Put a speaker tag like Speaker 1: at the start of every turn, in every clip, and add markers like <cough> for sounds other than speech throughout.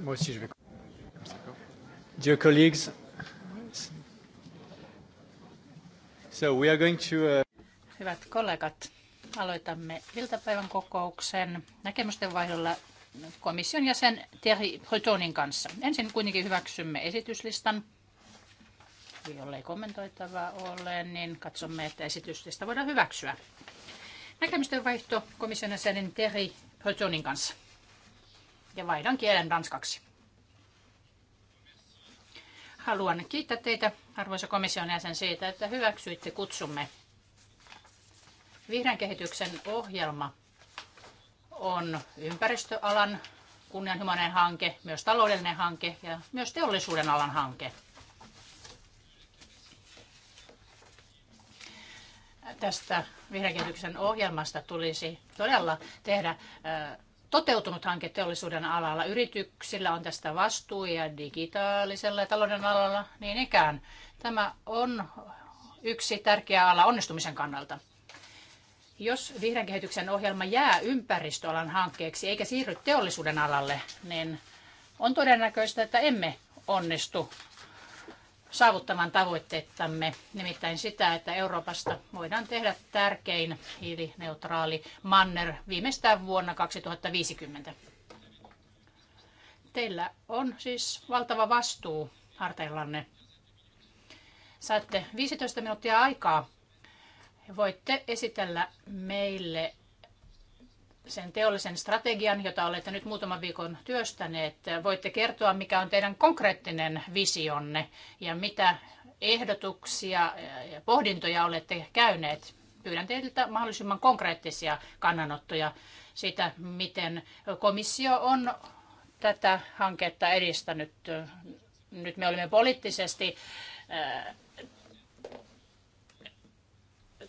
Speaker 1: Moi aussi, je vais. Dear colleagues, so we are going to. Uh,
Speaker 2: Hyvät kollegat, aloitamme iltapäivän kokouksen näkemysten vaihdolla komission jäsen Thierry Bretonin kanssa. Ensin kuitenkin hyväksymme esityslistan. Jollei kommentoitavaa ole, niin katsomme, että esityslista voidaan hyväksyä. Näkemysten vaihto komission jäsenen Thierry Bretonin kanssa ja vaihdan kielen ranskaksi. Haluan kiittää teitä, arvoisa komission jäsen, siitä, että hyväksyitte kutsumme. Vihreän kehityksen ohjelma on ympäristöalan kunnianhimoinen hanke, myös taloudellinen hanke ja myös teollisuuden alan hanke. Tästä vihreän kehityksen ohjelmasta tulisi todella tehdä toteutunut hanke teollisuuden alalla. Yrityksillä on tästä vastuu ja digitaalisella ja talouden alalla niin ikään. Tämä on yksi tärkeä ala onnistumisen kannalta. Jos vihreän kehityksen ohjelma jää ympäristöalan hankkeeksi eikä siirry teollisuuden alalle, niin on todennäköistä, että emme onnistu saavuttavan tavoitteettamme, nimittäin sitä, että Euroopasta voidaan tehdä tärkein hiilineutraali manner viimeistään vuonna 2050. Teillä on siis valtava vastuu harteillanne. Saatte 15 minuuttia aikaa. Voitte esitellä meille sen teollisen strategian, jota olette nyt muutaman viikon työstäneet. Voitte kertoa, mikä on teidän konkreettinen visionne ja mitä ehdotuksia ja pohdintoja olette käyneet. Pyydän teiltä mahdollisimman konkreettisia kannanottoja siitä, miten komissio on tätä hanketta edistänyt. Nyt me olemme poliittisesti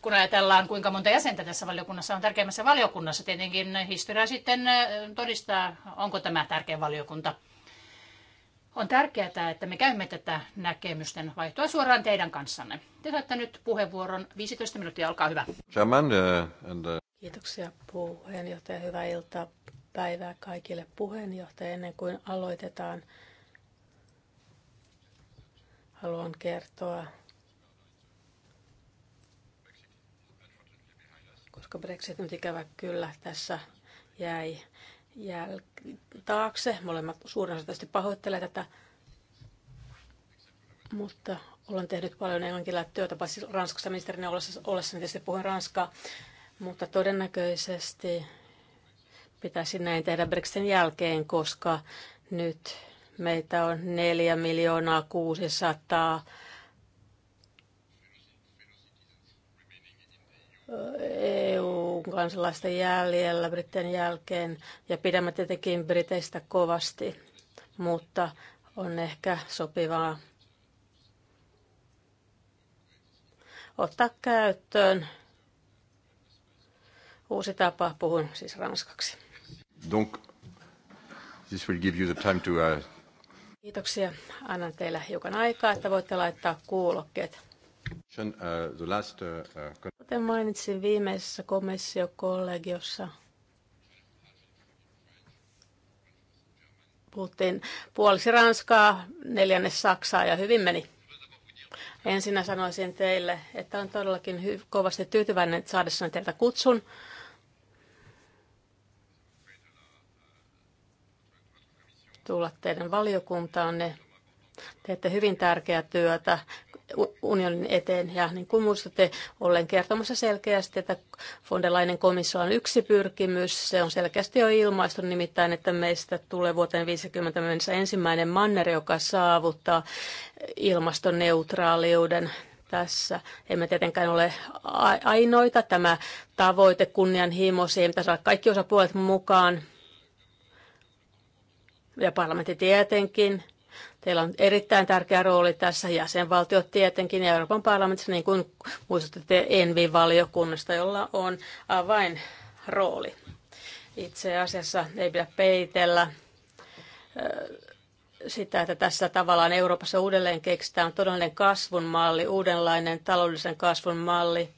Speaker 2: kun ajatellaan, kuinka monta jäsentä tässä valiokunnassa on tärkeimmässä valiokunnassa, tietenkin historia sitten todistaa, onko tämä tärkeä valiokunta. On tärkeää, että me käymme tätä näkemysten vaihtoa suoraan teidän kanssanne. Te saatte nyt
Speaker 3: puheenvuoron. 15 minuuttia, olkaa hyvä. Kiitoksia puheenjohtaja. Hyvää iltaa päivää kaikille puheenjohtaja. Ennen kuin aloitetaan, haluan kertoa koska Brexit nyt ikävä kyllä tässä jäi jäl- taakse. Molemmat suurin osa tästä pahoittelee tätä, mutta olen tehnyt paljon englanninkielistä työtä, paitsi Ranskassa ministerinä ollessa, niin tietysti puhun ranskaa, mutta todennäköisesti pitäisi näin tehdä Brexitin jälkeen, koska nyt meitä on 4 miljoonaa 600 EU-kansalaisten jäljellä Britten jälkeen ja pidämme tietenkin Briteistä kovasti, mutta on ehkä sopivaa ottaa käyttöön uusi tapa, puhun siis ranskaksi.
Speaker 1: Donc, this will give you the time to, uh...
Speaker 3: Kiitoksia. Annan teille hiukan aikaa, että voitte laittaa kuulokkeet.
Speaker 1: Uh, uh, uh,
Speaker 3: Kuten mainitsin viimeisessä komissiokollegiossa, puhuttiin puolisi Ranskaa, neljännes Saksaa ja hyvin meni. Ensinnä sanoisin teille, että on todellakin hy- kovasti tyytyväinen saadessani teiltä kutsun. tulla teidän valiokuntaanne Teette hyvin tärkeää työtä unionin eteen ja niin kuin muistatte, olen kertomassa selkeästi, että fondelainen komissio on yksi pyrkimys. Se on selkeästi jo ilmaistu nimittäin, että meistä tulee vuoteen 50 mennessä ensimmäinen manner, joka saavuttaa ilmastoneutraaliuden tässä. Emme tietenkään ole ainoita. Tämä tavoite kunnianhimo, siihen pitäisi olla kaikki osapuolet mukaan. Ja parlamentti tietenkin Teillä on erittäin tärkeä rooli tässä jäsenvaltiot tietenkin ja Euroopan parlamentissa, niin kuin muistutte Envi-valiokunnasta, jolla on rooli Itse asiassa ei pidä peitellä sitä, että tässä tavallaan Euroopassa uudelleen keksitään todellinen kasvun malli, uudenlainen taloudellisen kasvun malli,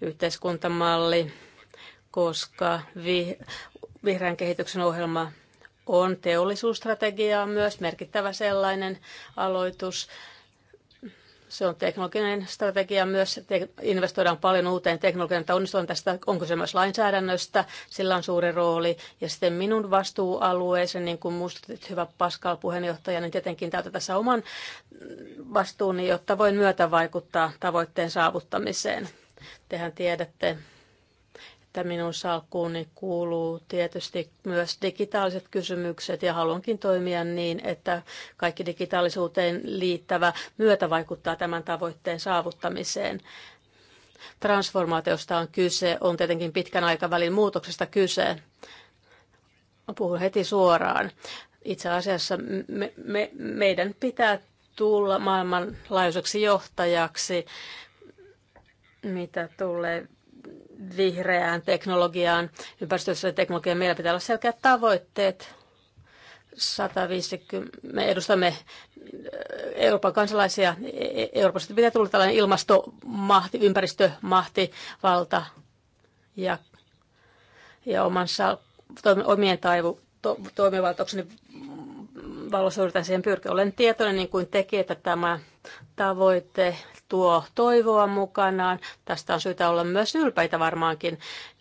Speaker 3: yhteiskuntamalli, koska vi, vihreän kehityksen ohjelma on teollisuusstrategiaa myös, merkittävä sellainen aloitus. Se on teknologinen strategia myös, te- investoidaan paljon uuteen teknologiaan, että onnistuin tästä, onko se myös lainsäädännöstä, sillä on suuri rooli. Ja sitten minun vastuualueeseen, niin kuin muistutit hyvä Pascal puheenjohtaja, niin tietenkin täytä tässä oman vastuuni, jotta voin myötä vaikuttaa tavoitteen saavuttamiseen. Tehän tiedätte, että minun salkkuuni kuuluu tietysti myös digitaaliset kysymykset ja haluankin toimia niin, että kaikki digitaalisuuteen liittävä myötä vaikuttaa tämän tavoitteen saavuttamiseen. Transformaatiosta on kyse, on tietenkin pitkän aikavälin muutoksesta kyse. Puhun heti suoraan. Itse asiassa me, me, meidän pitää tulla maailmanlaajuiseksi johtajaksi, mitä tulee vihreään teknologiaan, ympäristölliseen teknologiaan. Meillä pitää olla selkeät tavoitteet. 150, me edustamme äh, Euroopan kansalaisia. E- Euroopasta pitää tulla tällainen ilmastomahti, ympäristömahti, valta ja, ja omansa, omien taivu, to, toimivaltaukseni valossa yritän siihen pyrkiä. Olen tietoinen niin kuin teki, että tämä tavoite tuo toivoa mukanaan. Tästä on syytä olla myös ylpeitä varmaankin,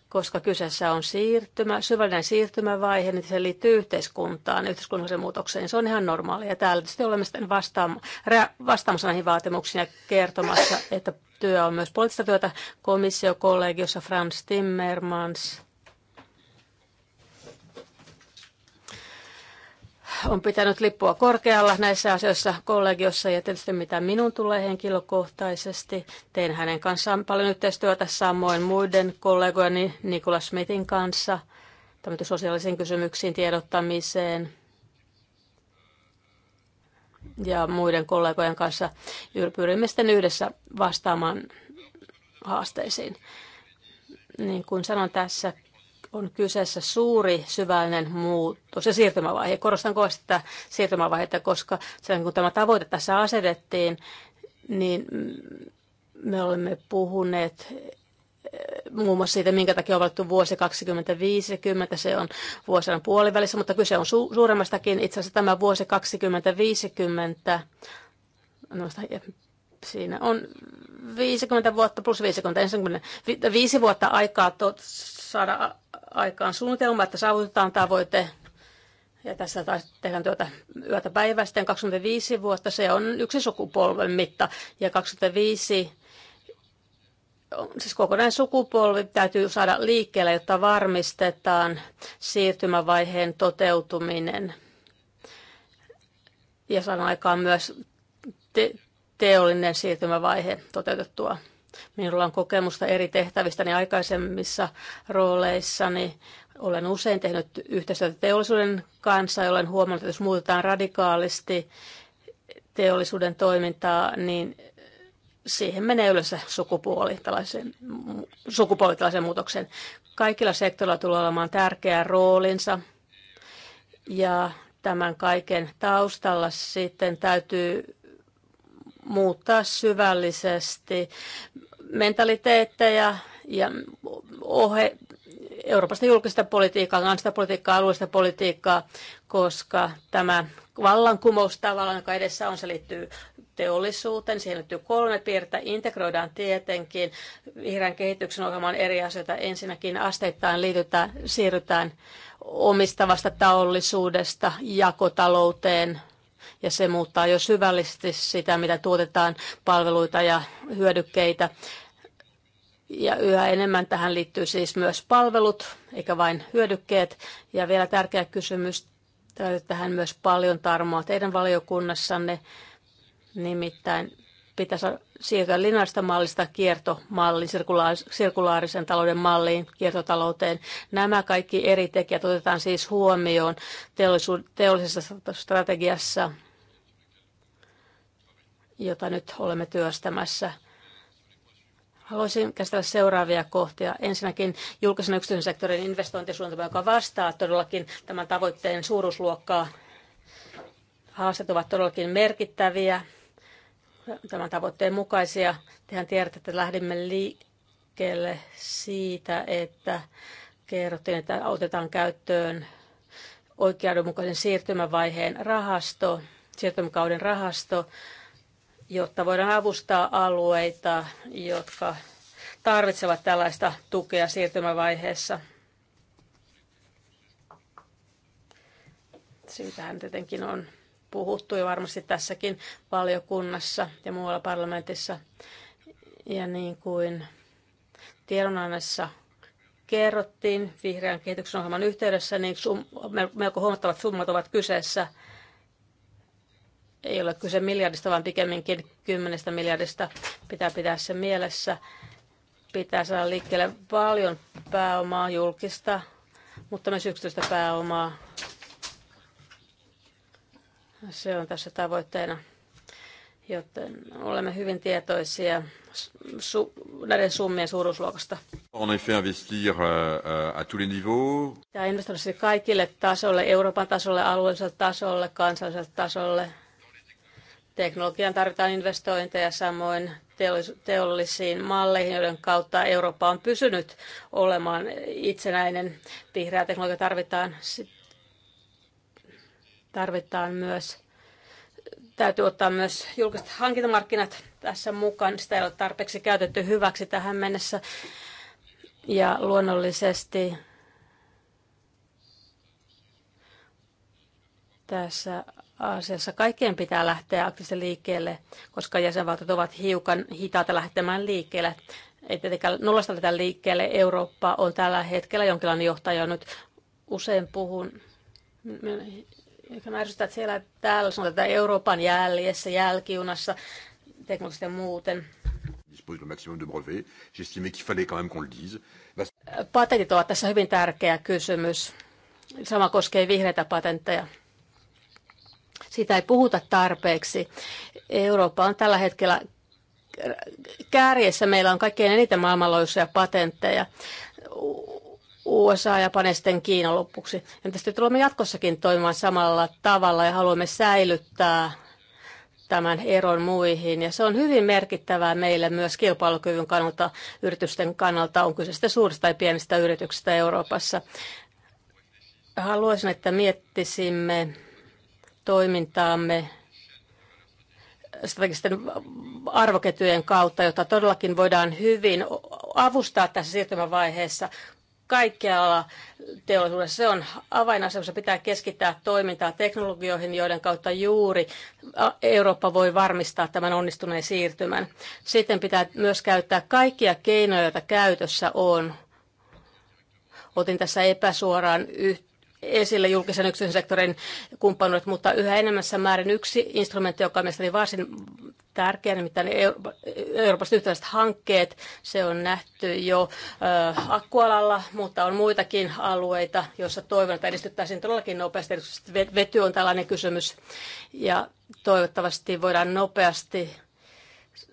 Speaker 3: koska kyseessä on siirtymä, syvällinen siirtymävaihe, niin se liittyy yhteiskuntaan, yhteiskunnalliseen muutokseen. Se on ihan normaalia. Ja täällä tietysti olemme sitten vastaamassa näihin vaatimuksiin ja kertomassa, että työ on myös poliittista työtä komissiokollegiossa Franz Timmermans on pitänyt lippua korkealla näissä asioissa kollegiossa ja tietysti mitä minun tulee henkilökohtaisesti. Tein hänen kanssaan paljon yhteistyötä samoin muiden kollegojeni Nikola Smithin kanssa sosiaalisiin kysymyksiin tiedottamiseen ja muiden kollegojen kanssa pyrimme sitten yhdessä vastaamaan haasteisiin. Niin kuin sanon tässä on kyseessä suuri syvällinen muutos ja siirtymävaihe. Korostan kovasti tätä siirtymävaihetta, koska silloin kun tämä tavoite tässä asetettiin, niin me olemme puhuneet eh, muun muassa siitä, minkä takia on valittu vuosi 2050, se on vuosien puolivälissä, mutta kyse on su- suuremmastakin. Itse asiassa tämä vuosi 2050, Siinä on 50 vuotta plus 50, 50 5 vuotta aikaa tot, saada aikaan suunnitelma, että saavutetaan tavoite. Ja tässä taas tehdään työtä yötä päivää. Sitten 25 vuotta, se on yksi sukupolven mitta. Ja 25 siis kokonainen sukupolvi täytyy saada liikkeelle, jotta varmistetaan siirtymävaiheen toteutuminen. Ja saadaan aikaan myös te- teollinen siirtymävaihe toteutettua. Minulla on kokemusta eri tehtävistäni niin aikaisemmissa rooleissani. Olen usein tehnyt yhteistyötä teollisuuden kanssa ja olen huomannut, että jos muutetaan radikaalisti teollisuuden toimintaa, niin siihen menee yleensä sukupuoli tällaisen, sukupuoli tällaisen muutoksen. Kaikilla sektoreilla tulee olemaan tärkeä roolinsa ja tämän kaiken taustalla sitten täytyy muuttaa syvällisesti mentaliteetteja ja ohe, Euroopasta julkista politiikkaa, kansallista politiikkaa, alueellista politiikkaa, koska tämä vallankumous tavallaan, joka edessä on, se liittyy teollisuuteen, siihen liittyy kolme piirtä, integroidaan tietenkin vihreän kehityksen ohjelman eri asioita. Ensinnäkin asteittain liitytään, siirrytään omistavasta taollisuudesta jakotalouteen, ja se muuttaa jo syvällisesti sitä, mitä tuotetaan, palveluita ja hyödykkeitä. Ja yhä enemmän tähän liittyy siis myös palvelut, eikä vain hyödykkeet. Ja vielä tärkeä kysymys, tähän myös paljon tarmoa teidän valiokunnassanne, nimittäin pitäisi siirtyä lineaarista mallista kiertomalliin, sirkulaarisen talouden malliin, kiertotalouteen. Nämä kaikki eri tekijät otetaan siis huomioon teollisessa strategiassa jota nyt olemme työstämässä. Haluaisin käsitellä seuraavia kohtia. Ensinnäkin julkisen yksityisen sektorin investointisuunnitelma, joka vastaa todellakin tämän tavoitteen suuruusluokkaa. Haasteet ovat todellakin merkittäviä, tämän tavoitteen mukaisia. Tehän tiedätte, että lähdimme liikkeelle siitä, että kerrottiin, että otetaan käyttöön oikeudenmukaisen siirtymävaiheen rahasto, siirtymäkauden rahasto, jotta voidaan avustaa alueita, jotka tarvitsevat tällaista tukea siirtymävaiheessa. Siitähän tietenkin on puhuttu jo varmasti tässäkin valiokunnassa ja muualla parlamentissa. Ja niin kuin tiedonannessa kerrottiin vihreän kehityksen ohjelman yhteydessä, niin melko huomattavat summat ovat kyseessä – ei ole kyse miljardista, vaan pikemminkin kymmenestä miljardista. Pitää pitää se mielessä. Pitää saada liikkeelle paljon pääomaa julkista, mutta myös yksityistä pääomaa. Se on tässä tavoitteena, joten olemme hyvin tietoisia su- näiden summien suuruusluokasta.
Speaker 1: On effet investir euh, à tous les niveaux.
Speaker 3: investoida kaikille tasolle, Euroopan tasolle, alueelliselle tasolle, kansalliselle tasolle – Teknologian tarvitaan investointeja samoin teollisiin malleihin, joiden kautta Eurooppa on pysynyt olemaan itsenäinen. Vihreä teknologia tarvitaan, tarvitaan myös, täytyy ottaa myös julkiset hankintamarkkinat tässä mukaan. Sitä ei ole tarpeeksi käytetty hyväksi tähän mennessä. Ja luonnollisesti tässä asiassa kaikkien pitää lähteä aktiivisesti liikkeelle, koska jäsenvaltiot ovat hiukan hitaata lähtemään liikkeelle. Ei tietenkään nollasta tätä liikkeelle. Eurooppa on tällä hetkellä jonkinlainen johtaja nyt. Usein puhun, mä että siellä täällä on tätä Euroopan jäljessä, jälkiunassa, teknologisesti muuten Patentit ovat tässä hyvin tärkeä kysymys. Sama koskee vihreitä patentteja. Siitä ei puhuta tarpeeksi. Eurooppa on tällä hetkellä kärjessä. Meillä on kaikkein eniten maailmanlaajuisia patentteja. USA, Japani ja sitten Kiina loppuksi. Ja tietysti tulemme jatkossakin toimimaan samalla tavalla ja haluamme säilyttää tämän eron muihin. Ja se on hyvin merkittävää meille myös kilpailukyvyn kannalta, yritysten kannalta, on kyse sitä suurista tai pienistä yrityksistä Euroopassa. Haluaisin, että miettisimme toimintaamme strategisten arvoketjujen kautta, jota todellakin voidaan hyvin avustaa tässä siirtymävaiheessa kaikkialla teollisuudessa. Se on avainasemassa. Pitää keskittää toimintaa teknologioihin, joiden kautta juuri Eurooppa voi varmistaa tämän onnistuneen siirtymän. Sitten pitää myös käyttää kaikkia keinoja, joita käytössä on. Otin tässä epäsuoraan yhteyttä esille julkisen yksityisen sektorin kumppanuudet, mutta yhä enemmässä määrin yksi instrumentti, joka on mielestäni varsin tärkeä, nimittäin Euroopan yhteiset hankkeet. Se on nähty jo akkualalla, mutta on muitakin alueita, joissa toivon, että edistyttäisiin todellakin nopeasti. vety on tällainen kysymys ja toivottavasti voidaan nopeasti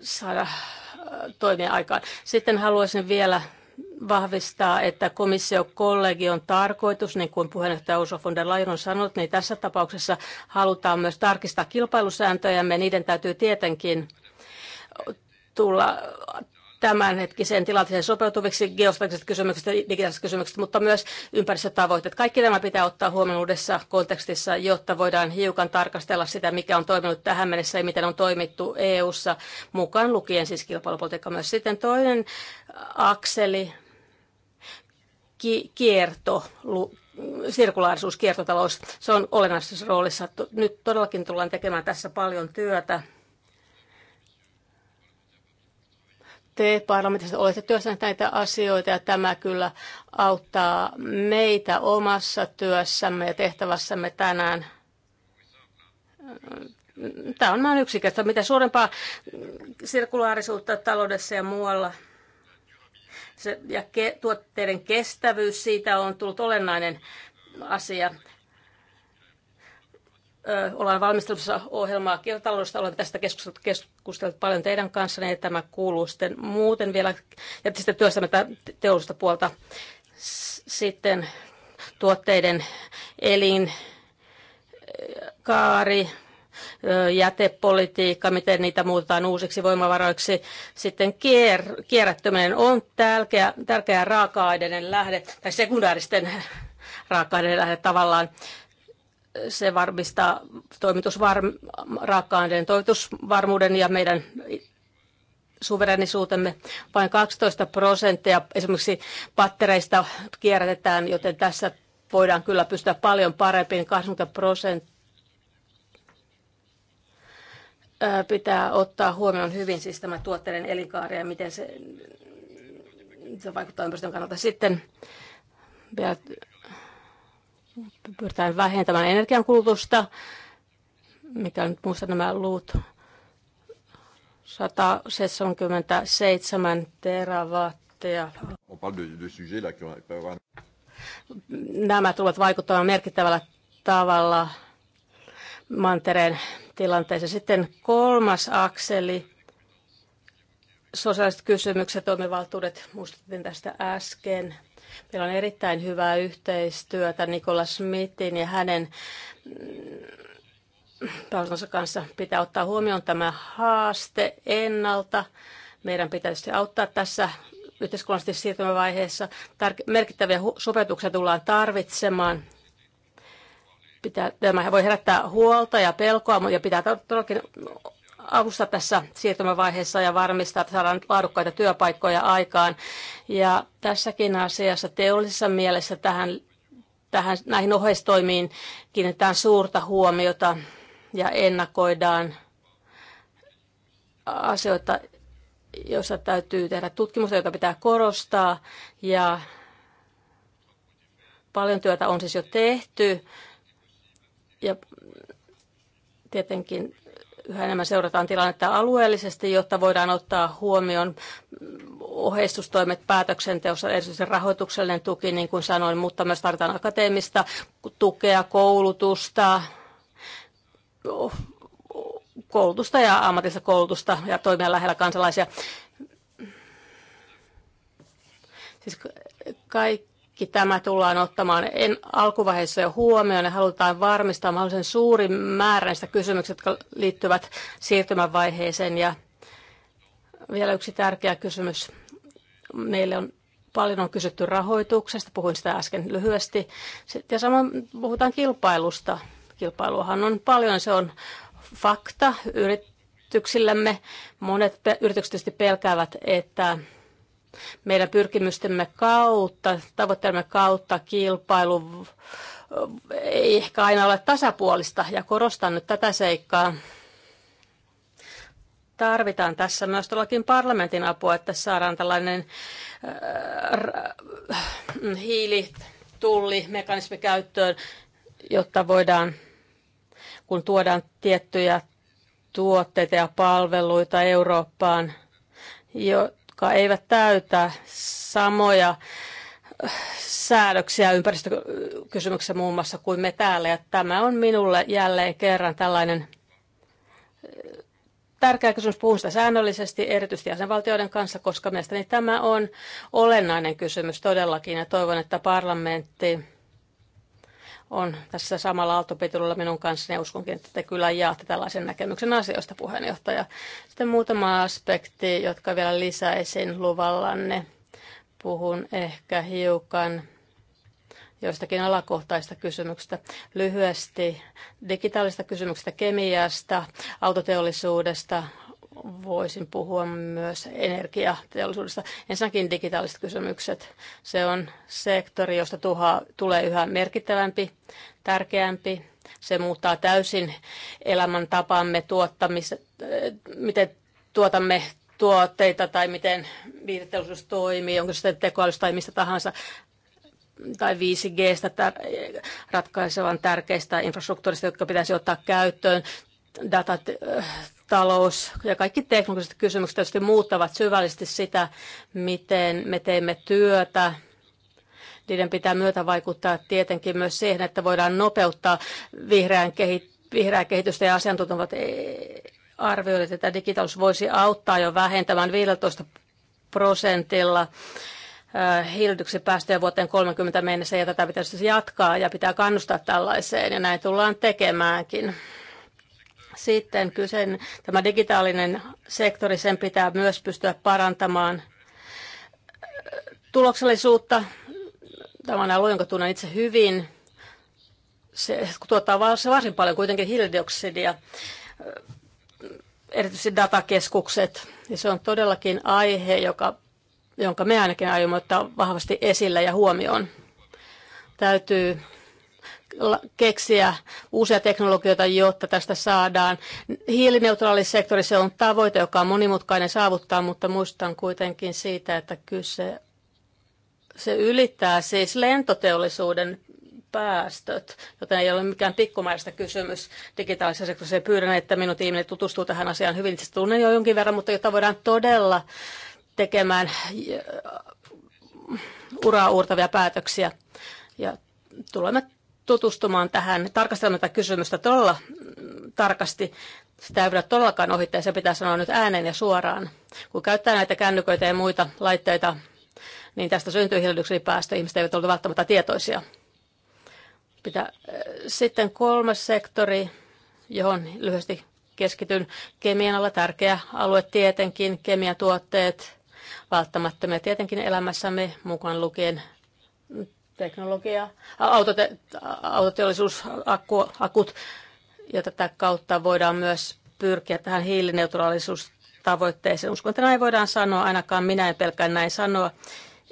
Speaker 3: saada toimia aikaan. Sitten haluaisin vielä vahvistaa, että komissiokollegion tarkoitus, niin kuin puheenjohtaja Ursula von der Leyen on sanonut, niin tässä tapauksessa halutaan myös tarkistaa kilpailusääntöjämme. Niiden täytyy tietenkin tulla tämänhetkiseen tilanteeseen sopeutuviksi geostrategiset kysymykset ja digitaaliset kysymykset, mutta myös ympäristötavoitteet. Kaikki nämä pitää ottaa huomioon uudessa kontekstissa, jotta voidaan hiukan tarkastella sitä, mikä on toiminut tähän mennessä ja miten on toimittu EU-ssa, mukaan lukien siis kilpailupolitiikka myös. Sitten toinen akseli, ki- kierto, sirkulaarisuus, kiertotalous, se on olennaisessa roolissa. Nyt todellakin tullaan tekemään tässä paljon työtä te parlamentissa olette työssä näitä asioita ja tämä kyllä auttaa meitä omassa työssämme ja tehtävässämme tänään. Tämä on vain yksikästä, Mitä suurempaa sirkulaarisuutta taloudessa ja muualla se, ja ke, tuotteiden kestävyys, siitä on tullut olennainen asia ollaan valmistelussa ohjelmaa kiertotaloudesta. Olen tästä keskustellut, keskustellut paljon teidän kanssanne niin tämä kuuluu sitten muuten vielä. Ja sitten työstämme teollista puolta sitten tuotteiden elin, kaari, jätepolitiikka, miten niitä muutetaan uusiksi voimavaroiksi. Sitten kier, kierrättäminen on tärkeä, tärkeä raaka-aineiden lähde, tai sekundaaristen <laughs> raaka-aineiden lähde tavallaan se varmistaa toimitusraaka-aineen toimitusvarmuuden ja meidän suverenisuutemme. Vain 12 prosenttia esimerkiksi pattereista kierrätetään, joten tässä voidaan kyllä pystyä paljon parempiin. 20 prosenttia pitää ottaa huomioon hyvin siis tämä tuotteiden elinkaari ja miten se, se vaikuttaa ympäristön kannalta. Sitten vielä pyritään vähentämään energiankulutusta, mikä nyt muista nämä luut, 177 terawattia. Nämä tulevat vaikuttamaan merkittävällä tavalla mantereen tilanteeseen. Sitten kolmas akseli, sosiaaliset kysymykset, toimivaltuudet, muistutin tästä äsken. Meillä on erittäin hyvää yhteistyötä Nikola Smithin ja hänen mm, palvelunsa kanssa. Pitää ottaa huomioon tämä haaste ennalta. Meidän pitäisi auttaa tässä yhteiskunnallisesti siirtymävaiheessa. merkittäviä sopeutuksia tullaan tarvitsemaan pitää, tämä voi herättää huolta ja pelkoa, ja pitää todellakin avustaa tässä siirtymävaiheessa ja varmistaa, että saadaan laadukkaita työpaikkoja aikaan. Ja tässäkin asiassa teollisessa mielessä tähän, tähän, näihin oheistoimiin kiinnitetään suurta huomiota ja ennakoidaan asioita, joissa täytyy tehdä tutkimusta, jota pitää korostaa. Ja paljon työtä on siis jo tehty. Ja tietenkin yhä enemmän seurataan tilannetta alueellisesti, jotta voidaan ottaa huomioon oheistustoimet päätöksenteossa, erityisesti rahoituksellinen tuki, niin kuin sanoin, mutta myös tarvitaan akateemista tukea, koulutusta, koulutusta ja ammatillista koulutusta ja toimia lähellä kansalaisia. Siis kaikki kaikki tämä tullaan ottamaan en, alkuvaiheessa jo huomioon ja halutaan varmistaa mahdollisen suurin määrä näistä kysymyksiä, jotka liittyvät siirtymävaiheeseen. Ja vielä yksi tärkeä kysymys. Meille on paljon on kysytty rahoituksesta, puhuin sitä äsken lyhyesti. Sitten, ja samoin puhutaan kilpailusta. Kilpailuahan on paljon, se on fakta yrityksillemme. Monet yritykset tietysti pelkäävät, että meidän pyrkimystemme kautta, tavoitteemme kautta kilpailu ei ehkä aina ole tasapuolista ja korostan nyt tätä seikkaa. Tarvitaan tässä myös tuollakin parlamentin apua, että saadaan tällainen äh, hiilitullimekanismi käyttöön, jotta voidaan, kun tuodaan tiettyjä tuotteita ja palveluita Eurooppaan, jo, jotka eivät täytä samoja äh, säädöksiä ympäristökysymyksessä muun muassa kuin me täällä. Ja tämä on minulle jälleen kerran tällainen äh, tärkeä kysymys. Puhun sitä säännöllisesti, erityisesti jäsenvaltioiden kanssa, koska mielestäni tämä on olennainen kysymys todellakin. Ja toivon, että parlamentti on tässä samalla aaltopituudella minun kanssani ja uskonkin, että te kyllä jaatte tällaisen näkemyksen asioista puheenjohtaja. Sitten muutama aspekti, jotka vielä lisäisin luvallanne. Puhun ehkä hiukan joistakin alakohtaista kysymyksistä. Lyhyesti digitaalista kysymyksistä, kemiasta, autoteollisuudesta, voisin puhua myös energiateollisuudesta. Ensinnäkin digitaaliset kysymykset. Se on sektori, josta tuha, tulee yhä merkittävämpi, tärkeämpi. Se muuttaa täysin elämäntapamme tuottamista, äh, miten tuotamme tuotteita tai miten viihdeteollisuus toimii, onko se tekoälystä tai mistä tahansa tai 5Gstä tär- ratkaisevan tärkeistä infrastruktuurista, jotka pitäisi ottaa käyttöön, datat, äh, talous ja kaikki teknologiset kysymykset tietysti muuttavat syvällisesti sitä, miten me teemme työtä. Niiden pitää myötä vaikuttaa tietenkin myös siihen, että voidaan nopeuttaa vihreän kehi- vihreää kehitystä ja asiantuntijat e-, arvioivat, että digitaalisuus voisi auttaa jo vähentämään 15 prosentilla hiilityksen päästöjä vuoteen 30 mennessä ja tätä pitäisi jatkaa ja pitää kannustaa tällaiseen ja näin tullaan tekemäänkin. Sitten kyseinen, tämä digitaalinen sektori, sen pitää myös pystyä parantamaan tuloksellisuutta. Tämä on alue, jonka tunnen itse hyvin. Se tuottaa varsin paljon kuitenkin hiilidioksidia erityisesti datakeskukset. Ja se on todellakin aihe, joka, jonka me ainakin aiomme ottaa vahvasti esille ja huomioon. Täytyy keksiä uusia teknologioita, jotta tästä saadaan. Hiilineutraalisektori se on tavoite, joka on monimutkainen saavuttaa, mutta muistan kuitenkin siitä, että kyse se ylittää siis lentoteollisuuden päästöt, joten ei ole mikään pikkumäistä kysymys digitaalisessa sektorissa. Pyydän, että minun tiimini tutustuu tähän asiaan hyvin. Itse tunnen jo jonkin verran, mutta jotta voidaan todella tekemään uraa uurtavia päätöksiä. Ja tulemme tutustumaan tähän, tarkastelemaan tätä kysymystä todella tarkasti. Sitä ei pidä todellakaan ohittaa ja se pitää sanoa nyt ääneen ja suoraan. Kun käyttää näitä kännyköitä ja muita laitteita, niin tästä syntyy hiilidioksidipäästö. Ihmiset eivät ole välttämättä tietoisia. Pitää. Äh, sitten kolmas sektori, johon lyhyesti keskityn. Kemian alla tärkeä alue tietenkin, kemiatuotteet, välttämättömiä tietenkin elämässämme, mukaan lukien teknologia, autote, autoteollisuus, akku, akut, ja tätä kautta voidaan myös pyrkiä tähän hiilineutraalisuustavoitteeseen. Uskon, että näin voidaan sanoa, ainakaan minä en pelkään näin sanoa.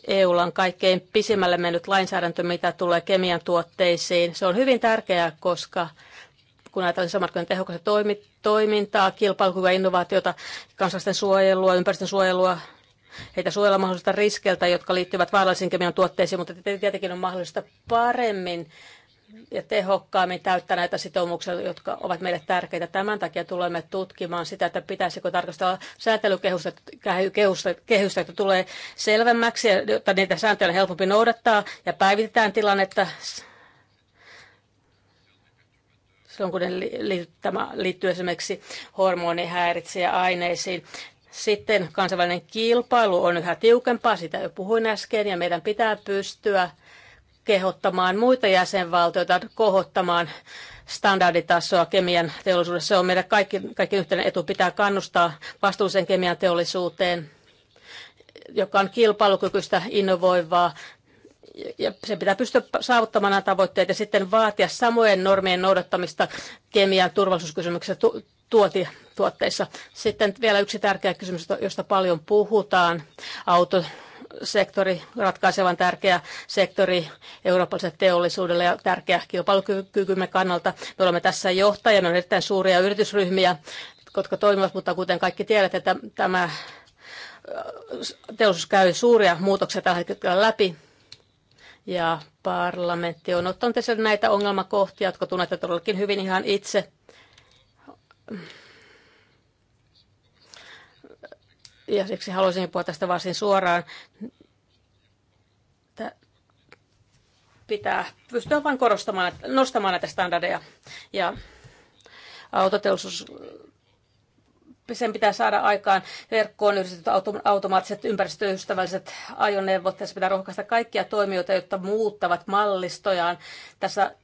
Speaker 3: EUlla on kaikkein pisimmälle mennyt lainsäädäntö, mitä tulee kemian tuotteisiin. Se on hyvin tärkeää, koska kun ajatellaan sisämarkkinoiden tehokasta toimintaa, kilpailukykyä, innovaatiota, kansallisten suojelua, ympäristön suojelua, heitä suojella mahdollisista riskeiltä, jotka liittyvät vaarallisiin kemian tuotteisiin, mutta tietenkin on mahdollista paremmin ja tehokkaammin täyttää näitä sitoumuksia, jotka ovat meille tärkeitä. Tämän takia tulemme tutkimaan sitä, että pitäisikö tarkastella säätelykehystä, kehystä, kehystä, että tulee selvemmäksi, jotta niitä sääntöjä on helpompi noudattaa ja päivitetään tilannetta silloin, kun ne liittyy, tämä liittyy esimerkiksi hormonihäiritsejä aineisiin. Sitten kansainvälinen kilpailu on yhä tiukempaa, sitä jo puhuin äsken, ja meidän pitää pystyä kehottamaan muita jäsenvaltioita kohottamaan standarditasoa kemian teollisuudessa. Se on meidän kaikki, kaikki yhteinen etu pitää kannustaa vastuulliseen kemian teollisuuteen, joka on kilpailukykyistä, innovoivaa, ja se pitää pystyä saavuttamaan nämä tavoitteet ja sitten vaatia samojen normien noudattamista kemian turvallisuuskysymyksissä tuoti, tuotteissa. Sitten vielä yksi tärkeä kysymys, josta paljon puhutaan. autosektori ratkaisevan tärkeä sektori eurooppalaiselle teollisuudelle ja tärkeä kilpailukykymme kannalta. Me olemme tässä johtajia, me on erittäin suuria yritysryhmiä, jotka toimivat, mutta kuten kaikki tiedät, että tämä äh, teollisuus käy suuria muutoksia tällä hetkellä läpi. Ja parlamentti on ottanut esille näitä ongelmakohtia, jotka tunnette todellakin hyvin ihan itse ja siksi haluaisin puhua tästä varsin suoraan. Pitää pystyä vain korostamaan, nostamaan näitä standardeja. Ja autoteollisuus sen pitää saada aikaan verkkoon yhdistetyt automaattiset ympäristöystävälliset ajoneuvot. Tässä pitää rohkaista kaikkia toimijoita, jotta muuttavat mallistojaan. Tässä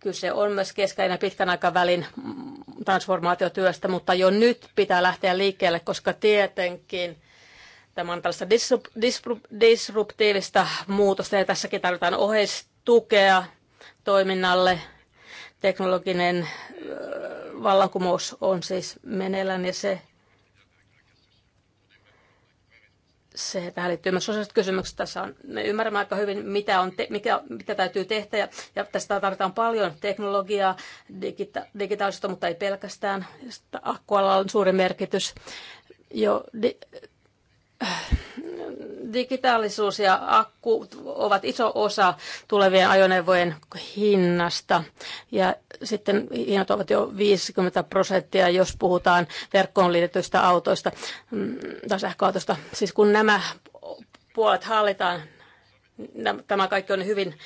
Speaker 3: kyse on myös keskeinen pitkän aikavälin transformaatiotyöstä, mutta jo nyt pitää lähteä liikkeelle, koska tietenkin tämä on tällaista disruptiivista muutosta ja tässäkin tarvitaan oheistukea toiminnalle. Teknologinen vallankumous on siis meneillään ja se se tähän liittyy myös sosiaaliset kysymykset. Tässä on, me ymmärrämme aika hyvin, mitä, on te, mikä, mitä täytyy tehdä, ja, ja tästä tarvitaan paljon teknologiaa, digita, digitaalisuutta, mutta ei pelkästään. Akkualalla on suuri merkitys. Jo, di, digitaalisuus ja akku ovat iso osa tulevien ajoneuvojen hinnasta. Ja sitten hinnat ovat jo 50 prosenttia, jos puhutaan verkkoon liitetyistä autoista mm, tai sähköautoista. Siis kun nämä puolet hallitaan, tämä kaikki on hyvin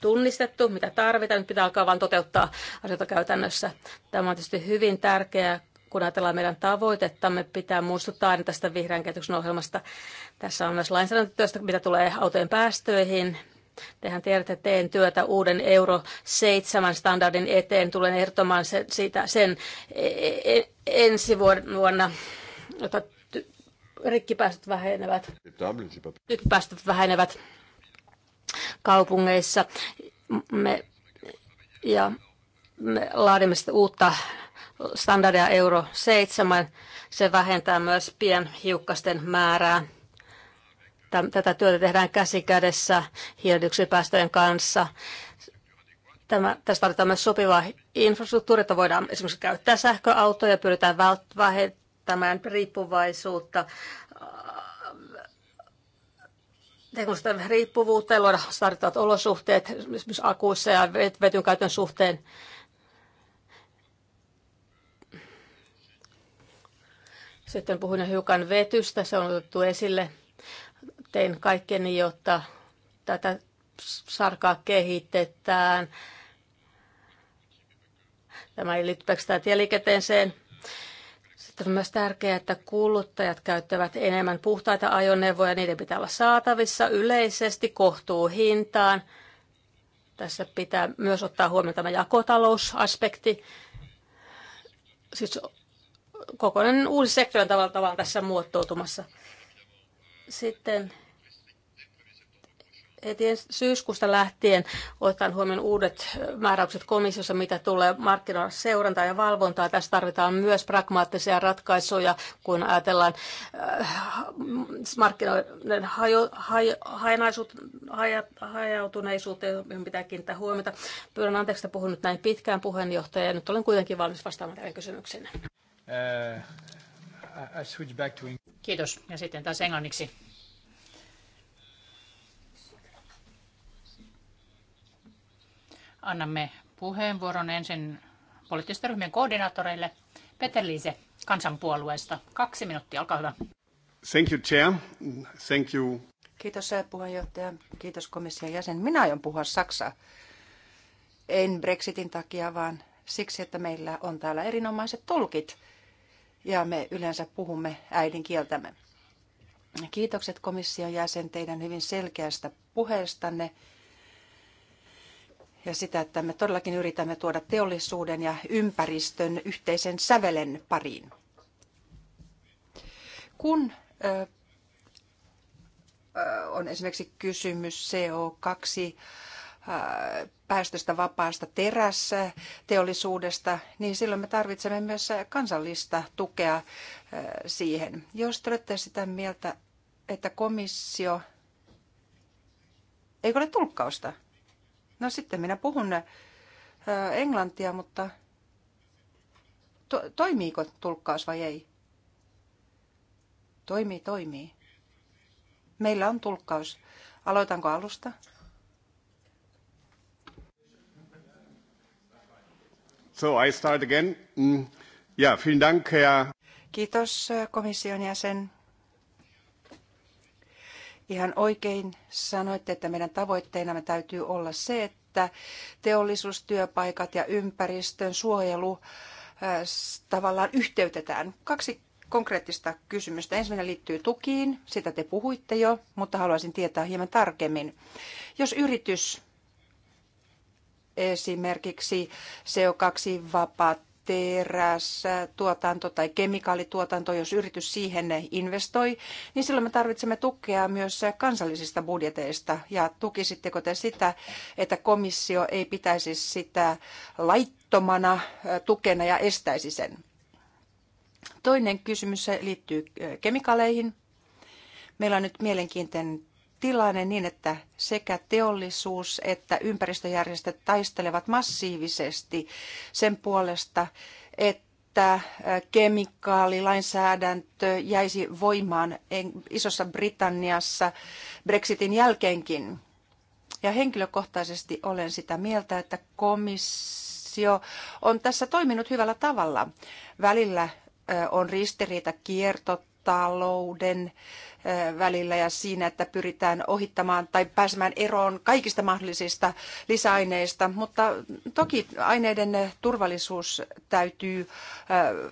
Speaker 3: tunnistettu, mitä tarvitaan. Nyt pitää alkaa vain toteuttaa asioita käytännössä. Tämä on tietysti hyvin tärkeää, kun ajatellaan meidän tavoitettamme, pitää muistuttaa aina tästä vihreän kehityksen ohjelmasta. Tässä on myös lainsäädäntötyöstä, mitä tulee autojen päästöihin. Tehän tiedätte, että teen työtä uuden euro 7 standardin eteen. Tulen ehdottamaan sen, siitä e- sen e- ensi vuonna, jota rikkipäästöt vähenevät. päästöt vähenevät kaupungeissa. Me, ja me laadimme sitä uutta standardia euro 7. Se vähentää myös pienhiukkasten määrää. Tätä työtä tehdään käsikädessä hiilidioksidipäästöjen kanssa. Tämä, tässä tarvitaan myös sopivaa infrastruktuuria, voidaan esimerkiksi käyttää sähköautoja, pyritään vält- vähentämään riippuvaisuutta äh, teknologista riippuvuutta ja luoda olosuhteet esimerkiksi akuissa ja vetyn käytön suhteen Sitten puhun hiukan vetystä, se on otettu esille. Tein kaikkeni, jotta tätä sarkaa kehitetään. Tämä ei liity pelkästään tieliikenteeseen. Sitten on myös tärkeää, että kuluttajat käyttävät enemmän puhtaita ajoneuvoja. Niiden pitää olla saatavissa yleisesti kohtuu hintaan. Tässä pitää myös ottaa huomioon tämä jakotalousaspekti. Siis kokoinen uusi sektori on tavallaan, tavalla tässä muotoutumassa. Sitten heti syyskuusta lähtien otetaan huomioon uudet määräykset komissiossa, mitä tulee markkinoilla seurantaa ja valvontaa. Tässä tarvitaan myös pragmaattisia ratkaisuja, kun ajatellaan äh, markkinoiden hajo, haja, hajautuneisuutta, johon pitää kiinnittää huomiota. Pyydän anteeksi, että puhun nyt näin pitkään puheenjohtaja, ja nyt olen kuitenkin valmis vastaamaan teidän kysymykseen.
Speaker 2: Uh, I switch back to Kiitos. Ja sitten taas englanniksi. Annamme puheenvuoron ensin poliittisten ryhmien koordinaattoreille. Peter Liise kansanpuolueesta. Kaksi minuuttia, olkaa hyvä.
Speaker 1: Thank you, Chair. Thank you.
Speaker 4: Kiitos eh, puheenjohtaja, kiitos komission jäsen. Minä aion puhua Saksaa. En Brexitin takia, vaan siksi, että meillä on täällä erinomaiset tulkit – ja me yleensä puhumme äidinkieltämme. Kiitokset komission jäsen teidän hyvin selkeästä puheestanne ja sitä, että me todellakin yritämme tuoda teollisuuden ja ympäristön yhteisen sävelen pariin. Kun on esimerkiksi kysymys CO2 Äh, päästöstä vapaasta terässä teollisuudesta, niin silloin me tarvitsemme myös kansallista tukea äh, siihen. Jos te olette sitä mieltä, että komissio... Eikö ole tulkkausta? No sitten minä puhun äh, englantia, mutta to- toimiiko tulkkaus vai ei? Toimii, toimii. Meillä on tulkkaus. Aloitanko alusta? So I start again. Mm. Yeah, vielen Dank, Herr... Kiitos äh, komission jäsen. Ihan oikein sanoitte, että meidän tavoitteenamme täytyy olla se, että teollisuustyöpaikat ja ympäristön suojelu äh, tavallaan yhteytetään. Kaksi konkreettista kysymystä. Ensimmäinen liittyy tukiin, sitä te puhuitte jo, mutta haluaisin tietää hieman tarkemmin. Jos yritys esimerkiksi CO2-vapaat teräs, tuotanto tai kemikaalituotanto, jos yritys siihen investoi, niin silloin me tarvitsemme tukea myös kansallisista budjeteista. Ja tukisitteko te sitä, että komissio ei pitäisi sitä laittomana tukena ja estäisi sen? Toinen kysymys liittyy kemikaaleihin. Meillä on nyt mielenkiintoinen tilanne niin, että sekä teollisuus että ympäristöjärjestöt taistelevat massiivisesti sen puolesta, että äh, kemikaalilainsäädäntö jäisi voimaan Isossa Britanniassa Brexitin jälkeenkin. Ja henkilökohtaisesti olen sitä mieltä, että komissio on tässä toiminut hyvällä tavalla. Välillä äh, on ristiriita kiertot talouden eh, välillä ja siinä, että pyritään ohittamaan tai pääsemään eroon kaikista mahdollisista lisäaineista. Mutta toki aineiden turvallisuus täytyy eh,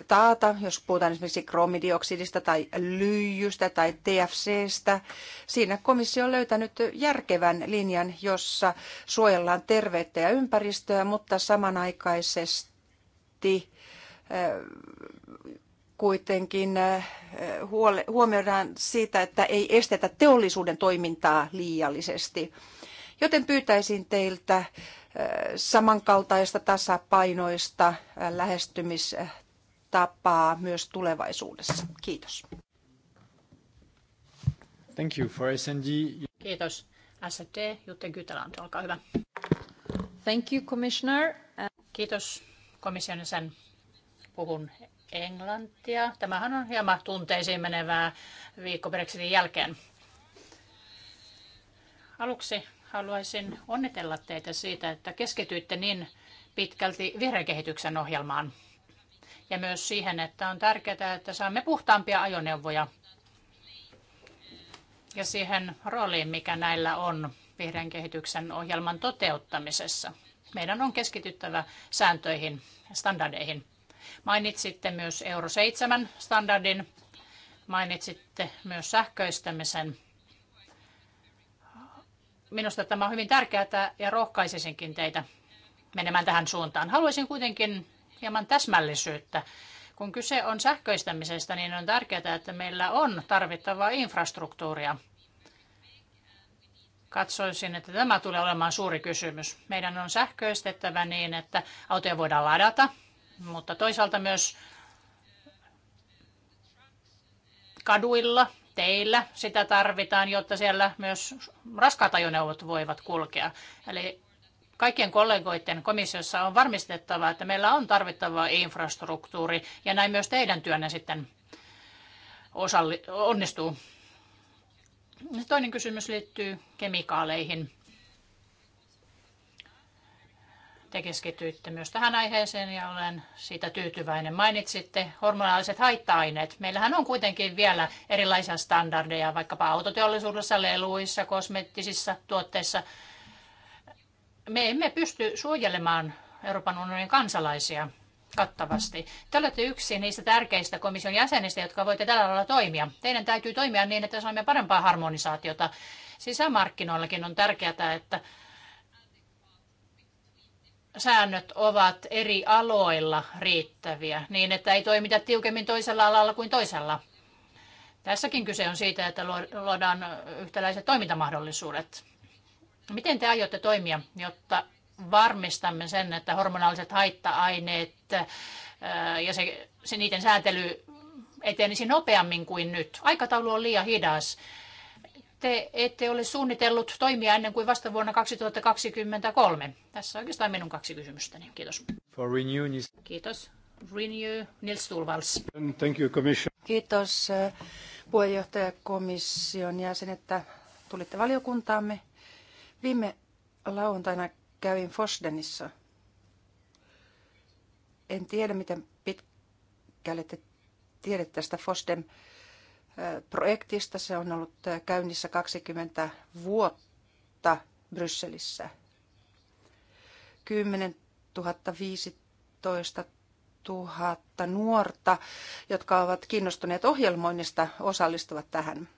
Speaker 4: taata, jos puhutaan esimerkiksi kromidioksidista tai lyijystä tai TFCstä. Siinä komissio on löytänyt järkevän linjan, jossa suojellaan terveyttä ja ympäristöä, mutta samanaikaisesti eh, kuitenkin äh, huomioidaan siitä, että ei estetä teollisuuden toimintaa liiallisesti. Joten pyytäisin teiltä äh, samankaltaista tasapainoista äh, lähestymistapaa myös tulevaisuudessa. Kiitos.
Speaker 1: Thank you for SND.
Speaker 2: Kiitos. SD Jutte Gyteland, olkaa hyvä. Thank you, Commissioner. Kiitos komission sen puhun englantia. Tämähän on hieman tunteisiin menevää viikko Brexitin jälkeen. Aluksi haluaisin onnitella teitä siitä, että keskityitte niin pitkälti kehityksen ohjelmaan ja myös siihen, että on tärkeää, että saamme puhtaampia ajoneuvoja ja siihen rooliin, mikä näillä on vihreän kehityksen ohjelman toteuttamisessa. Meidän on keskityttävä sääntöihin ja standardeihin. Mainitsitte myös Euro 7 standardin, mainitsitte myös sähköistämisen. Minusta tämä on hyvin tärkeää ja rohkaisisinkin teitä menemään tähän suuntaan. Haluaisin kuitenkin hieman täsmällisyyttä. Kun kyse on sähköistämisestä, niin on tärkeää, että meillä on tarvittavaa infrastruktuuria. Katsoisin, että tämä tulee olemaan suuri kysymys. Meidän on sähköistettävä niin, että autoja voidaan ladata – mutta toisaalta myös kaduilla, teillä sitä tarvitaan, jotta siellä myös raskaat ajoneuvot voivat kulkea. Eli kaikkien kollegoiden komissiossa on varmistettava, että meillä on tarvittava infrastruktuuri ja näin myös teidän työnne sitten osalli- onnistuu. Toinen kysymys liittyy kemikaaleihin. Te keskityitte myös tähän aiheeseen ja olen siitä tyytyväinen. Mainitsitte hormonaaliset haitta-aineet. Meillähän on kuitenkin vielä erilaisia standardeja, vaikkapa autoteollisuudessa, leluissa, kosmettisissa tuotteissa. Me emme pysty suojelemaan Euroopan unionin kansalaisia kattavasti. Te olette yksi niistä tärkeistä komission jäsenistä, jotka voitte tällä lailla toimia. Teidän täytyy toimia niin, että saamme parempaa harmonisaatiota. Sisämarkkinoillakin on tärkeää, että säännöt ovat eri aloilla riittäviä, niin että ei toimita tiukemmin toisella alalla kuin toisella. Tässäkin kyse on siitä, että luodaan yhtäläiset toimintamahdollisuudet. Miten te aiotte toimia, jotta varmistamme sen, että hormonaaliset haitta-aineet ja se, se niiden säätely etenisi nopeammin kuin nyt? Aikataulu on liian hidas te ette ole suunnitellut toimia ennen kuin vasta vuonna 2023? Tässä oikeastaan minun kaksi kysymystäni. Kiitos.
Speaker 1: For renew, Nils...
Speaker 2: Kiitos. Renew, Nils Tulvals.
Speaker 4: Thank you, commission. Kiitos eh, puheenjohtaja komission jäsen, että tulitte valiokuntaamme. Viime lauantaina kävin Fosdenissa. En tiedä, miten pitkälle te tiedät tästä Fosden projektista. Se on ollut käynnissä 20 vuotta Brysselissä. 10 15 000 nuorta, jotka ovat kiinnostuneet ohjelmoinnista, osallistuvat tähän.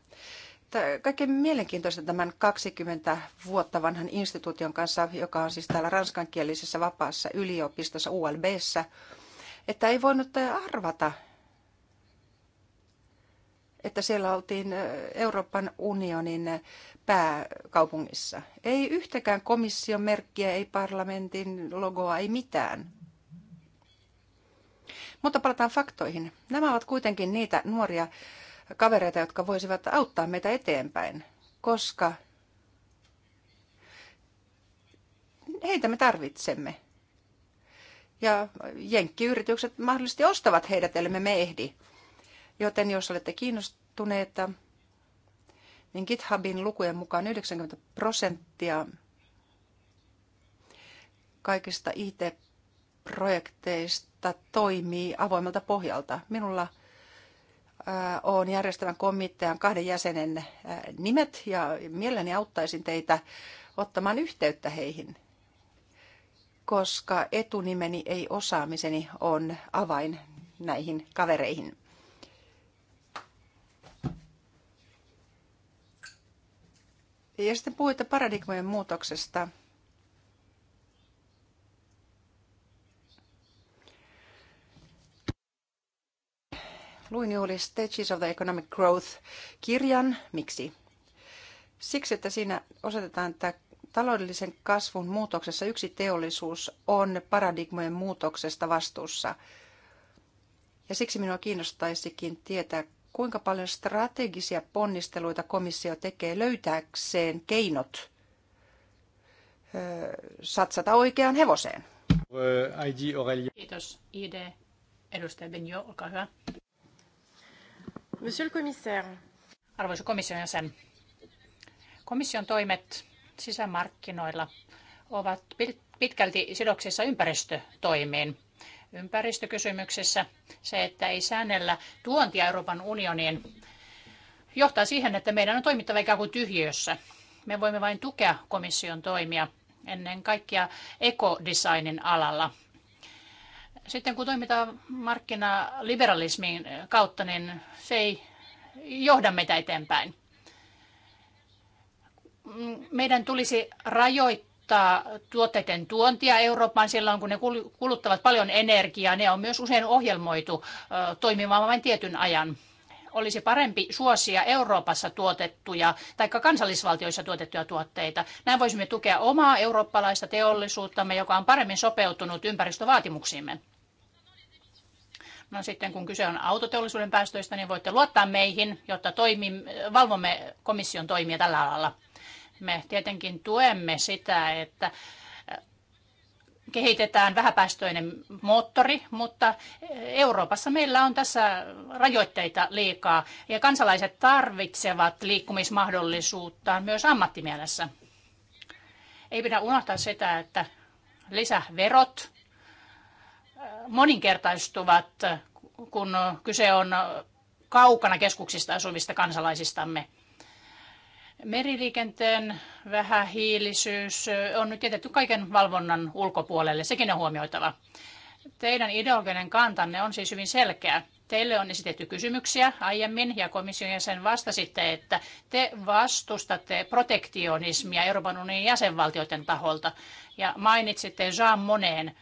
Speaker 4: Kaikkein mielenkiintoista tämän 20 vuotta vanhan instituution kanssa, joka on siis täällä ranskankielisessä vapaassa yliopistossa ULBssä, että ei voinut arvata, että siellä oltiin Euroopan unionin pääkaupungissa. Ei yhtäkään komission merkkiä, ei parlamentin logoa, ei mitään. Mutta palataan faktoihin. Nämä ovat kuitenkin niitä nuoria kavereita, jotka voisivat auttaa meitä eteenpäin, koska heitä me tarvitsemme. Ja jenkkiyritykset mahdollisesti ostavat heidät, ellei me ehdi. Joten jos olette kiinnostuneita, vakuuttuneita, niin GitHubin lukujen mukaan 90 prosenttia kaikista IT-projekteista toimii avoimelta pohjalta. Minulla on järjestävän komitean kahden jäsenen nimet ja mielelläni auttaisin teitä ottamaan yhteyttä heihin, koska etunimeni ei osaamiseni on avain näihin kavereihin. Ja sitten puhuitte paradigmojen muutoksesta. Luin juuri Stages of the Economic Growth-kirjan. Miksi? Siksi, että siinä osoitetaan, että taloudellisen kasvun muutoksessa yksi teollisuus on paradigmojen muutoksesta vastuussa. Ja siksi minua kiinnostaisikin tietää, kuinka paljon strategisia ponnisteluita komissio tekee löytääkseen keinot satsata oikeaan hevoseen?
Speaker 2: Kiitos ID. Edustaja Benjo, olkaa hyvä. Monsieur le commissaire. Arvoisa komission jäsen. Komission toimet sisämarkkinoilla ovat pitkälti sidoksissa ympäristötoimiin ympäristökysymyksissä. Se, että ei säännellä tuontia Euroopan unioniin, johtaa siihen, että meidän on toimittava ikään kuin tyhjiössä. Me voimme vain tukea komission toimia ennen kaikkea ekodesignin alalla. Sitten kun toimitaan markkinaliberalismin kautta, niin se ei johda meitä eteenpäin. Meidän tulisi rajoittaa rajoittaa tuotteiden tuontia Eurooppaan silloin, kun ne kuluttavat paljon energiaa. Ne on myös usein ohjelmoitu toimimaan vain tietyn ajan. Olisi parempi suosia Euroopassa tuotettuja tai kansallisvaltioissa tuotettuja tuotteita. Näin voisimme tukea omaa eurooppalaista teollisuuttamme, joka on paremmin sopeutunut ympäristövaatimuksiimme. No sitten kun kyse on autoteollisuuden päästöistä, niin voitte luottaa meihin, jotta toimim, valvomme komission toimia tällä alalla. Me tietenkin tuemme sitä, että kehitetään vähäpäästöinen moottori, mutta Euroopassa meillä on tässä rajoitteita liikaa ja kansalaiset tarvitsevat liikkumismahdollisuutta myös ammattimielessä. Ei pidä unohtaa sitä, että lisäverot äh, moninkertaistuvat, kun kyse on kaukana keskuksista asuvista kansalaisistamme. Meriliikenteen vähähiilisyys on nyt jätetty kaiken valvonnan ulkopuolelle, sekin on huomioitava. Teidän ideologinen kantanne on siis hyvin selkeä. Teille on esitetty kysymyksiä aiemmin ja komission jäsen vastasitte, että te vastustatte protektionismia Euroopan unionin jäsenvaltioiden taholta ja mainitsitte Jean Moneen –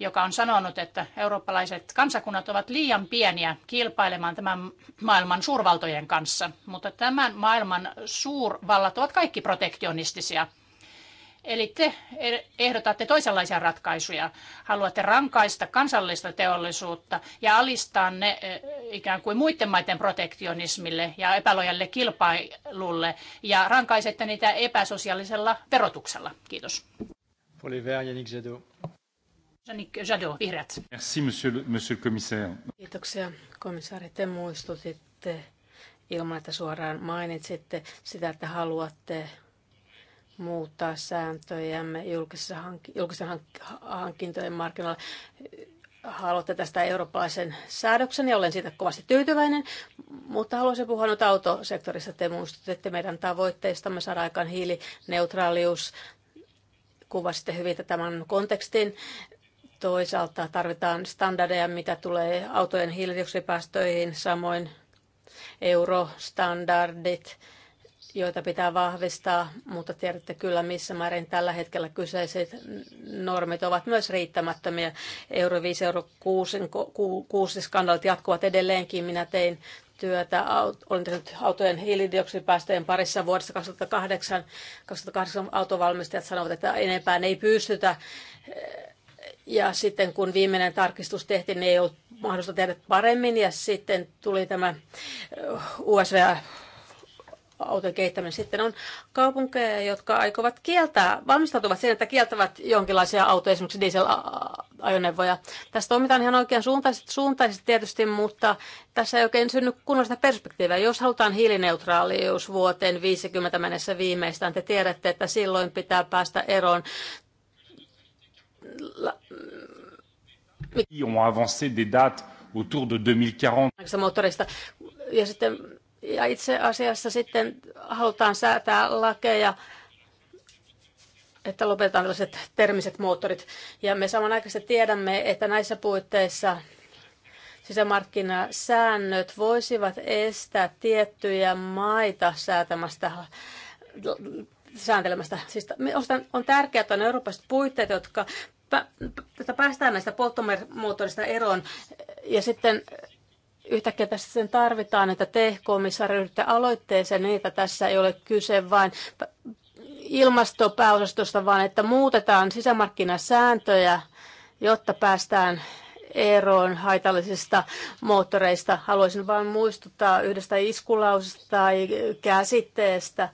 Speaker 2: joka on sanonut, että eurooppalaiset kansakunnat ovat liian pieniä kilpailemaan tämän maailman suurvaltojen kanssa, mutta tämän maailman suurvallat ovat kaikki protektionistisia. Eli te ehdotatte toisenlaisia ratkaisuja. Haluatte rankaista kansallista teollisuutta ja alistaa ne eh, ikään kuin muiden maiden protektionismille ja epälojalle kilpailulle ja rankaisette niitä epäsosiaalisella verotuksella. Kiitos.
Speaker 3: Jadot, vihreät.
Speaker 1: Merci, monsieur, monsieur le commissaire.
Speaker 3: Kiitoksia, komissaari. Te muistutitte ilman, että suoraan mainitsitte sitä, että haluatte muuttaa sääntöjämme julkisen, hank- hank- hankintojen markkinoilla. Haluatte tästä eurooppalaisen säädöksen ja olen siitä kovasti tyytyväinen, mutta haluaisin puhua nyt autosektorista. Te muistutitte meidän tavoitteistamme saada aikaan hiilineutraalius. Kuvasitte hyvin tämän kontekstin Toisaalta tarvitaan standardeja, mitä tulee autojen hiilidioksidipäästöihin, samoin eurostandardit, joita pitää vahvistaa, mutta tiedätte kyllä, missä määrin tällä hetkellä kyseiset normit ovat myös riittämättömiä. Euro 5, euro 6, 6 skandaalit jatkuvat edelleenkin. Minä tein työtä, olin tehnyt autojen hiilidioksidipäästöjen parissa vuodesta 2008. 2008 autovalmistajat sanovat, että enempää ei pystytä ja sitten kun viimeinen tarkistus tehtiin, niin ei ollut mahdollista tehdä paremmin. Ja sitten tuli tämä usv auton kehittäminen. Sitten on kaupunkeja, jotka aikovat kieltää, valmistautuvat siihen, että kieltävät jonkinlaisia autoja, esimerkiksi dieselajoneuvoja. Tässä toimitaan ihan oikean suuntaisesti, suuntaisesti tietysti, mutta tässä ei oikein synny kunnollista perspektiiviä. Jos halutaan hiilineutraalius vuoteen 50 mennessä viimeistään, te tiedätte, että silloin pitää päästä eroon
Speaker 1: on avancé des dates autour de 2040.
Speaker 3: Motorista. Ja, sitten, ja itse asiassa sitten halutaan säätää lakeja, että lopetetaan tällaiset termiset moottorit. Ja me samanaikaisesti tiedämme, että näissä puitteissa sisämarkkinasäännöt voisivat estää tiettyjä maita säätämästä sääntelemästä. Siis on tärkeää, että on eurooppalaiset puitteet, jotka että päästään näistä polttomuotoista eroon. Ja sitten yhtäkkiä tässä sen tarvitaan, että te, komissaari, ryhdytte aloitteeseen, niitä tässä ei ole kyse vain ilmastopääosastosta, vaan että muutetaan sisämarkkinasääntöjä, jotta päästään eroon haitallisista moottoreista. Haluaisin vain muistuttaa yhdestä iskulausesta tai käsitteestä,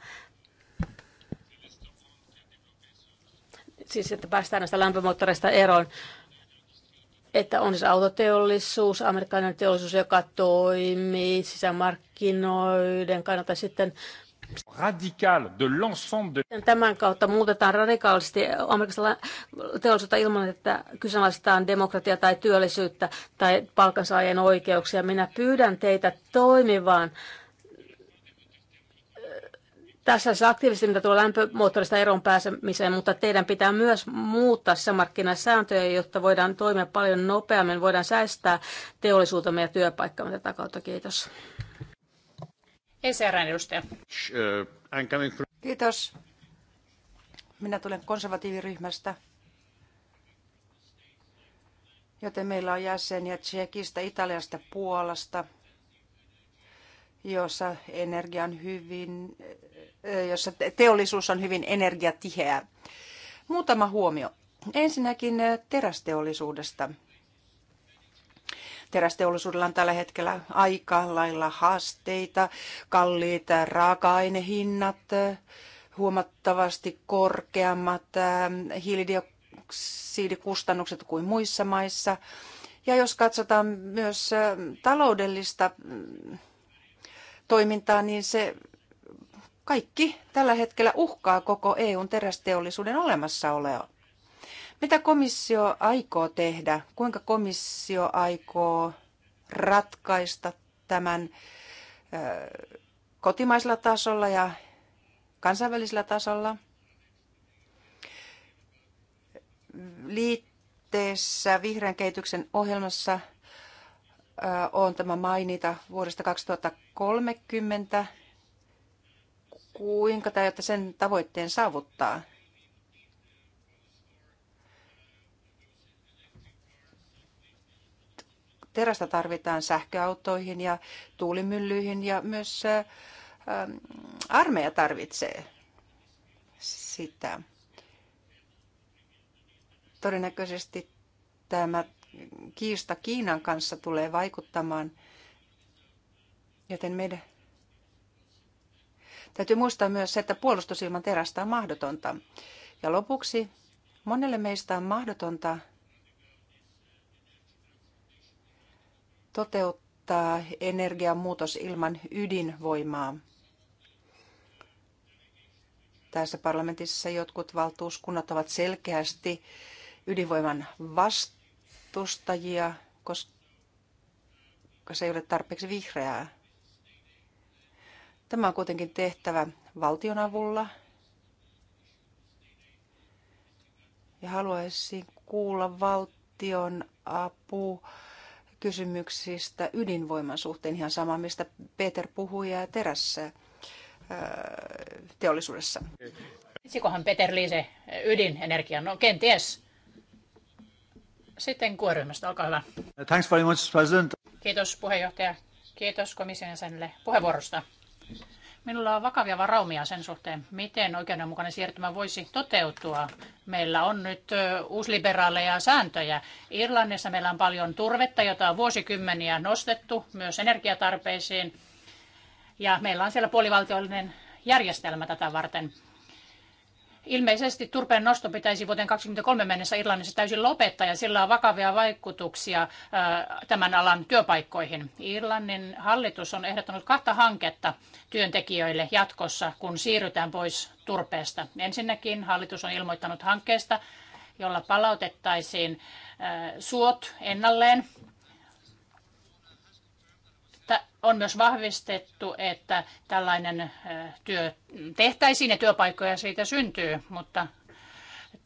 Speaker 3: siis että päästään näistä lämpömoottoreista eroon, että on siis autoteollisuus, amerikkalainen teollisuus, joka toimii sisämarkkinoiden kannalta sitten radikaal
Speaker 1: de l'ensemble
Speaker 3: de... Tämän kautta muutetaan radikaalisti amerikkalaista teollisuutta ilman, että kyseenalaistetaan demokratia tai työllisyyttä tai palkansaajien oikeuksia. Minä pyydän teitä toimivaan tässä se aktiivisesti, mitä tulee lämpömoottorista eroon pääsemiseen, mutta teidän pitää myös muuttaa sisämarkkinasääntöjä, jotta voidaan toimia paljon nopeammin, voidaan säästää teollisuutemme ja työpaikkamme tätä kautta. Kiitos.
Speaker 2: ECRn edustaja.
Speaker 4: Kiitos. Minä tulen konservatiiviryhmästä, joten meillä on jäseniä Tsekistä, Italiasta, Puolasta – jossa, energian hyvin, eh, jossa teollisuus on hyvin energiatiheä. Muutama huomio. Ensinnäkin eh, terästeollisuudesta. Terästeollisuudella on tällä hetkellä aika lailla haasteita, kalliit raaka-ainehinnat, eh, huomattavasti korkeammat hiilidioksidikustannukset kuin muissa maissa. Ja jos katsotaan myös taloudellista mm, toimintaa, niin se kaikki tällä hetkellä uhkaa koko EUn terästeollisuuden olemassaoloa. Mitä komissio aikoo tehdä? Kuinka komissio aikoo ratkaista tämän kotimaisella tasolla ja kansainvälisellä tasolla? Liitteessä vihreän kehityksen ohjelmassa on tämä mainita vuodesta 2030, kuinka tai jotta sen tavoitteen saavuttaa. Terästä tarvitaan sähköautoihin ja tuulimyllyihin ja myös armeija tarvitsee sitä. Todennäköisesti tämä kiista Kiinan kanssa tulee vaikuttamaan. Joten meidän täytyy muistaa myös se, että puolustus ilman terästä on mahdotonta. Ja lopuksi monelle meistä on mahdotonta toteuttaa energiamuutos ilman ydinvoimaa. Tässä parlamentissa jotkut valtuuskunnat ovat selkeästi ydinvoiman vastaan vastustajia, koska se ei ole tarpeeksi vihreää. Tämä on kuitenkin tehtävä valtion avulla. Ja haluaisin kuulla valtion apu kysymyksistä ydinvoiman suhteen ihan sama, mistä Peter puhui ja terässä äh, teollisuudessa.
Speaker 2: Itsikohan Peter Liise ydinenergian? No kenties. Sitten kuoryhmästä, olkaa hyvä.
Speaker 1: Thanks very much, President.
Speaker 2: Kiitos puheenjohtaja. Kiitos komission jäsenelle puheenvuorosta. Minulla on vakavia varaumia sen suhteen, miten oikeudenmukainen siirtymä voisi toteutua. Meillä on nyt uusliberaaleja sääntöjä. Irlannissa meillä on paljon turvetta, jota on vuosikymmeniä nostettu myös energiatarpeisiin. Ja meillä on siellä puolivaltiollinen järjestelmä tätä varten. Ilmeisesti turpeen nosto pitäisi vuoteen 2023 mennessä Irlannissa täysin lopettaa ja sillä on vakavia vaikutuksia äh, tämän alan työpaikkoihin. Irlannin hallitus on ehdottanut kahta hanketta työntekijöille jatkossa, kun siirrytään pois turpeesta. Ensinnäkin hallitus on ilmoittanut hankkeesta, jolla palautettaisiin äh, suot ennalleen on myös vahvistettu, että tällainen työ tehtäisiin ja työpaikkoja siitä syntyy, mutta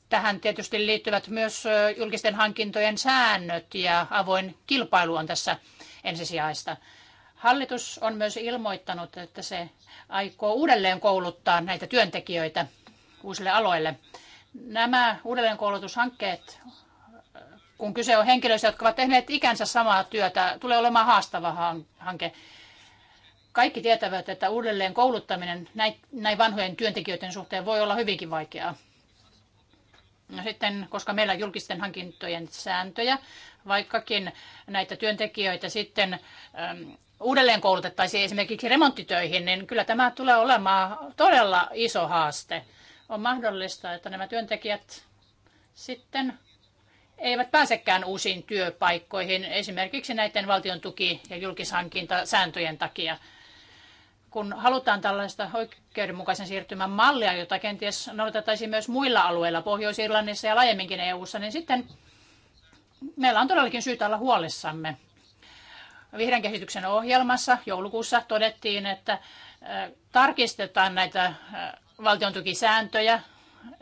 Speaker 2: tähän tietysti liittyvät myös julkisten hankintojen säännöt ja avoin kilpailu on tässä ensisijaista. Hallitus on myös ilmoittanut, että se aikoo uudelleen kouluttaa näitä työntekijöitä uusille aloille. Nämä uudelleenkoulutushankkeet kun kyse on henkilöistä, jotka ovat tehneet ikänsä samaa työtä, tulee olemaan haastava hanke. Kaikki tietävät, että uudelleen kouluttaminen näin vanhojen työntekijöiden suhteen voi olla hyvinkin vaikeaa. No sitten, koska meillä on julkisten hankintojen sääntöjä, vaikkakin näitä työntekijöitä sitten äm, uudelleen koulutettaisiin esimerkiksi remonttitöihin, niin kyllä tämä tulee olemaan todella iso haaste. On mahdollista, että nämä työntekijät sitten eivät pääsekään uusiin työpaikkoihin esimerkiksi näiden valtion tuki- ja julkishankintasääntöjen takia. Kun halutaan tällaista oikeudenmukaisen siirtymän mallia, jota kenties noudatettaisiin myös muilla alueilla, Pohjois-Irlannissa ja laajemminkin EU-ssa, niin sitten meillä on todellakin syytä olla huolissamme. Vihreän kehityksen ohjelmassa joulukuussa todettiin, että tarkistetaan näitä valtiontukisääntöjä,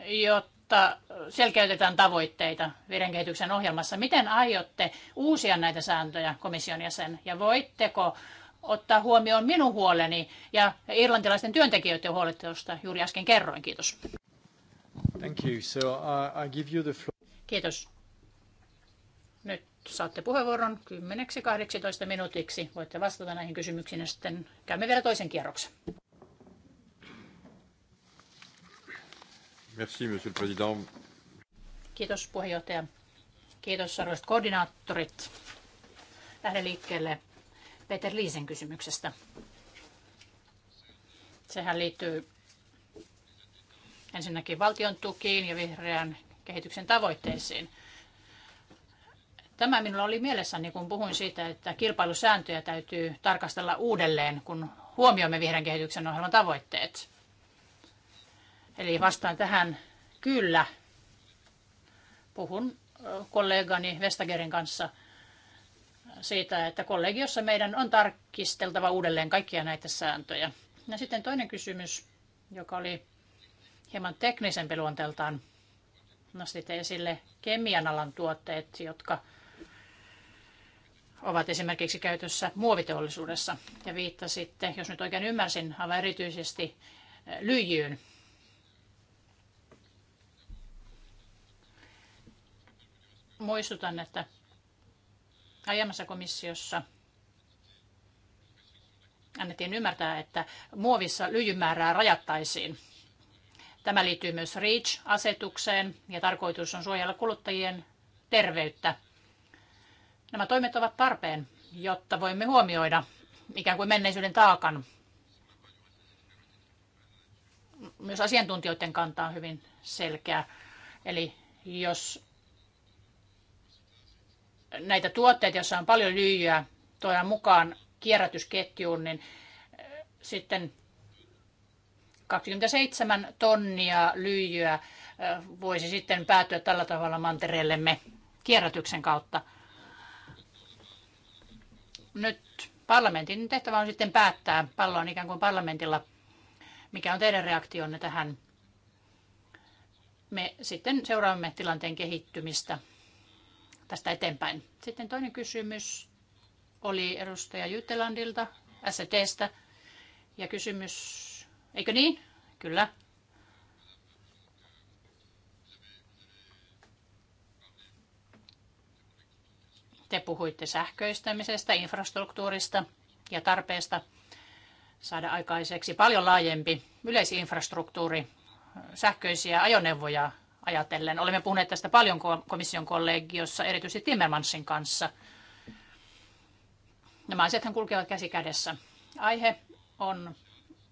Speaker 2: jotta mutta selkeytetään tavoitteita veden kehityksen ohjelmassa. Miten aiotte uusia näitä sääntöjä komission jäsen ja voitteko ottaa huomioon minun huoleni ja irlantilaisten työntekijöiden huolet, joista juuri äsken kerroin. Kiitos.
Speaker 1: Thank you. So, uh, I give you the floor.
Speaker 2: Kiitos. Nyt saatte puheenvuoron 10-18 minuutiksi. Voitte vastata näihin kysymyksiin ja sitten käymme vielä toisen kierroksen. Merci, monsieur Kiitos puheenjohtaja. Kiitos arvoisat koordinaattorit. Lähden liikkeelle Peter Liisen kysymyksestä. Sehän liittyy ensinnäkin valtion tukiin ja vihreän kehityksen tavoitteisiin. Tämä minulla oli mielessä, niin kun puhuin siitä, että kilpailusääntöjä täytyy tarkastella uudelleen, kun huomioimme vihreän kehityksen ohjelman tavoitteet. Eli vastaan tähän kyllä. Puhun kollegani Vestagerin kanssa siitä, että kollegiossa meidän on tarkisteltava uudelleen kaikkia näitä sääntöjä. Ja sitten toinen kysymys, joka oli hieman teknisempi luonteeltaan. Nostitte esille kemian alan tuotteet, jotka ovat esimerkiksi käytössä muoviteollisuudessa. Ja viittasitte, jos nyt oikein ymmärsin, aivan erityisesti lyijyyn. Muistutan, että aiemmassa komissiossa annettiin ymmärtää, että muovissa lyijymäärää rajattaisiin. Tämä liittyy myös REACH-asetukseen ja tarkoitus on suojella kuluttajien terveyttä. Nämä toimet ovat tarpeen, jotta voimme huomioida ikään kuin menneisyyden taakan. Myös asiantuntijoiden kanta on hyvin selkeä. Eli jos näitä tuotteita, joissa on paljon lyijyä, tuodaan mukaan kierrätysketjuun, niin eh, sitten 27 tonnia lyijyä eh, voisi sitten päätyä tällä tavalla mantereellemme kierrätyksen kautta. Nyt parlamentin tehtävä on sitten päättää, pallo on ikään kuin parlamentilla, mikä on teidän reaktionne tähän. Me sitten seuraamme tilanteen kehittymistä tästä eteenpäin. Sitten toinen kysymys oli edustaja Jytelandilta, STstä. Ja kysymys, eikö niin? Kyllä. Te puhuitte sähköistämisestä, infrastruktuurista ja tarpeesta saada aikaiseksi paljon laajempi yleisinfrastruktuuri, sähköisiä ajoneuvoja ajatellen. Olemme puhuneet tästä paljon komission kollegiossa, erityisesti Timmermansin kanssa. Nämä asiathan kulkevat käsi kädessä. Aihe on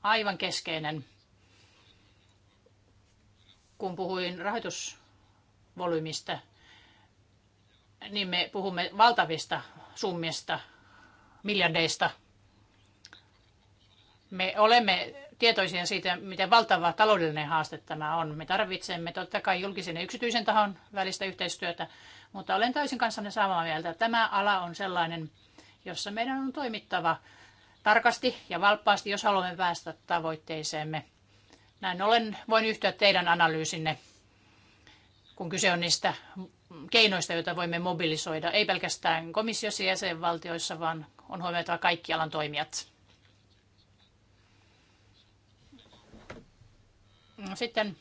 Speaker 2: aivan keskeinen. Kun puhuin rahoitusvolyymista, niin me puhumme valtavista summista, miljardeista – me olemme tietoisia siitä, miten valtava taloudellinen haaste tämä on. Me tarvitsemme totta kai julkisen ja yksityisen tahon välistä yhteistyötä, mutta olen täysin kanssanne samaa mieltä. Tämä ala on sellainen, jossa meidän on toimittava tarkasti ja valppaasti, jos haluamme päästä tavoitteeseemme. Näin olen voin yhtyä teidän analyysinne, kun kyse on niistä keinoista, joita voimme mobilisoida, ei pelkästään komissiossa ja jäsenvaltioissa, vaan on huomioitava kaikki alan toimijat. No sitten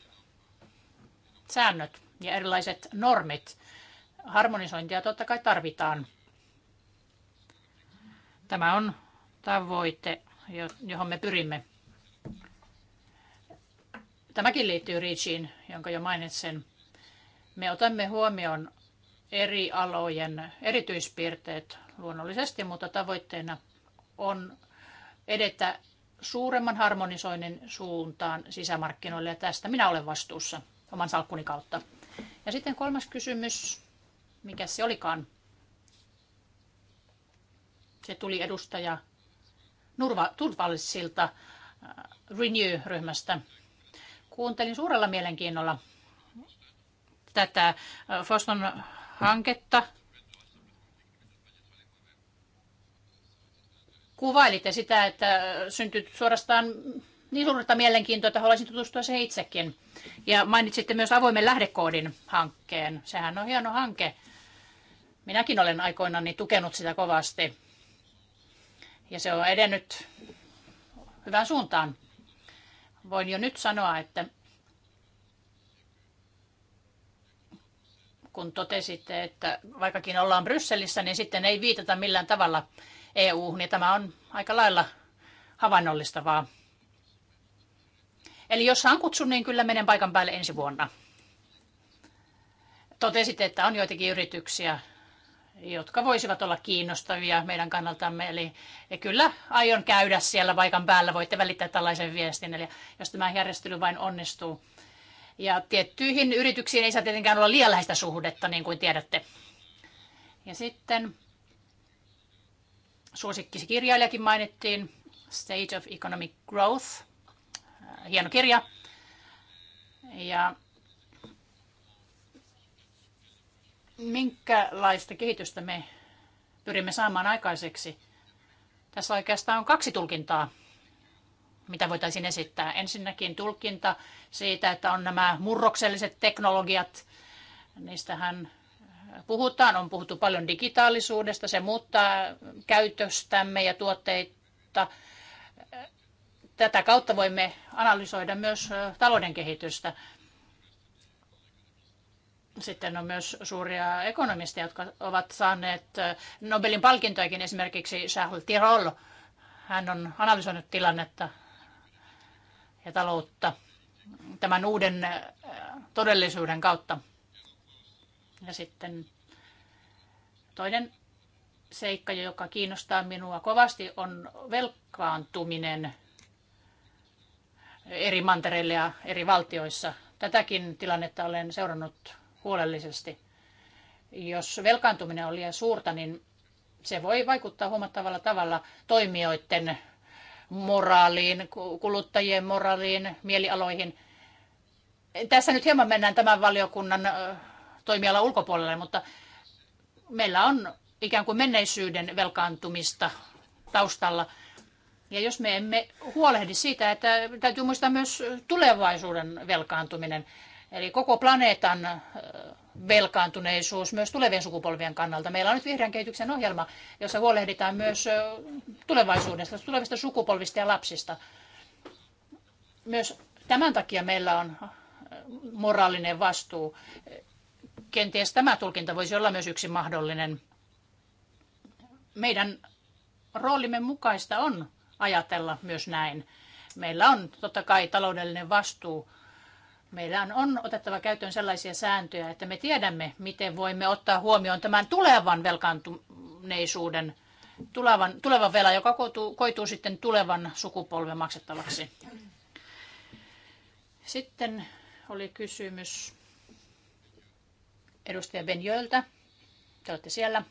Speaker 2: säännöt ja erilaiset normit. Harmonisointia totta kai tarvitaan. Tämä on tavoite, johon me pyrimme. Tämäkin liittyy REACHiin, jonka jo mainitsin. Me otamme huomioon eri alojen erityispiirteet luonnollisesti, mutta tavoitteena on edetä suuremman harmonisoinnin suuntaan sisämarkkinoille ja tästä minä olen vastuussa oman salkkuni kautta. Ja sitten kolmas kysymys, mikä se olikaan? Se tuli edustaja Nurva Turvallisilta äh, Renew-ryhmästä. Kuuntelin suurella mielenkiinnolla tätä äh, Foston hanketta kuvailitte sitä, että syntyi suorastaan niin suurta mielenkiintoa, että haluaisin tutustua se itsekin. Ja mainitsitte myös avoimen lähdekoodin hankkeen. Sehän on hieno hanke. Minäkin olen aikoinaan tukenut sitä kovasti. Ja se on edennyt hyvään suuntaan. Voin jo nyt sanoa, että kun totesitte, että vaikkakin ollaan Brysselissä, niin sitten ei viitata millään tavalla EU, niin tämä on aika lailla havainnollistavaa. Eli jos saan kutsun, niin kyllä menen paikan päälle ensi vuonna. Totesit, että on joitakin yrityksiä, jotka voisivat olla kiinnostavia meidän kannaltamme. Eli ja kyllä aion käydä siellä paikan päällä, voitte välittää tällaisen viestin, eli jos tämä järjestely vain onnistuu. Ja tiettyihin yrityksiin ei saa tietenkään olla liian läheistä suhdetta, niin kuin tiedätte. Ja sitten Suosikkisi kirjailijakin mainittiin, State of Economic Growth, äh, hieno kirja. Ja minkälaista kehitystä me pyrimme saamaan aikaiseksi? Tässä oikeastaan on kaksi tulkintaa, mitä voitaisiin esittää. Ensinnäkin tulkinta siitä, että on nämä murrokselliset teknologiat. Niistähän puhutaan. On puhuttu paljon digitaalisuudesta, se muuttaa käytöstämme ja tuotteita. Tätä kautta voimme analysoida myös talouden kehitystä. Sitten on myös suuria ekonomisteja, jotka ovat saaneet Nobelin palkintoikin esimerkiksi Charles Tirol. Hän on analysoinut tilannetta ja taloutta tämän uuden todellisuuden kautta. Ja sitten toinen seikka, joka kiinnostaa minua kovasti, on velkaantuminen eri mantereille ja eri valtioissa. Tätäkin tilannetta olen seurannut huolellisesti. Jos velkaantuminen on liian suurta, niin se voi vaikuttaa huomattavalla tavalla toimijoiden moraaliin, kuluttajien moraaliin, mielialoihin. Tässä nyt hieman mennään tämän valiokunnan toimialan ulkopuolelle, mutta meillä on ikään kuin menneisyyden velkaantumista taustalla. Ja jos me emme huolehdi siitä, että täytyy muistaa myös tulevaisuuden velkaantuminen, eli koko planeetan velkaantuneisuus myös tulevien sukupolvien kannalta. Meillä on nyt vihreän kehityksen ohjelma, jossa huolehditaan myös tulevaisuudesta, tulevista sukupolvista ja lapsista. Myös tämän takia meillä on moraalinen vastuu. Kenties tämä tulkinta voisi olla myös yksi mahdollinen. Meidän roolimme mukaista on ajatella myös näin. Meillä on totta kai taloudellinen vastuu. Meillä on otettava käyttöön sellaisia sääntöjä, että me tiedämme, miten voimme ottaa huomioon tämän tulevan velkaantuneisuuden, tulevan, tulevan vela, joka koituu, koituu sitten tulevan sukupolven maksettavaksi. Sitten oli kysymys edustaja Benjöltä. Te olette siellä.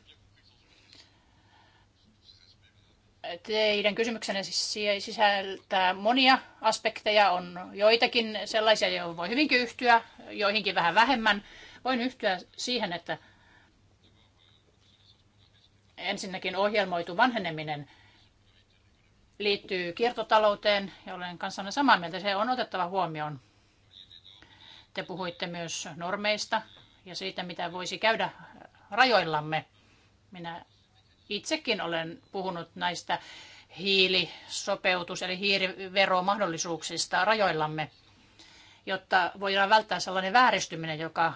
Speaker 2: Teidän kysymyksenne siis sisältää monia aspekteja. On joitakin sellaisia, joihin voi hyvinkin yhtyä, joihinkin vähän vähemmän. Voin yhtyä siihen, että ensinnäkin ohjelmoitu vanheneminen liittyy kiertotalouteen ja olen kanssanne samaa mieltä. Se on otettava huomioon. Te puhuitte myös normeista, ja siitä, mitä voisi käydä rajoillamme. Minä itsekin olen puhunut näistä hiilisopeutus- eli hiiriveromahdollisuuksista rajoillamme, jotta voidaan välttää sellainen vääristyminen, joka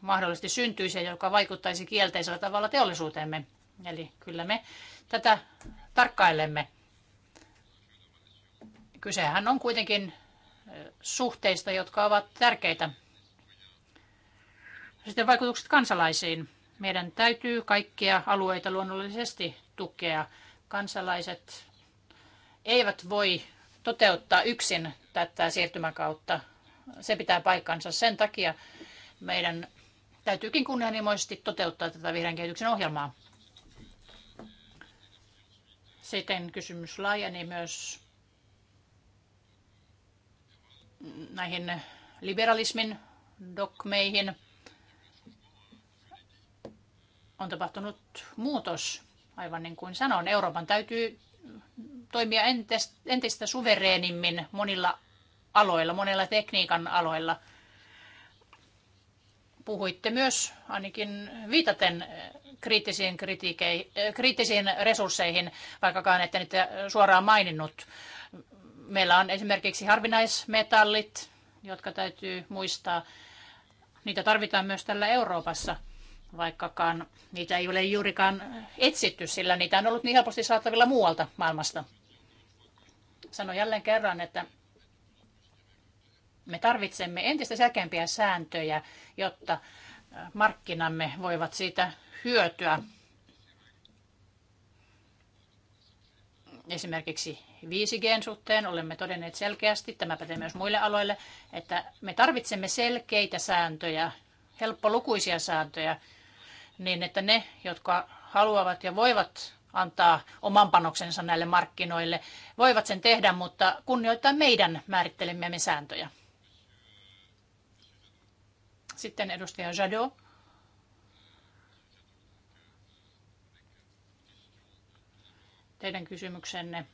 Speaker 2: mahdollisesti syntyisi ja joka vaikuttaisi kielteisellä tavalla teollisuuteemme. Eli kyllä me tätä tarkkailemme. Kysehän on kuitenkin suhteista, jotka ovat tärkeitä sitten vaikutukset kansalaisiin. Meidän täytyy kaikkia alueita luonnollisesti tukea. Kansalaiset eivät voi toteuttaa yksin tätä siirtymäkautta. Se pitää paikkansa. Sen takia meidän täytyykin kunnianhimoisesti toteuttaa tätä vihreän kehityksen ohjelmaa. Sitten kysymys laajeni myös näihin liberalismin dogmeihin on tapahtunut muutos, aivan niin kuin sanon. Euroopan täytyy toimia entistä suvereenimmin monilla aloilla, monella tekniikan aloilla. Puhuitte myös ainakin viitaten kriittisiin, kriittisiin resursseihin, vaikkakaan ette niitä suoraan maininnut. Meillä on esimerkiksi harvinaismetallit, jotka täytyy muistaa. Niitä tarvitaan myös tällä Euroopassa – vaikkakaan niitä ei ole juurikaan etsitty, sillä niitä on ollut niin helposti saatavilla muualta maailmasta. Sanon jälleen kerran, että me tarvitsemme entistä selkeämpiä sääntöjä, jotta markkinamme voivat siitä hyötyä. Esimerkiksi 5 g suhteen olemme todenneet selkeästi, tämä pätee myös muille aloille, että me tarvitsemme selkeitä sääntöjä, helppolukuisia sääntöjä, niin että ne, jotka haluavat ja voivat antaa oman panoksensa näille markkinoille, voivat sen tehdä, mutta kunnioittaa meidän määrittelemiämme sääntöjä. Sitten edustaja Jadot. Teidän kysymyksenne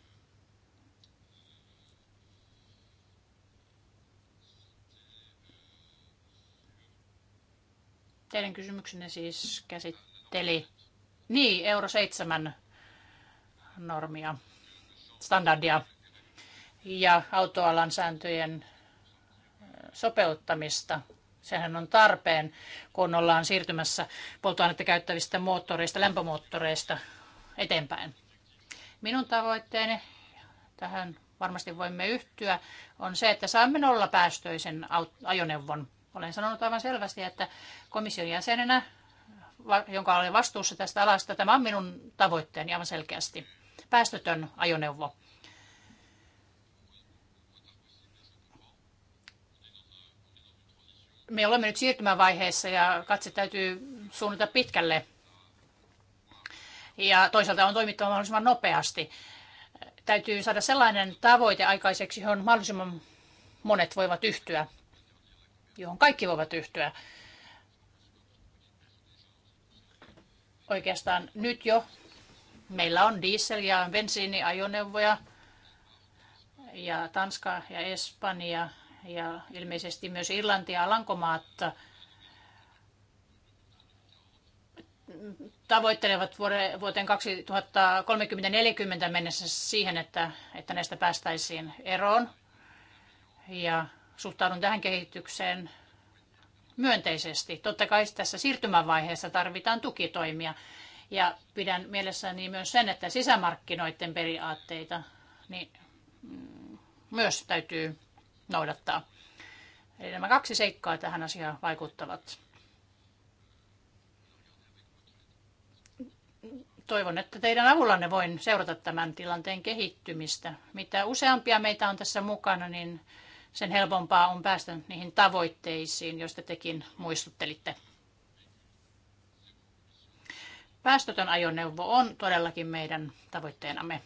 Speaker 2: Teidän kysymyksenne siis käsitteli niin, euro 7 normia, standardia ja autoalan sääntöjen sopeuttamista. Sehän on tarpeen, kun ollaan siirtymässä polttoainetta käyttävistä moottoreista, lämpömoottoreista eteenpäin. Minun tavoitteeni, tähän varmasti voimme yhtyä, on se, että saamme nollapäästöisen ajoneuvon olen sanonut aivan selvästi, että komission jäsenenä, jonka olen vastuussa tästä alasta, tämä on minun tavoitteeni aivan selkeästi. Päästötön ajoneuvo. me olemme nyt siirtymävaiheessa ja katse täytyy suunnata pitkälle. Ja toisaalta on toimittava mahdollisimman nopeasti. Täytyy saada sellainen tavoite aikaiseksi, johon mahdollisimman monet voivat yhtyä johon kaikki voivat yhtyä. Oikeastaan nyt jo meillä on diesel- ja bensiiniajoneuvoja ja Tanska ja Espanja ja ilmeisesti myös Irlanti ja Alankomaatta. tavoittelevat vuoteen 2030-40 mennessä siihen, että, että näistä päästäisiin eroon. Ja suhtaudun tähän kehitykseen myönteisesti. Totta kai tässä siirtymävaiheessa tarvitaan tukitoimia. Ja pidän mielessäni myös sen, että sisämarkkinoiden periaatteita niin mm, myös täytyy noudattaa. Eli nämä kaksi seikkaa tähän asiaan vaikuttavat. Toivon, että teidän avullanne voin seurata tämän tilanteen kehittymistä. Mitä useampia meitä on tässä mukana, niin sen helpompaa on päästä niihin tavoitteisiin, joista tekin muistuttelitte. Päästötön ajoneuvo on todellakin meidän tavoitteenamme.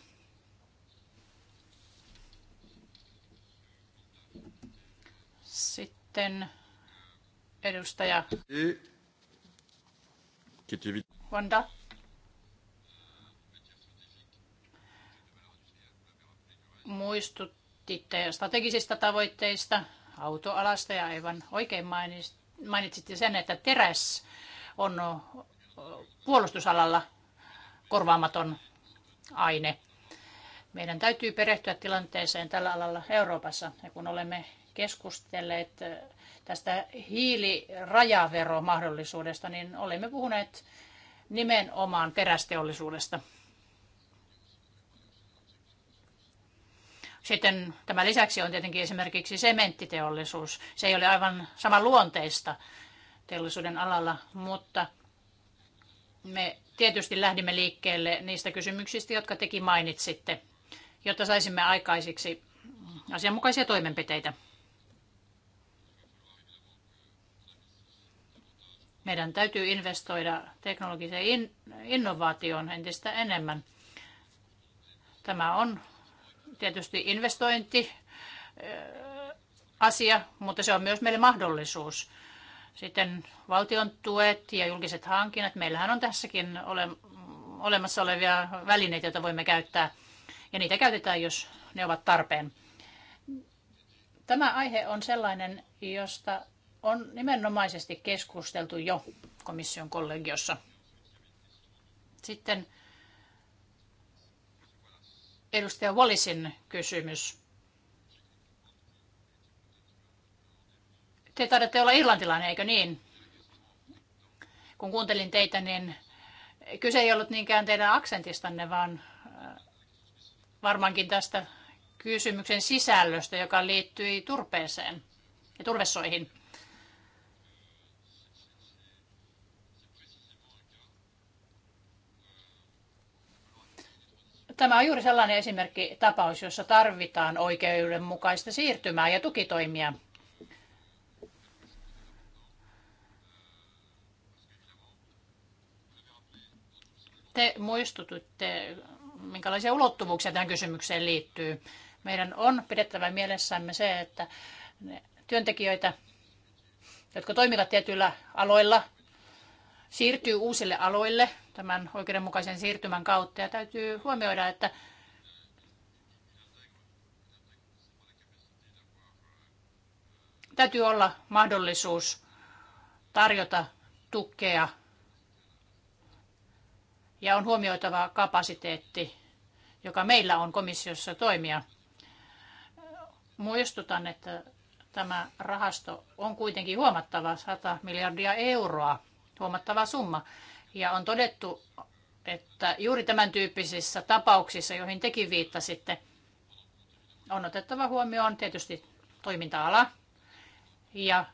Speaker 2: Sitten edustaja Honda. Muistut sitten strategisista tavoitteista, autoalasta ja aivan oikein mainitsitte sen, että teräs on puolustusalalla korvaamaton aine. Meidän täytyy perehtyä tilanteeseen tällä alalla Euroopassa. Ja kun olemme keskustelleet tästä hiilirajaveromahdollisuudesta, niin olemme puhuneet nimenomaan terästeollisuudesta. Sitten tämä lisäksi on tietenkin esimerkiksi sementtiteollisuus. Se ei ole aivan saman luonteista teollisuuden alalla, mutta me tietysti lähdimme liikkeelle niistä kysymyksistä, jotka tekin mainitsitte, jotta saisimme aikaisiksi asianmukaisia toimenpiteitä. Meidän täytyy investoida teknologiseen innovaatioon entistä enemmän. Tämä on tietysti investointi asia, mutta se on myös meille mahdollisuus. Sitten valtion tuet ja julkiset hankinnat. Meillähän on tässäkin ole, olemassa olevia välineitä, joita voimme käyttää. Ja niitä käytetään, jos ne ovat tarpeen. Tämä aihe on sellainen, josta on nimenomaisesti keskusteltu jo komission kollegiossa. Sitten edustaja Wallisin kysymys. Te taidatte olla irlantilainen, eikö niin? Kun kuuntelin teitä, niin kyse ei ollut niinkään teidän aksentistanne, vaan äh, varmaankin tästä kysymyksen sisällöstä, joka liittyi turpeeseen ja turvesoihin. Tämä on juuri sellainen esimerkki tapaus, jossa tarvitaan oikeudenmukaista siirtymää ja tukitoimia. Te muistutitte, minkälaisia ulottuvuuksia tähän kysymykseen liittyy. Meidän on pidettävä mielessämme se, että työntekijöitä, jotka toimivat tietyillä aloilla, siirtyy uusille aloille tämän oikeudenmukaisen siirtymän kautta. Ja täytyy huomioida, että täytyy olla mahdollisuus tarjota tukea ja on huomioitava kapasiteetti, joka meillä on komissiossa toimia. Muistutan, että tämä rahasto on kuitenkin huomattava 100 miljardia euroa huomattava summa. Ja on todettu, että juuri tämän tyyppisissä tapauksissa, joihin tekin viittasitte, on otettava huomioon tietysti toiminta-ala ja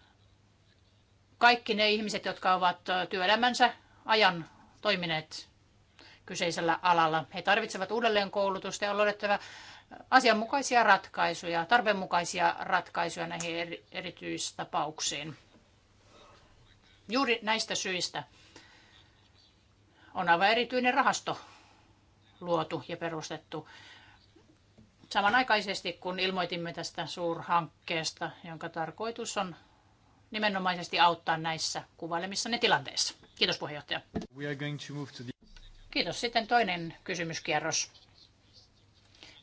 Speaker 2: kaikki ne ihmiset, jotka ovat työelämänsä ajan toimineet kyseisellä alalla. He tarvitsevat koulutusta ja on löydettävä asianmukaisia ratkaisuja, tarpeenmukaisia ratkaisuja näihin erityistapauksiin. Juuri näistä syistä on aivan erityinen rahasto luotu ja perustettu. Samanaikaisesti kun ilmoitimme tästä suurhankkeesta, jonka tarkoitus on nimenomaisesti auttaa näissä kuvailemissanne tilanteissa. Kiitos puheenjohtaja.
Speaker 1: We are going to move to the...
Speaker 2: Kiitos. Sitten toinen kysymyskierros.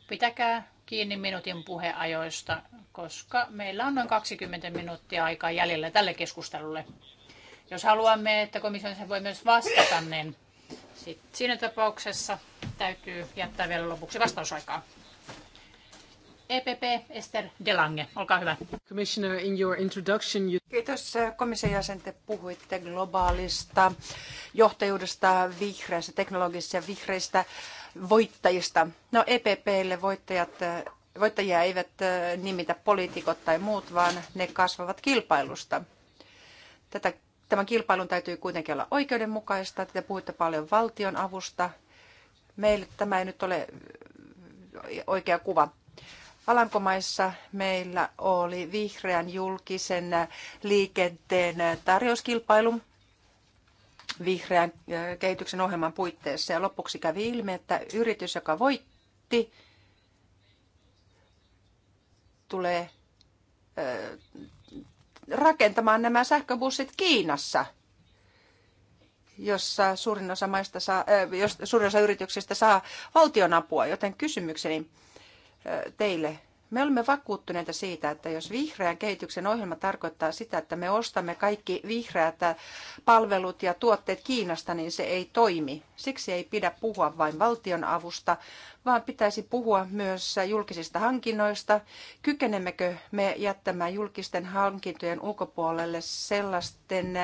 Speaker 2: Pitäkää kiinni minuutin puheajoista, koska meillä on noin 20 minuuttia aikaa jäljellä tälle keskustelulle. Jos haluamme, että komission sen voi myös vastata, niin sit siinä tapauksessa täytyy jättää vielä lopuksi vastausaikaa. EPP Ester Delange, olkaa hyvä. Commissioner, in your
Speaker 3: introduction you...
Speaker 4: Kiitos komission jäsen, te puhuitte globaalista johtajuudesta, vihreästä, teknologisista ja vihreistä voittajista. No EPPlle voittajat, voittajia eivät eh, nimitä poliitikot tai muut, vaan ne kasvavat kilpailusta. Tätä tämän kilpailun täytyy kuitenkin olla oikeudenmukaista. Te puhutte paljon valtion avusta. Meillä tämä ei nyt ole oikea kuva. Alankomaissa meillä oli vihreän julkisen liikenteen tarjouskilpailu vihreän kehityksen ohjelman puitteissa. Ja lopuksi kävi ilmi, että yritys, joka voitti, tulee rakentamaan nämä sähköbussit Kiinassa, jossa suurin osa, maista saa, äh, jos suurin osa yrityksistä saa valtionapua. Joten kysymykseni äh, teille me olemme vakuuttuneita siitä, että jos vihreän kehityksen ohjelma tarkoittaa sitä, että me ostamme kaikki vihreät palvelut ja tuotteet Kiinasta, niin se ei toimi. Siksi ei pidä puhua vain valtion avusta, vaan pitäisi puhua myös julkisista hankinnoista. Kykenemmekö me jättämään julkisten hankintojen ulkopuolelle sellaisten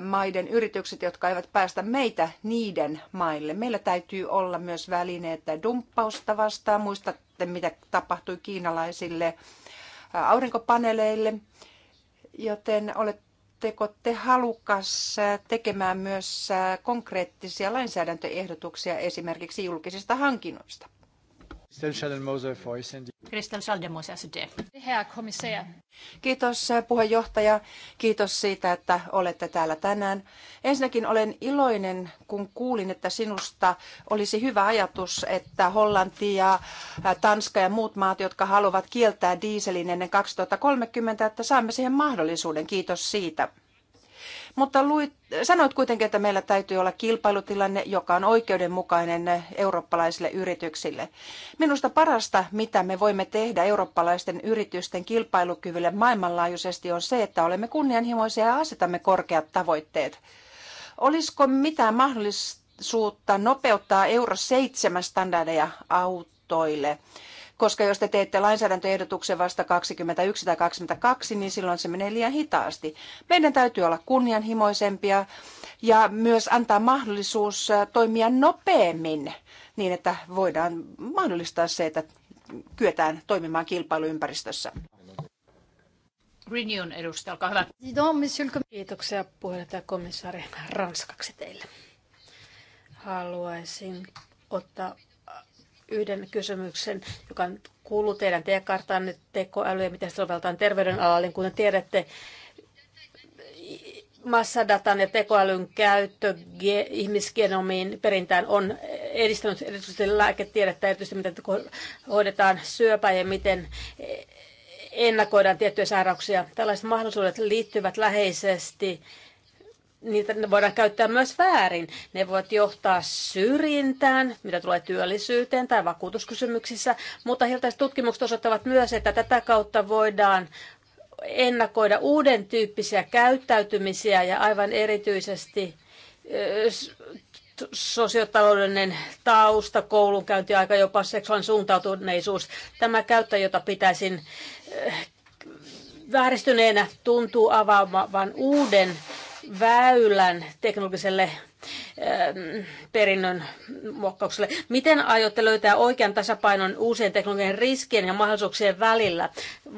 Speaker 4: maiden yritykset, jotka eivät päästä meitä niiden maille. Meillä täytyy olla myös välineitä dumppausta vastaan. Muistatte, mitä tapahtui kiinalaisille aurinkopaneeleille, joten oletteko te halukas tekemään myös konkreettisia lainsäädäntöehdotuksia esimerkiksi julkisista hankinnoista?
Speaker 2: Kristel Schaldemose, SD. Herr
Speaker 4: Kiitos eh, puheenjohtaja. Kiitos siitä, että olette täällä tänään. Ensinnäkin olen iloinen, kun kuulin, että sinusta olisi hyvä ajatus, että Hollanti ja eh, Tanska ja muut maat, jotka haluavat kieltää dieselin ennen 2030, että saamme siihen mahdollisuuden. Kiitos siitä. Mutta luit, sanoit kuitenkin, että meillä täytyy olla kilpailutilanne, joka on oikeudenmukainen eurooppalaisille yrityksille. Minusta parasta, mitä me voimme tehdä eurooppalaisten yritysten kilpailukyvylle maailmanlaajuisesti, on se, että olemme kunnianhimoisia ja asetamme korkeat tavoitteet. Olisiko mitään mahdollisuutta nopeuttaa euro 7 standardeja autoille? koska jos te teette lainsäädäntöehdotuksen vasta 21 tai 22, niin silloin se menee liian hitaasti. Meidän täytyy olla kunnianhimoisempia ja myös antaa mahdollisuus äh, toimia nopeammin niin, että voidaan mahdollistaa se, että kyetään toimimaan kilpailuympäristössä.
Speaker 2: Renewn edustaja, olkaa hyvä.
Speaker 3: Kiitoksia puheenjohtaja komissaari Ranskaksi teille. Haluaisin ottaa yhden kysymyksen, joka kuuluu teidän tekoäly ja miten se terveyden terveydenalalle. Niin Kuten tiedätte, massadatan ja tekoälyn käyttö ihmisgenomiin perintään on edistänyt erityisesti lääketiedettä, erityisesti miten hoidetaan syöpä ja miten ennakoidaan tiettyjä sairauksia. Tällaiset mahdollisuudet liittyvät läheisesti niitä ne voidaan käyttää myös väärin. Ne voivat johtaa syrjintään, mitä tulee työllisyyteen tai vakuutuskysymyksissä, mutta hiltaiset tutkimukset osoittavat myös, että tätä kautta voidaan ennakoida uuden tyyppisiä käyttäytymisiä ja aivan erityisesti sosiotaloudellinen tausta, aika jopa seksuaalinen suuntautuneisuus. Tämä käyttö, jota pitäisin vääristyneenä, tuntuu avaavan uuden väylän teknologiselle ähm, perinnön muokkaukselle. Miten aiotte löytää oikean tasapainon uusien teknologian riskien ja mahdollisuuksien välillä?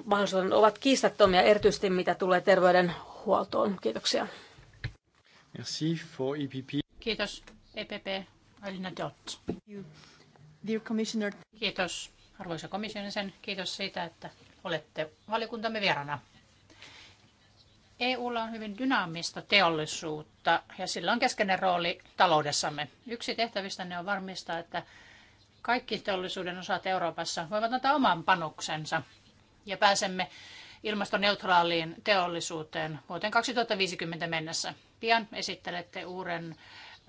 Speaker 3: Mahdollisuudet ovat kiistattomia, erityisesti mitä tulee terveydenhuoltoon. Kiitoksia.
Speaker 1: Merci for EPP.
Speaker 3: Kiitos EPP Alina Dott. Dear Commissioner. Kiitos
Speaker 2: arvoisa komission sen. Kiitos siitä, että olette valiokuntamme vierana. EUlla on hyvin dynaamista teollisuutta ja sillä on keskeinen rooli taloudessamme. Yksi tehtävistä ne on varmistaa, että kaikki teollisuuden osat Euroopassa voivat antaa oman panoksensa ja pääsemme ilmastoneutraaliin teollisuuteen vuoteen 2050 mennessä. Pian esittelette uuden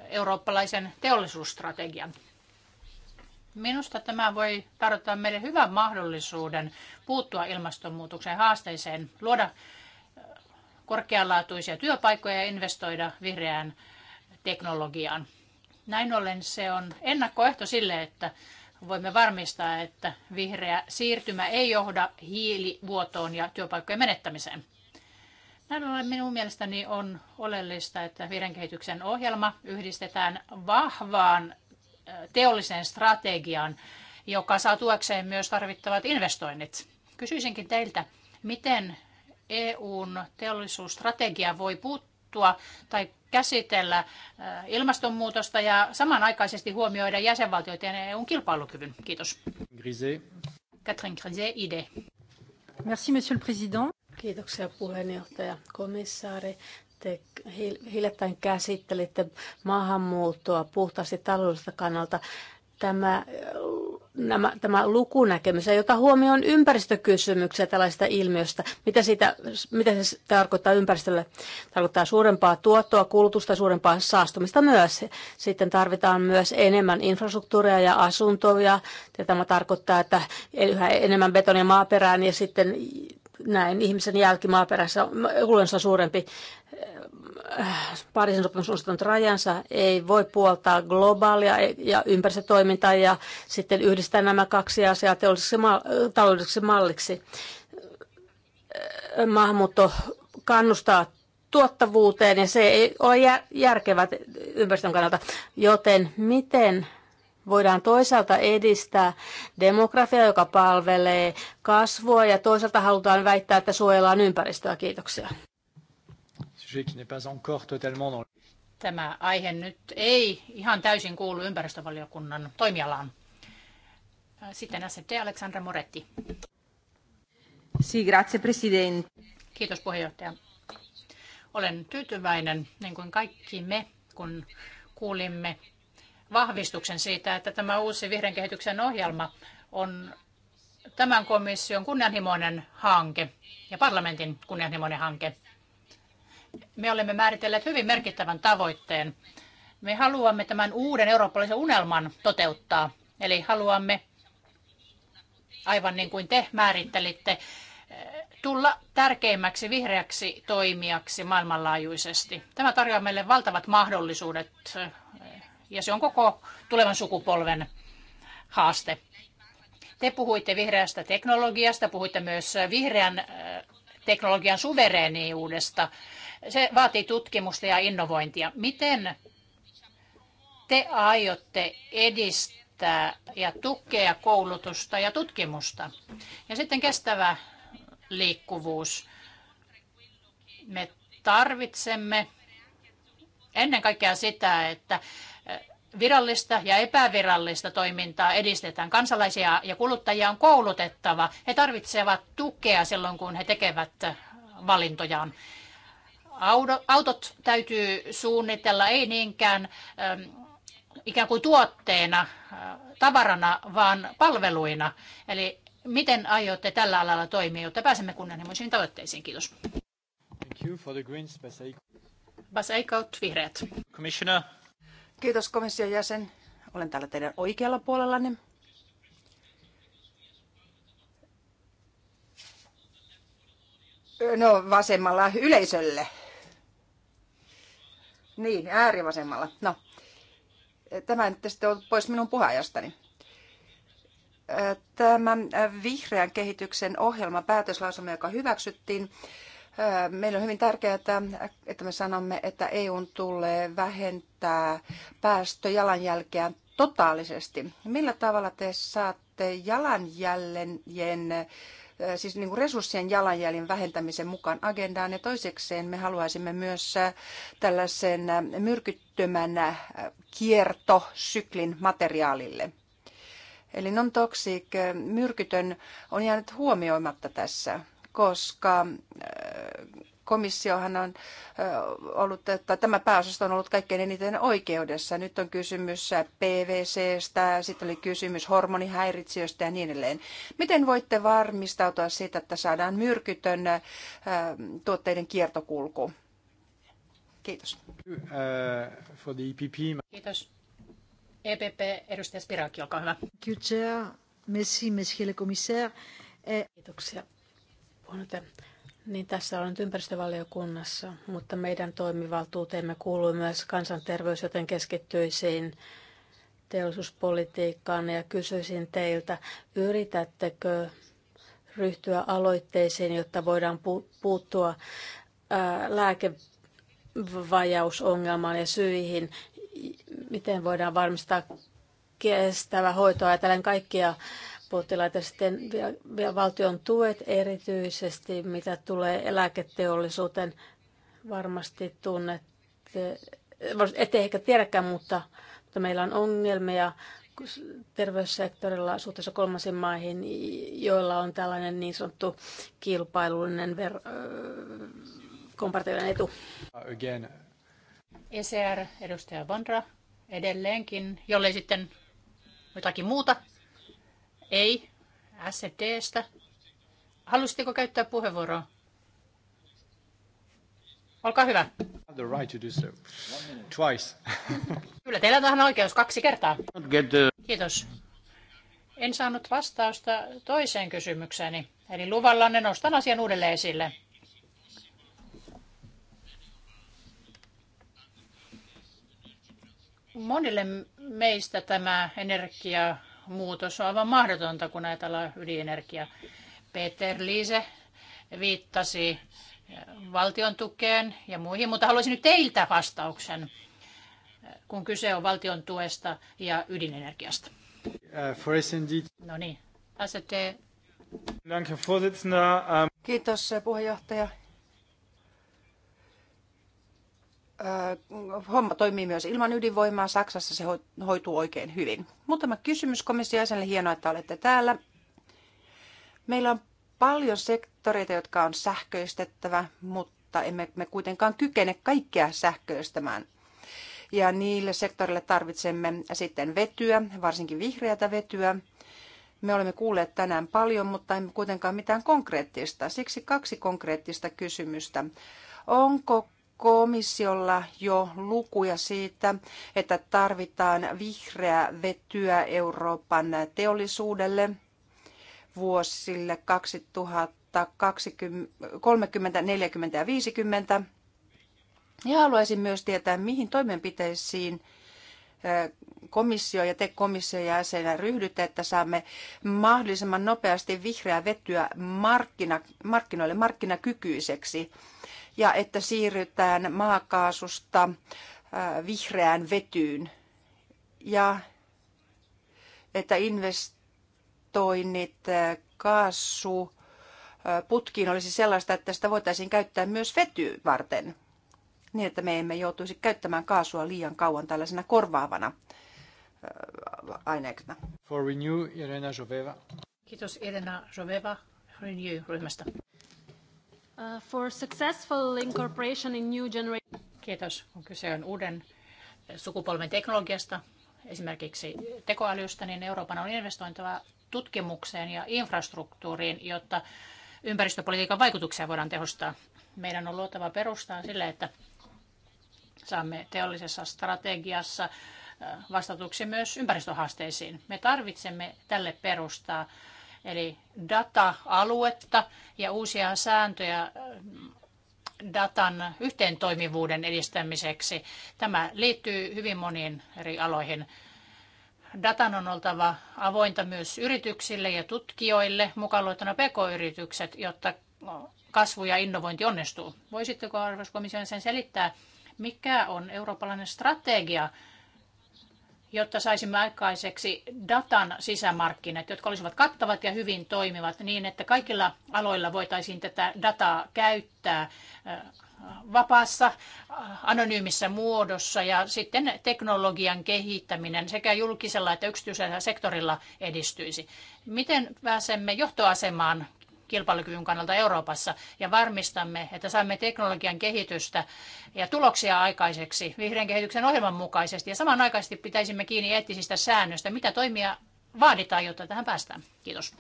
Speaker 2: eurooppalaisen teollisuusstrategian. Minusta tämä voi tarjota meille hyvän mahdollisuuden puuttua ilmastonmuutoksen haasteeseen, luoda korkealaatuisia työpaikkoja ja investoida vihreään teknologiaan. Näin ollen se on ennakkoehto sille, että voimme varmistaa, että vihreä siirtymä ei johda hiilivuotoon ja työpaikkojen menettämiseen. Näin ollen minun mielestäni on oleellista, että vihreän kehityksen ohjelma yhdistetään vahvaan teolliseen strategiaan, joka saa tuekseen myös tarvittavat investoinnit. Kysyisinkin teiltä, miten EUn teollisuusstrategia voi puuttua tai käsitellä äh, ilmastonmuutosta ja samanaikaisesti huomioida jäsenvaltioiden ja EUn kilpailukyvyn? Kiitos.
Speaker 1: Grise.
Speaker 3: Catherine Grise, IDE. Merci, monsieur le président. Kiitoksia puheenjohtaja, komissaari te hiljattain käsittelitte maahanmuuttoa puhtaasti taloudelliselta kannalta. Tämä nämä, tämä lukunäkemys ei ota huomioon ympäristökysymyksiä tällaista ilmiöstä. Mitä, siitä, mitä se tarkoittaa ympäristölle? Tarkoittaa suurempaa tuottoa, kulutusta, suurempaa saastumista myös. Sitten tarvitaan myös enemmän infrastruktuuria ja asuntoja. Ja tämä tarkoittaa, että yhä enemmän betonia maaperään ja sitten näin ihmisen jälki maaperässä on suurempi Pariisin sopimus on asettanut rajansa, ei voi puoltaa globaalia ja ympäristötoimintaa ja sitten yhdistää nämä kaksi asiaa taloudelliseksi malliksi. Maahanmuutto kannustaa tuottavuuteen ja se ei ole järkevää ympäristön kannalta. Joten miten voidaan toisaalta edistää demografiaa, joka palvelee kasvua ja toisaalta halutaan väittää, että suojellaan ympäristöä. Kiitoksia.
Speaker 2: Tämä aihe nyt ei ihan täysin kuulu ympäristövaliokunnan toimialaan. Äh, sitten SD Alexandra Moretti.
Speaker 3: Si, grazie presidente.
Speaker 2: Kiitos puheenjohtaja. Olen tyytyväinen, niin kuin kaikki me, kun kuulimme vahvistuksen siitä, että tämä uusi vihreän kehityksen ohjelma on tämän komission kunnianhimoinen hanke ja parlamentin kunnianhimoinen hanke me olemme määritelleet hyvin merkittävän tavoitteen. Me haluamme tämän uuden eurooppalaisen unelman toteuttaa. Eli haluamme, aivan niin kuin te määrittelitte, tulla tärkeimmäksi vihreäksi toimijaksi maailmanlaajuisesti. Tämä tarjoaa meille valtavat mahdollisuudet ja se on koko tulevan sukupolven haaste. Te puhuitte vihreästä teknologiasta, puhuitte myös vihreän eh, teknologian suvereeniudesta se vaatii tutkimusta ja innovointia. Miten te aiotte edistää ja tukea koulutusta ja tutkimusta? Ja sitten kestävä liikkuvuus. Me tarvitsemme ennen kaikkea sitä, että virallista ja epävirallista toimintaa edistetään. Kansalaisia ja kuluttajia on koulutettava. He tarvitsevat tukea silloin, kun he tekevät valintojaan autot täytyy suunnitella ei niinkään ähm, ikään kuin tuotteena, äh, tavarana, vaan palveluina. Eli miten aiotte tällä alalla toimia, jotta pääsemme kunnianhimoisiin tavoitteisiin? Kiitos.
Speaker 1: Thank you for the Greens,
Speaker 2: Bas Eichhout, Vihreät.
Speaker 1: Commissioner.
Speaker 4: Kiitos komission jäsen. Olen täällä teidän oikealla puolellanne. No vasemmalla yleisölle. Niin, äärivasemmalla. No, tämä nyt sitten on pois minun puheenjohtani. Tämä vihreän kehityksen ohjelma, päätöslausuma, joka hyväksyttiin, Meillä on hyvin tärkeää, että me sanomme, että EU tulee vähentää päästöjalanjälkeä totaalisesti. Millä tavalla te saatte jalanjäljen siis niin kuin resurssien jalanjäljen vähentämisen mukaan agendaan. Ja toisekseen me haluaisimme myös tällaisen myrkyttömän kiertosyklin materiaalille. Eli non-toxic, myrkytön, on jäänyt huomioimatta tässä, koska komissiohan on ollut, että tämä pääosasto on ollut kaikkein eniten oikeudessa. Nyt on kysymys PVCstä, sitten oli kysymys hormonihäiritsijöistä ja niin edelleen. Miten voitte varmistautua siitä, että saadaan myrkytön tuotteiden kiertokulku? Kiitos.
Speaker 2: Kiitos. EPP, edustaja Spiraki, olkaa hyvä.
Speaker 3: Kiitoksia. Merci, monsieur le commissaire. Kiitoksia. Niin tässä olen nyt ympäristövaliokunnassa, mutta meidän toimivaltuuteemme kuuluu myös kansanterveys, joten keskittyisin teollisuuspolitiikkaan ja kysyisin teiltä, yritättekö ryhtyä aloitteisiin, jotta voidaan puuttua lääkevajausongelmaan ja syihin, miten voidaan varmistaa kestävä hoito ajatellen kaikkia potilaita. Sitten vielä valtion tuet erityisesti, mitä tulee eläketeollisuuteen, varmasti tunnette, ette ehkä tiedäkään, mutta, mutta meillä on ongelmia terveyssektorilla suhteessa kolmansiin maihin, joilla on tällainen niin sanottu kilpailullinen ver- komparatiivinen etu. Again. ECR, edustaja Vandra,
Speaker 2: edelleenkin, jollei sitten jotakin muuta ei. SDstä. Halusitteko käyttää puheenvuoroa? Olkaa hyvä.
Speaker 1: The right to do so. Twice. <laughs>
Speaker 2: Kyllä, teillä on tähän oikeus kaksi kertaa. Kiitos. En saanut vastausta toiseen kysymykseeni, eli luvallanne nostan asian uudelleen esille. Monille meistä tämä energia muutos on aivan mahdotonta, kun ajatellaan ydinenergia. Peter Liise viittasi valtion tukeen ja muihin, mutta haluaisin nyt teiltä vastauksen, kun kyse on valtion tuesta ja ydinenergiasta. No niin, ähm,
Speaker 4: Kiitos äh, puheenjohtaja. homma toimii myös ilman ydinvoimaa. Saksassa se hoituu oikein hyvin. Muutama kysymys komissiaiselle. Hienoa, että olette täällä. Meillä on paljon sektoreita, jotka on sähköistettävä, mutta emme me kuitenkaan kykene kaikkea sähköistämään. Ja niille sektorille tarvitsemme sitten vetyä, varsinkin vihreätä vetyä. Me olemme kuulleet tänään paljon, mutta emme kuitenkaan mitään konkreettista. Siksi kaksi konkreettista kysymystä. Onko komissiolla jo lukuja siitä, että tarvitaan vihreää vetyä Euroopan teollisuudelle vuosille 2030, 40 ja 50. Ja haluaisin myös tietää, mihin toimenpiteisiin komissio ja te komission jäsenä ryhdytte, että saamme mahdollisimman nopeasti vihreää vetyä markkina, markkinoille markkinakykyiseksi ja että siirrytään maakaasusta vihreään vetyyn ja että investoinnit kaasu putkiin olisi sellaista, että sitä voitaisiin käyttää myös vety varten, niin että me emme joutuisi käyttämään kaasua liian kauan tällaisena korvaavana aineena.
Speaker 1: For Renew, Irena Joveva.
Speaker 2: Kiitos Irena Joveva Renew-ryhmästä. Uh, for successful incorporation in new generation. Kiitos. Kun kyse on uuden sukupolven teknologiasta, esimerkiksi tekoälystä, niin Euroopan on investointava tutkimukseen ja infrastruktuuriin, jotta ympäristöpolitiikan vaikutuksia voidaan tehostaa. Meidän on luotava perustaa sille, että saamme teollisessa strategiassa uh, vastatuksi myös ympäristöhaasteisiin. Me tarvitsemme tälle perustaa eli data-aluetta ja uusia sääntöjä mm, datan yhteentoimivuuden edistämiseksi. Tämä liittyy hyvin moniin eri aloihin. Datan on oltava avointa myös yrityksille ja tutkijoille, mukaan luettuna pk-yritykset, jotta kasvu ja innovointi onnistuu. Voisitteko arvoisa komission sen selittää, mikä on eurooppalainen strategia jotta saisimme aikaiseksi datan sisämarkkinat, jotka olisivat kattavat ja hyvin toimivat niin, että kaikilla aloilla voitaisiin tätä dataa käyttää äh, vapaassa, äh, anonyymissä muodossa ja sitten teknologian kehittäminen sekä julkisella että yksityisellä sektorilla edistyisi. Miten pääsemme johtoasemaan kilpailukyvyn kannalta Euroopassa ja varmistamme, että saamme teknologian kehitystä ja tuloksia aikaiseksi vihreän kehityksen ohjelman mukaisesti ja samanaikaisesti pitäisimme kiinni eettisistä säännöistä, mitä toimia vaaditaan, jotta tähän päästään. Kiitos.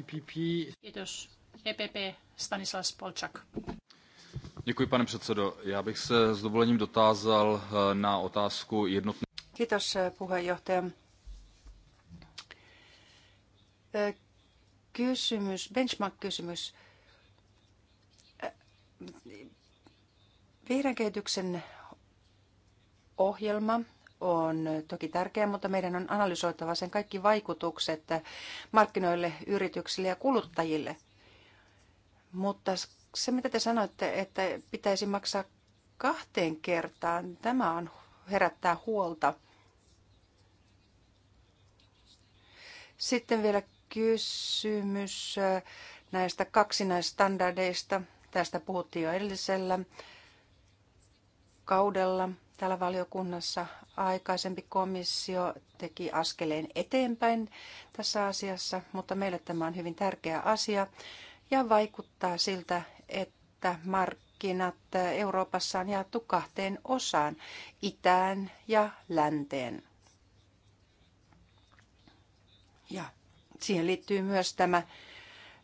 Speaker 2: EPP. Kiitos. EPP Stanislas Polčak.
Speaker 1: Děkuji, pane předsedo. Já bych se s dovolením dotázal eh, na otázku jednotné...
Speaker 4: Kiitos, eh, puheenjohtaja eh, kysymys, benchmark-kysymys. Vihreän kehityksen ohjelma on toki tärkeä, mutta meidän on analysoitava sen kaikki vaikutukset markkinoille, yrityksille ja kuluttajille. Mutta se, mitä te sanoitte, että pitäisi maksaa kahteen kertaan, tämä on herättää huolta. Sitten vielä kysymys näistä kaksinaistandardeista. Tästä puhuttiin jo edellisellä kaudella täällä valiokunnassa. Aikaisempi komissio teki askeleen eteenpäin tässä asiassa, mutta meille tämä on hyvin tärkeä asia ja vaikuttaa siltä, että markkinat Euroopassa on jaettu kahteen osaan, itään ja länteen. Ja Siihen liittyy myös tämä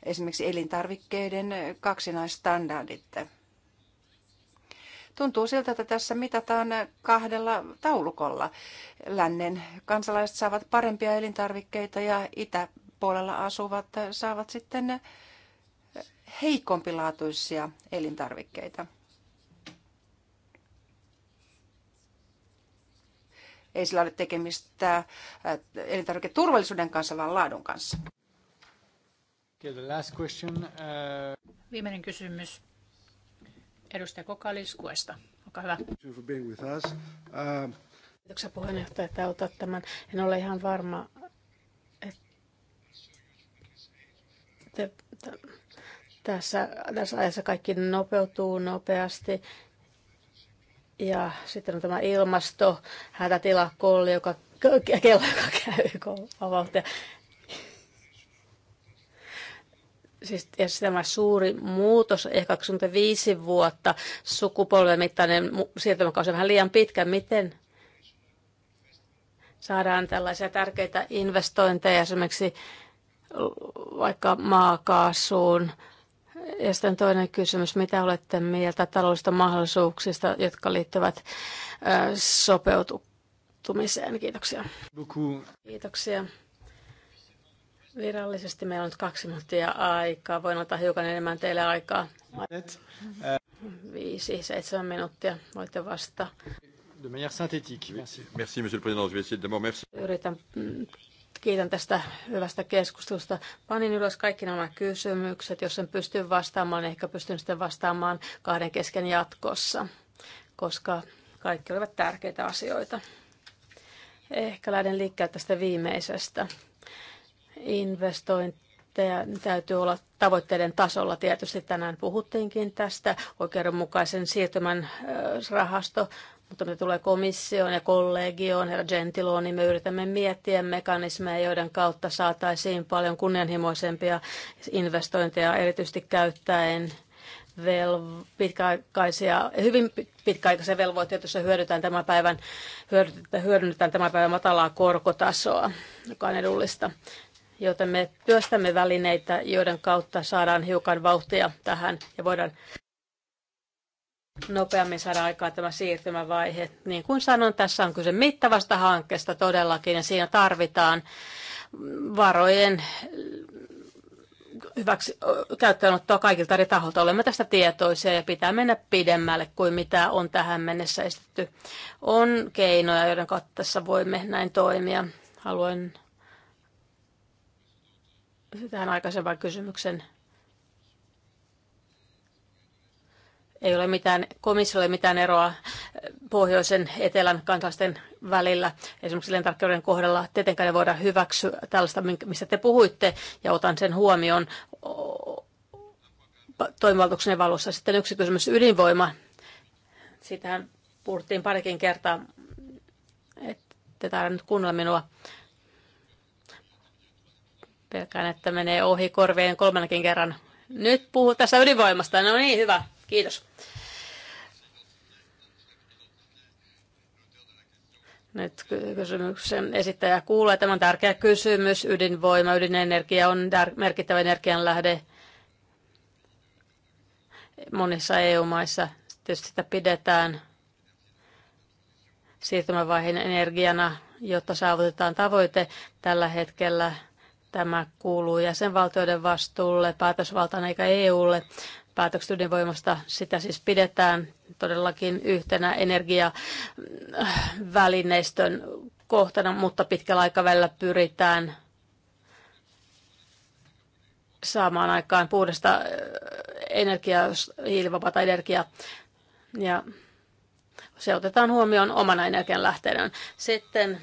Speaker 4: esimerkiksi elintarvikkeiden kaksinaistandardit. Tuntuu siltä, että tässä mitataan kahdella taulukolla. Lännen kansalaiset saavat parempia elintarvikkeita ja itäpuolella asuvat saavat sitten heikompilaatuisia elintarvikkeita. Ei sillä ole tekemistä äh, elintarviketurvallisuuden kanssa, vaan laadun kanssa.
Speaker 1: Okay, the last question, uh...
Speaker 2: Viimeinen kysymys.
Speaker 3: Edustaja Kokaliskuesta. Olkaa
Speaker 2: hyvä. Um,
Speaker 3: Kiitoksia puheenjohtaja, että otat tämän. En ole ihan varma, että tässä, tässä ajassa kaikki nopeutuu nopeasti ja sitten on tämä ilmasto, hätätila, kolli, joka, kello, joka käy avautta. Siis, ja siis tämä suuri muutos, ehkä 25 vuotta, sukupolven mittainen siirtymäkausi vähän liian pitkä. Miten saadaan tällaisia tärkeitä investointeja esimerkiksi vaikka maakaasuun, ja sitten toinen kysymys, mitä olette mieltä taloudellisista mahdollisuuksista, jotka liittyvät sopeutumiseen? Kiitoksia. Kiitoksia. Virallisesti meillä on nyt kaksi minuuttia aikaa. Voin antaa hiukan enemmän teille aikaa. Viisi, seitsemän minuuttia. Voitte vastata.
Speaker 1: De manière synthétique. Merci. Merci, Monsieur le Président. Je vais essayer d'abord. Merci.
Speaker 3: Yritän mm, Kiitän tästä hyvästä keskustelusta. Panin ylös kaikki nämä kysymykset. Jos en pysty vastaamaan, niin ehkä pystyn sitten vastaamaan kahden kesken jatkossa, koska kaikki olivat tärkeitä asioita. Ehkä lähden liikkeelle tästä viimeisestä. Investointi Ja täytyy olla tavoitteiden tasolla. Tietysti tänään puhuttiinkin tästä oikeudenmukaisen siirtymän rahasto mutta mitä tulee komissioon ja kollegioon, herra Gentiloon, niin me yritämme miettiä mekanismeja, joiden kautta saataisiin paljon kunnianhimoisempia investointeja, erityisesti käyttäen vel- pitkäaikaisia, hyvin pitkäaikaisia velvoitteita, joissa hyödytään tämän päivän, hyödynnetään tämän päivän matalaa korkotasoa, joka on edullista. Joten me työstämme välineitä, joiden kautta saadaan hiukan vauhtia tähän ja voidaan nopeammin saada aikaa tämä siirtymävaihe. Niin kuin sanon, tässä on kyse mittavasta hankkeesta todellakin ja siinä tarvitaan varojen hyväksi käyttöönottoa kaikilta eri taholta. Olemme tästä tietoisia ja pitää mennä pidemmälle kuin mitä on tähän mennessä esitetty. On keinoja, joiden kautta tässä voimme näin toimia. Haluan tähän aikaisempaan kysymyksen Ei ole mitään, komissiolle mitään eroa eh, pohjoisen etelän kansalaisten välillä. Esimerkiksi lentarkkeuden kohdalla tietenkään ei voida hyväksyä tällaista, mistä te puhuitte, ja otan sen huomioon toimivaltuuksien valossa. Sitten yksi kysymys, ydinvoima. Sitähän puhuttiin parikin kertaa, ette taida nyt kuunnella minua. Pelkään, että menee ohi korveen kolmannekin kerran. Nyt puhuu tässä ydinvoimasta. No niin, hyvä. Kiitos. Nyt kysymyksen esittäjä kuulee. Tämä on tärkeä kysymys. Ydinvoima, ydinenergia on merkittävä energianlähde monissa EU-maissa. Tietysti sitä pidetään siirtymävaiheen energiana, jotta saavutetaan tavoite. Tällä hetkellä tämä kuuluu jäsenvaltioiden vastuulle, päätösvaltaan eikä EUlle päätökset ydinvoimasta. Sitä siis pidetään todellakin yhtenä energiavälineistön kohtana, mutta pitkällä aikavälillä pyritään saamaan aikaan puhdasta äh, energiaa, hiilivapaata energiaa. Ja se otetaan huomioon omana energianlähteenään. Sitten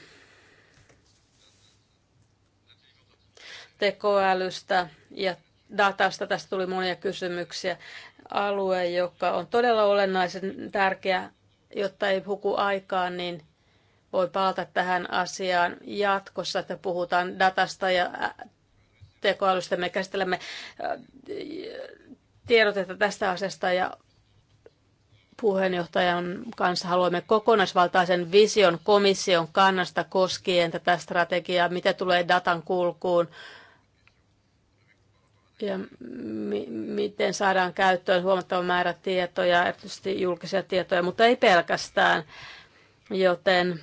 Speaker 3: tekoälystä ja datasta. Tästä tuli monia kysymyksiä. Alue, joka on todella olennaisen tärkeä, jotta ei huku aikaa, niin voi palata tähän asiaan jatkossa, että puhutaan datasta ja tekoälystä. Me käsittelemme tiedotetta tästä asiasta ja puheenjohtajan kanssa haluamme kokonaisvaltaisen vision komission kannasta koskien tätä strategiaa, mitä tulee datan kulkuun, ja mi- miten saadaan käyttöön huomattava määrä tietoja, erityisesti julkisia tietoja, mutta ei pelkästään. Joten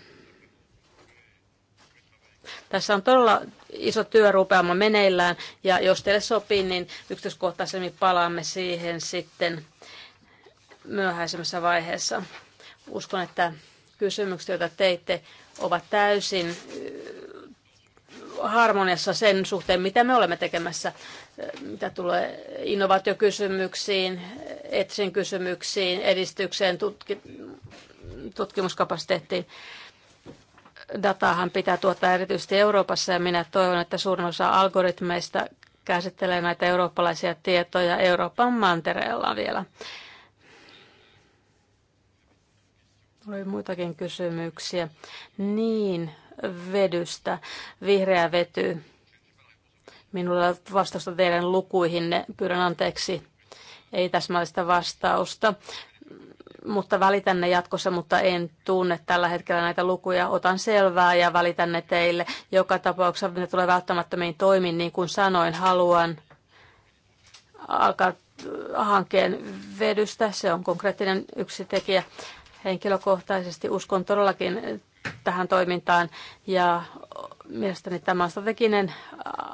Speaker 3: tässä on todella iso työrupeama meneillään, ja jos teille sopii, niin yksityiskohtaisemmin palaamme siihen sitten myöhäisemmässä vaiheessa. Uskon, että kysymykset, joita teitte, ovat täysin harmoniassa sen suhteen, mitä me olemme tekemässä, eh, mitä tulee innovaatiokysymyksiin, etsin kysymyksiin, edistykseen, tutki, tutkimuskapasiteettiin. Dataahan pitää tuottaa erityisesti Euroopassa ja minä toivon, että suurin osa algoritmeista käsittelee näitä eurooppalaisia tietoja Euroopan mantereella vielä. Oli muitakin kysymyksiä. Niin, vedystä, vihreä vety. Minulla vastausta teidän lukuihinne, pyydän anteeksi, ei täsmällistä vastausta mutta välitän ne jatkossa, mutta en tunne tällä hetkellä näitä lukuja. Otan selvää ja välitän ne teille. Joka tapauksessa ne tulee välttämättömiin toimiin, niin kuin sanoin, haluan alkaa hankkeen vedystä. Se on konkreettinen yksi tekijä. Henkilökohtaisesti uskon todellakin tähän toimintaan. Ja mielestäni tämä on strateginen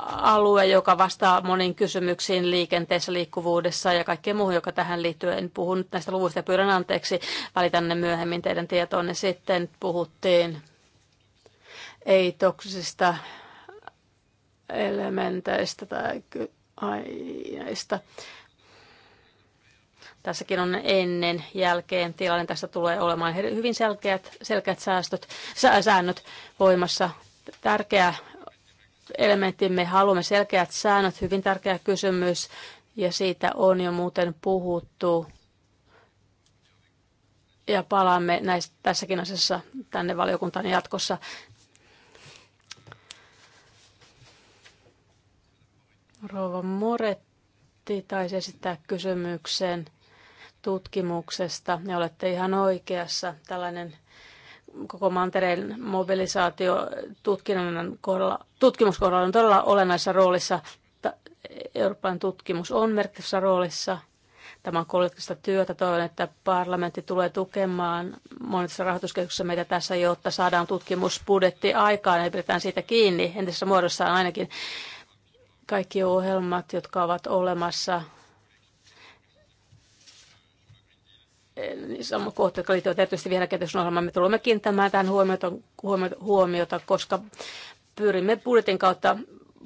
Speaker 3: alue, joka vastaa moniin kysymyksiin liikenteessä, liikkuvuudessa ja kaikkeen muuhun, joka tähän liittyy. En puhu nyt näistä luvuista ja pyydän anteeksi. Välitän ne myöhemmin teidän tietoonne. Sitten puhuttiin ei-toksisista elementeistä tai aineista. Tässäkin on ennen, jälkeen tilanne. Tässä tulee olemaan hyvin selkeät, selkeät säästöt, säännöt voimassa. Tärkeä elementti, me haluamme selkeät säännöt, hyvin tärkeä kysymys, ja siitä on jo muuten puhuttu. Ja palaamme näistä, tässäkin asiassa tänne valiokuntaan jatkossa. Rouva Moretti taisi esittää kysymyksen tutkimuksesta. Ne olette ihan oikeassa. Tällainen koko mantereen mobilisaatio tutkimuskohdalla on todella olennaisessa roolissa. Euroopan tutkimus on merkittävässä roolissa. Tämä on koulutuksesta työtä. Toivon, että parlamentti tulee tukemaan monissa rahoituskeskuksissa meitä tässä, jotta saadaan tutkimusbudjetti aikaan ja pidetään siitä kiinni entisessä on ainakin. Kaikki ohjelmat, jotka ovat olemassa Niin sama kohta, joka liittyy tietysti vierakehitysohjelmaan. Me tulemme kiinnittämään tähän huomiota, huomiota, huomiota, koska pyrimme budjetin kautta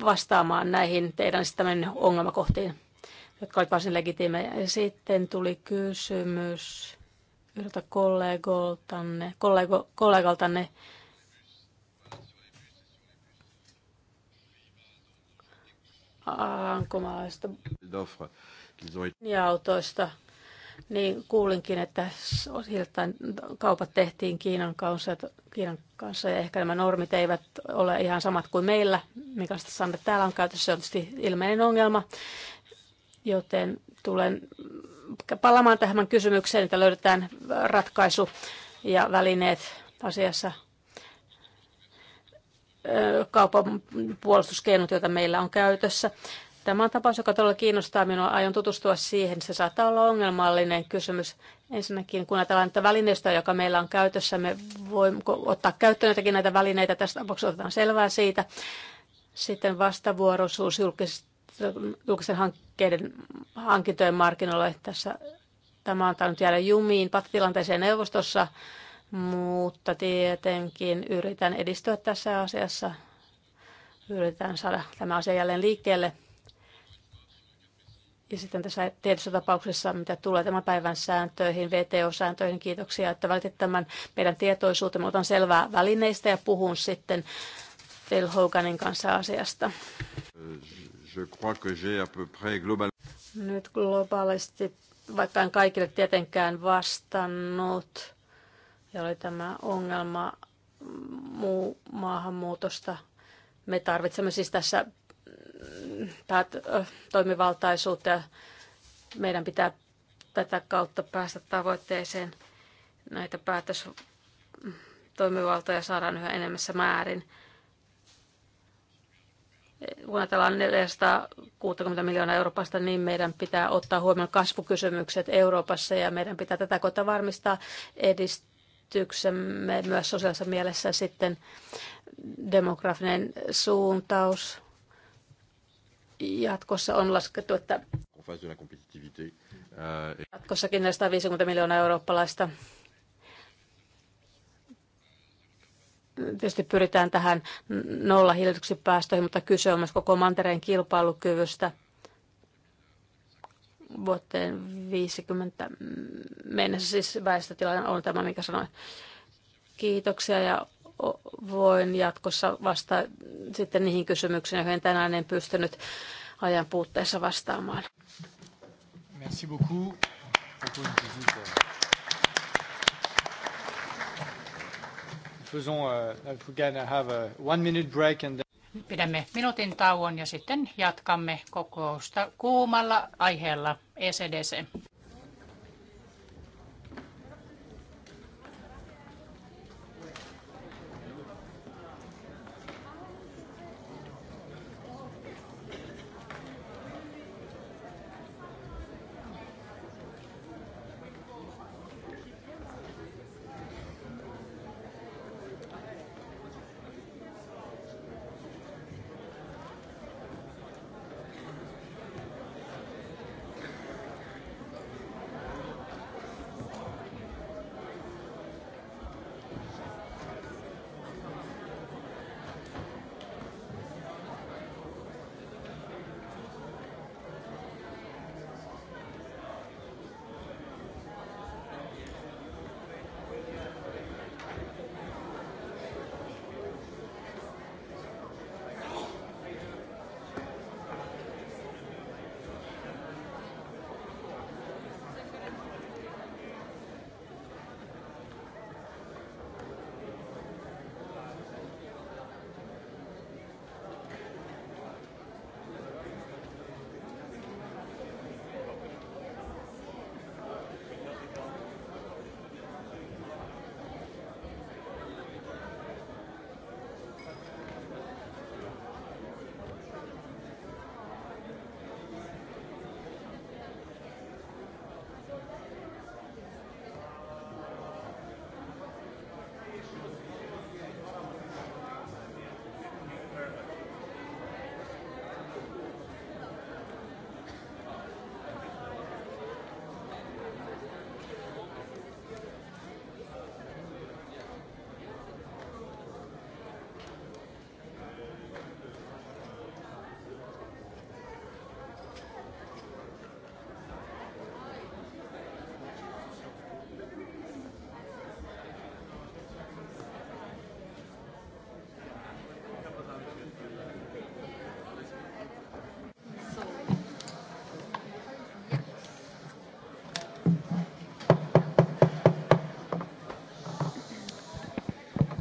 Speaker 3: vastaamaan näihin teidän sitten ongelmakohtiin, jotka olivat varsin legitiimejä. Sitten tuli kysymys yhdeltä kollegoltanne, kollego, kollegaltanne. Alankomaalaista. Ja autoista niin kuulinkin, että osiltaan kaupat tehtiin Kiinan kanssa, Kiinan kanssa ja ehkä nämä normit eivät ole ihan samat kuin meillä, mikä että täällä on käytössä, se on tietysti ilmeinen ongelma, joten tulen palaamaan tähän kysymykseen, että löydetään ratkaisu ja välineet asiassa kaupan puolustuskeinot, joita meillä on käytössä. Tämä on tapaus, joka todella kiinnostaa minua. Aion tutustua siihen. Se saattaa olla ongelmallinen kysymys. Ensinnäkin, kun ajatellaan että välineistä, joka meillä on käytössä, me voimme ottaa käyttöön jotakin näitä välineitä. Tässä tapauksessa otetaan selvää siitä. Sitten vastavuoroisuus julkisen hankkeiden hankintojen markkinoilla. Tässä tämä on tainnut jäädä jumiin patitilanteeseen neuvostossa, mutta tietenkin yritän edistyä tässä asiassa yritetään saada tämä asia jälleen liikkeelle. Ja sitten tässä tietyssä tapauksessa, mitä tulee tämän päivän sääntöihin, VTO-sääntöihin, kiitoksia, että välitit tämän meidän tietoisuutemme. Otan selvää välineistä ja puhun sitten Phil Hoganin kanssa asiasta.
Speaker 1: Je crois que j'ai à peu près global...
Speaker 3: Nyt globaalisti, vaikka en kaikille tietenkään vastannut, ja oli tämä ongelma muu maahanmuutosta. Me tarvitsemme siis tässä päät, toimivaltaisuutta ja meidän pitää tätä kautta päästä tavoitteeseen. Näitä päätöstoimivaltoja saadaan yhä enemmässä määrin. Kun ajatellaan 460 miljoonaa Euroopasta, niin meidän pitää ottaa huomioon kasvukysymykset Euroopassa ja meidän pitää tätä kautta varmistaa edistyksemme myös sosiaalisessa mielessä sitten demografinen suuntaus jatkossa on laskettu, että
Speaker 1: euh,
Speaker 3: jatkossakin 450 miljoonaa eurooppalaista tietysti pyritään tähän nolla päästöihin, mutta kyse on myös koko mantereen kilpailukyvystä vuoteen 50 mennessä. Siis väestötilanne on tämä, mikä sanoin. Kiitoksia ja voin jatkossa vastata sitten niihin kysymyksiin, joihin tänään en pystynyt ajan puutteessa vastaamaan.
Speaker 1: Merci beaucoup. Euh,
Speaker 2: Pidämme minuutin tauon ja sitten jatkamme kokousta kuumalla aiheella ECDC.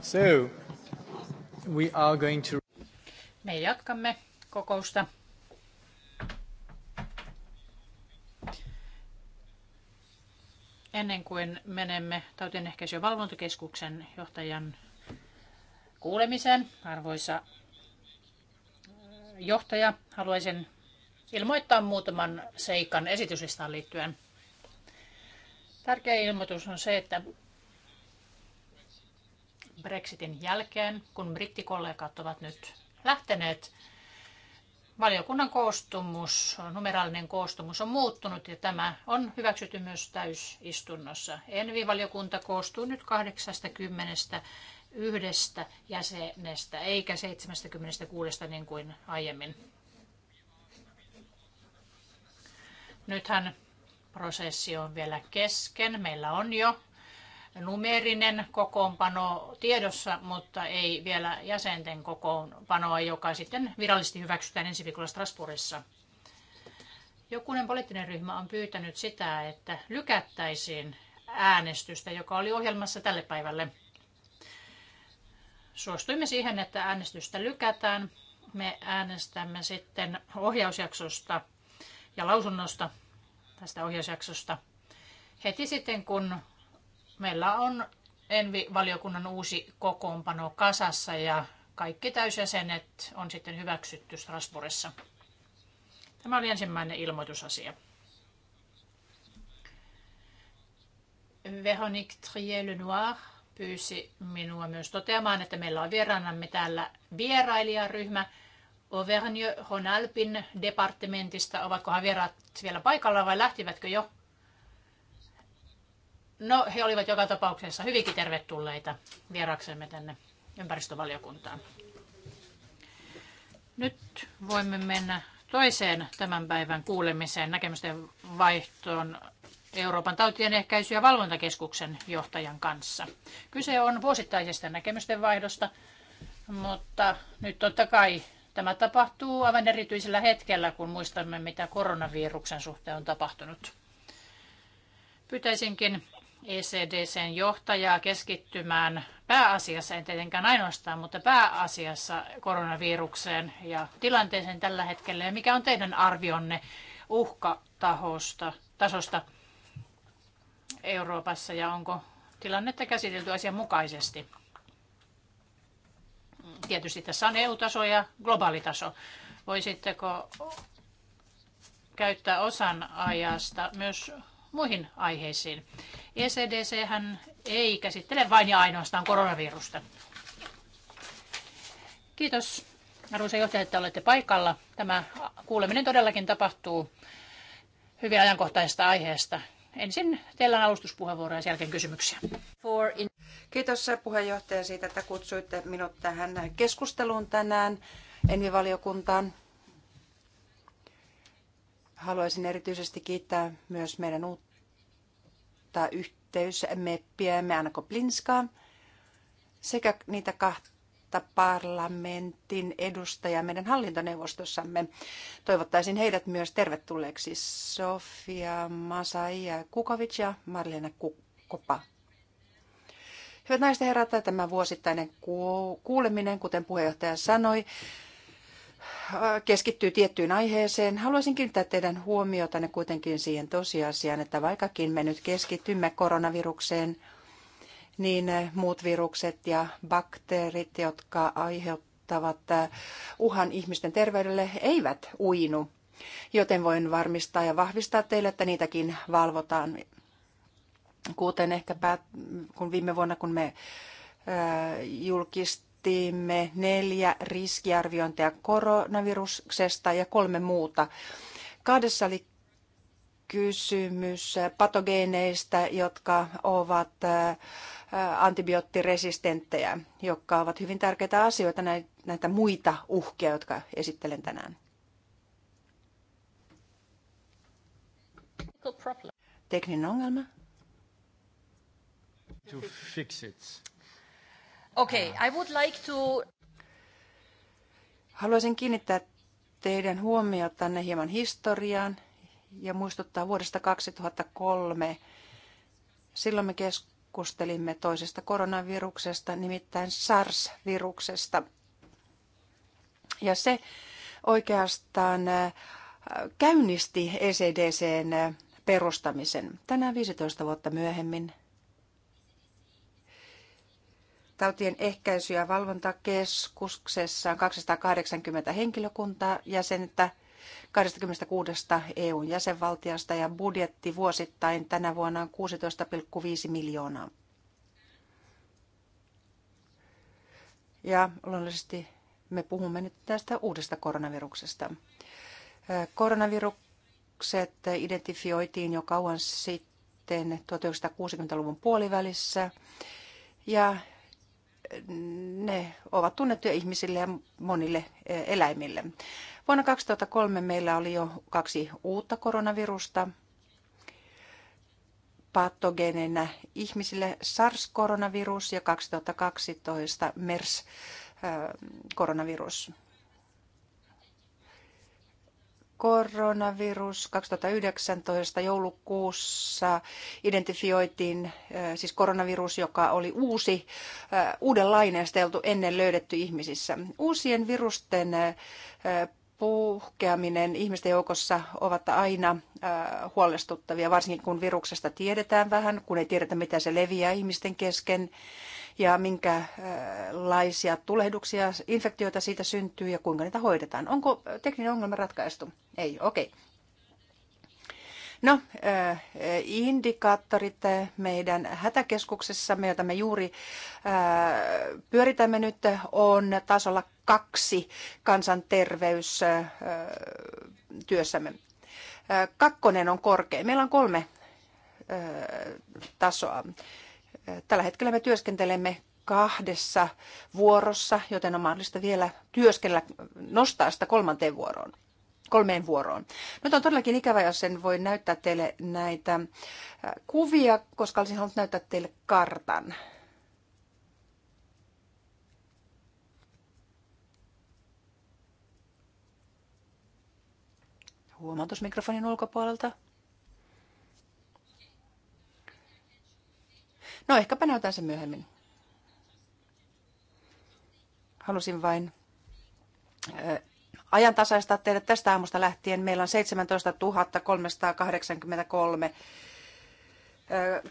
Speaker 1: So, we are going to...
Speaker 2: Me jatkamme kokousta. Ennen kuin menemme tautinehkäisy- ja valvontakeskuksen johtajan kuulemiseen, arvoisa johtaja, haluaisin ilmoittaa muutaman seikan esityslistaan liittyen. Tärkeä ilmoitus on se, että Brexitin jälkeen, kun brittikollegat ovat nyt lähteneet. Valiokunnan koostumus, numeraalinen koostumus on muuttunut ja tämä on hyväksytty myös täysistunnossa. Envi-valiokunta koostuu nyt 80 yhdestä jäsenestä, eikä 76 niin kuin aiemmin. Nythän prosessi on vielä kesken. Meillä on jo numerinen kokoonpano tiedossa, mutta ei vielä jäsenten kokoonpanoa, joka sitten virallisesti hyväksytään ensi viikolla Strasbourgissa. Jokunen poliittinen ryhmä on pyytänyt sitä, että lykättäisiin äänestystä, joka oli ohjelmassa tälle päivälle. Suostuimme siihen, että äänestystä lykätään. Me äänestämme sitten ohjausjaksosta ja lausunnosta tästä ohjausjaksosta heti sitten, kun Meillä on Envi-valiokunnan uusi kokoonpano kasassa ja kaikki täysjäsenet on sitten hyväksytty Strasbourgissa. Tämä oli ensimmäinen ilmoitusasia. Veronique Trier-Lenoir pyysi minua myös toteamaan, että meillä on vieraanamme täällä vierailijaryhmä auvergne honalpin departementista. Ovatkohan vieraat vielä paikalla vai lähtivätkö jo? No, he olivat joka tapauksessa hyvinkin tervetulleita vieraksemme tänne ympäristövaliokuntaan. Nyt voimme mennä toiseen tämän päivän kuulemiseen näkemysten vaihtoon Euroopan tautien ehkäisy- ja valvontakeskuksen johtajan kanssa. Kyse on vuosittaisesta näkemysten vaihdosta, mutta nyt totta kai tämä tapahtuu aivan erityisellä hetkellä, kun muistamme, mitä koronaviruksen suhteen on tapahtunut. Pyytäisinkin ECDCn johtajaa keskittymään pääasiassa, en tietenkään ainoastaan, mutta pääasiassa koronavirukseen ja tilanteeseen tällä hetkellä. Ja mikä on teidän arvionne uhkatahosta, tasosta Euroopassa ja onko tilannetta käsitelty asianmukaisesti? Tietysti tässä on EU-taso ja globaali taso. Voisitteko käyttää osan ajasta myös muihin aiheisiin. ECDC hän ei käsittele vain ja ainoastaan koronavirusta. Kiitos arvoisa johtaja, että olette paikalla. Tämä kuuleminen todellakin tapahtuu hyvin ajankohtaisesta aiheesta. Ensin teillä on alustuspuheenvuoro ja sen jälkeen kysymyksiä.
Speaker 4: Kiitos puheenjohtaja siitä, että kutsuitte minut tähän keskusteluun tänään Envivaliokuntaan. Haluaisin erityisesti kiittää myös meidän uutta yhteysmeppiämme Anna Koplinskaa sekä niitä kahta parlamentin edustajaa meidän hallintoneuvostossamme. Toivottaisin heidät myös tervetulleeksi Sofia Masaia Kukovic ja Marlena Kukopa. Hyvät naiset ja herrat, tämä vuosittainen kuuleminen, kuten puheenjohtaja sanoi, keskittyy tiettyyn aiheeseen. Haluaisin kiinnittää teidän huomiotanne kuitenkin siihen tosiasiaan, että vaikkakin me nyt keskitymme koronavirukseen, niin muut virukset ja bakteerit, jotka aiheuttavat äh, uhan ihmisten terveydelle, eivät uinu. Joten voin varmistaa ja vahvistaa teille, että niitäkin valvotaan. Kuten ehkäpä kun viime vuonna, kun me äh, julkistimme, laatimme neljä riskiarviointia koronaviruksesta ja kolme muuta. Kahdessa oli kysymys patogeeneista, jotka ovat antibioottiresistenttejä, jotka ovat hyvin tärkeitä asioita, näitä muita uhkia, jotka esittelen tänään. Tekninen ongelma. To fix it.
Speaker 2: Okay, I would like to...
Speaker 4: Haluaisin kiinnittää teidän tänne hieman historiaan ja muistuttaa vuodesta 2003. Silloin me keskustelimme toisesta koronaviruksesta, nimittäin SARS-viruksesta. Ja se oikeastaan käynnisti ECDCn perustamisen. Tänään 15 vuotta myöhemmin tautien ehkäisy- ja valvontakeskuksessa on 280 henkilökuntaa jäsentä 26 EUn jäsenvaltiosta ja budjetti vuosittain tänä vuonna on 16,5 miljoonaa. Ja luonnollisesti me puhumme nyt tästä uudesta koronaviruksesta. Koronavirukset identifioitiin jo kauan sitten 1960-luvun puolivälissä ja ne ovat tunnettuja ihmisille ja monille e, eläimille. Vuonna 2003 meillä oli jo kaksi uutta koronavirusta patogeneina ihmisille SARS-koronavirus ja 2012 MERS-koronavirus. E, koronavirus 2019 joulukuussa identifioitiin äh, siis koronavirus, joka oli uusi, äh, uudenlainen ja sitä ei oltu ennen löydetty ihmisissä. Uusien virusten äh, puhkeaminen ihmisten joukossa ovat aina äh, huolestuttavia, varsinkin kun viruksesta tiedetään vähän, kun ei tiedetä, mitä se leviää ihmisten kesken ja minkälaisia äh, tulehduksia, infektioita siitä syntyy ja kuinka niitä hoidetaan. Onko tekninen ongelma ratkaistu? Ei, okei. Okay. No, äh, indikaattorit meidän hätäkeskuksessa, jota me juuri pyöritämme nyt, on tasolla kaksi kansanterveystyössämme. Kakkonen on korkea. Meillä on kolme tasoa. Tällä hetkellä me työskentelemme kahdessa vuorossa, joten on mahdollista vielä työskennellä, nostaa sitä kolmanteen vuoroon kolmeen vuoroon. Nyt on todellakin ikävä, jos sen voi näyttää teille näitä kuvia, koska olisin halunnut näyttää teille kartan. Huomautus mikrofonin ulkopuolelta. No ehkäpä näytän sen myöhemmin. Halusin vain äh, ajantasaistaa teille tästä aamusta lähtien. Meillä on 17 383 äh,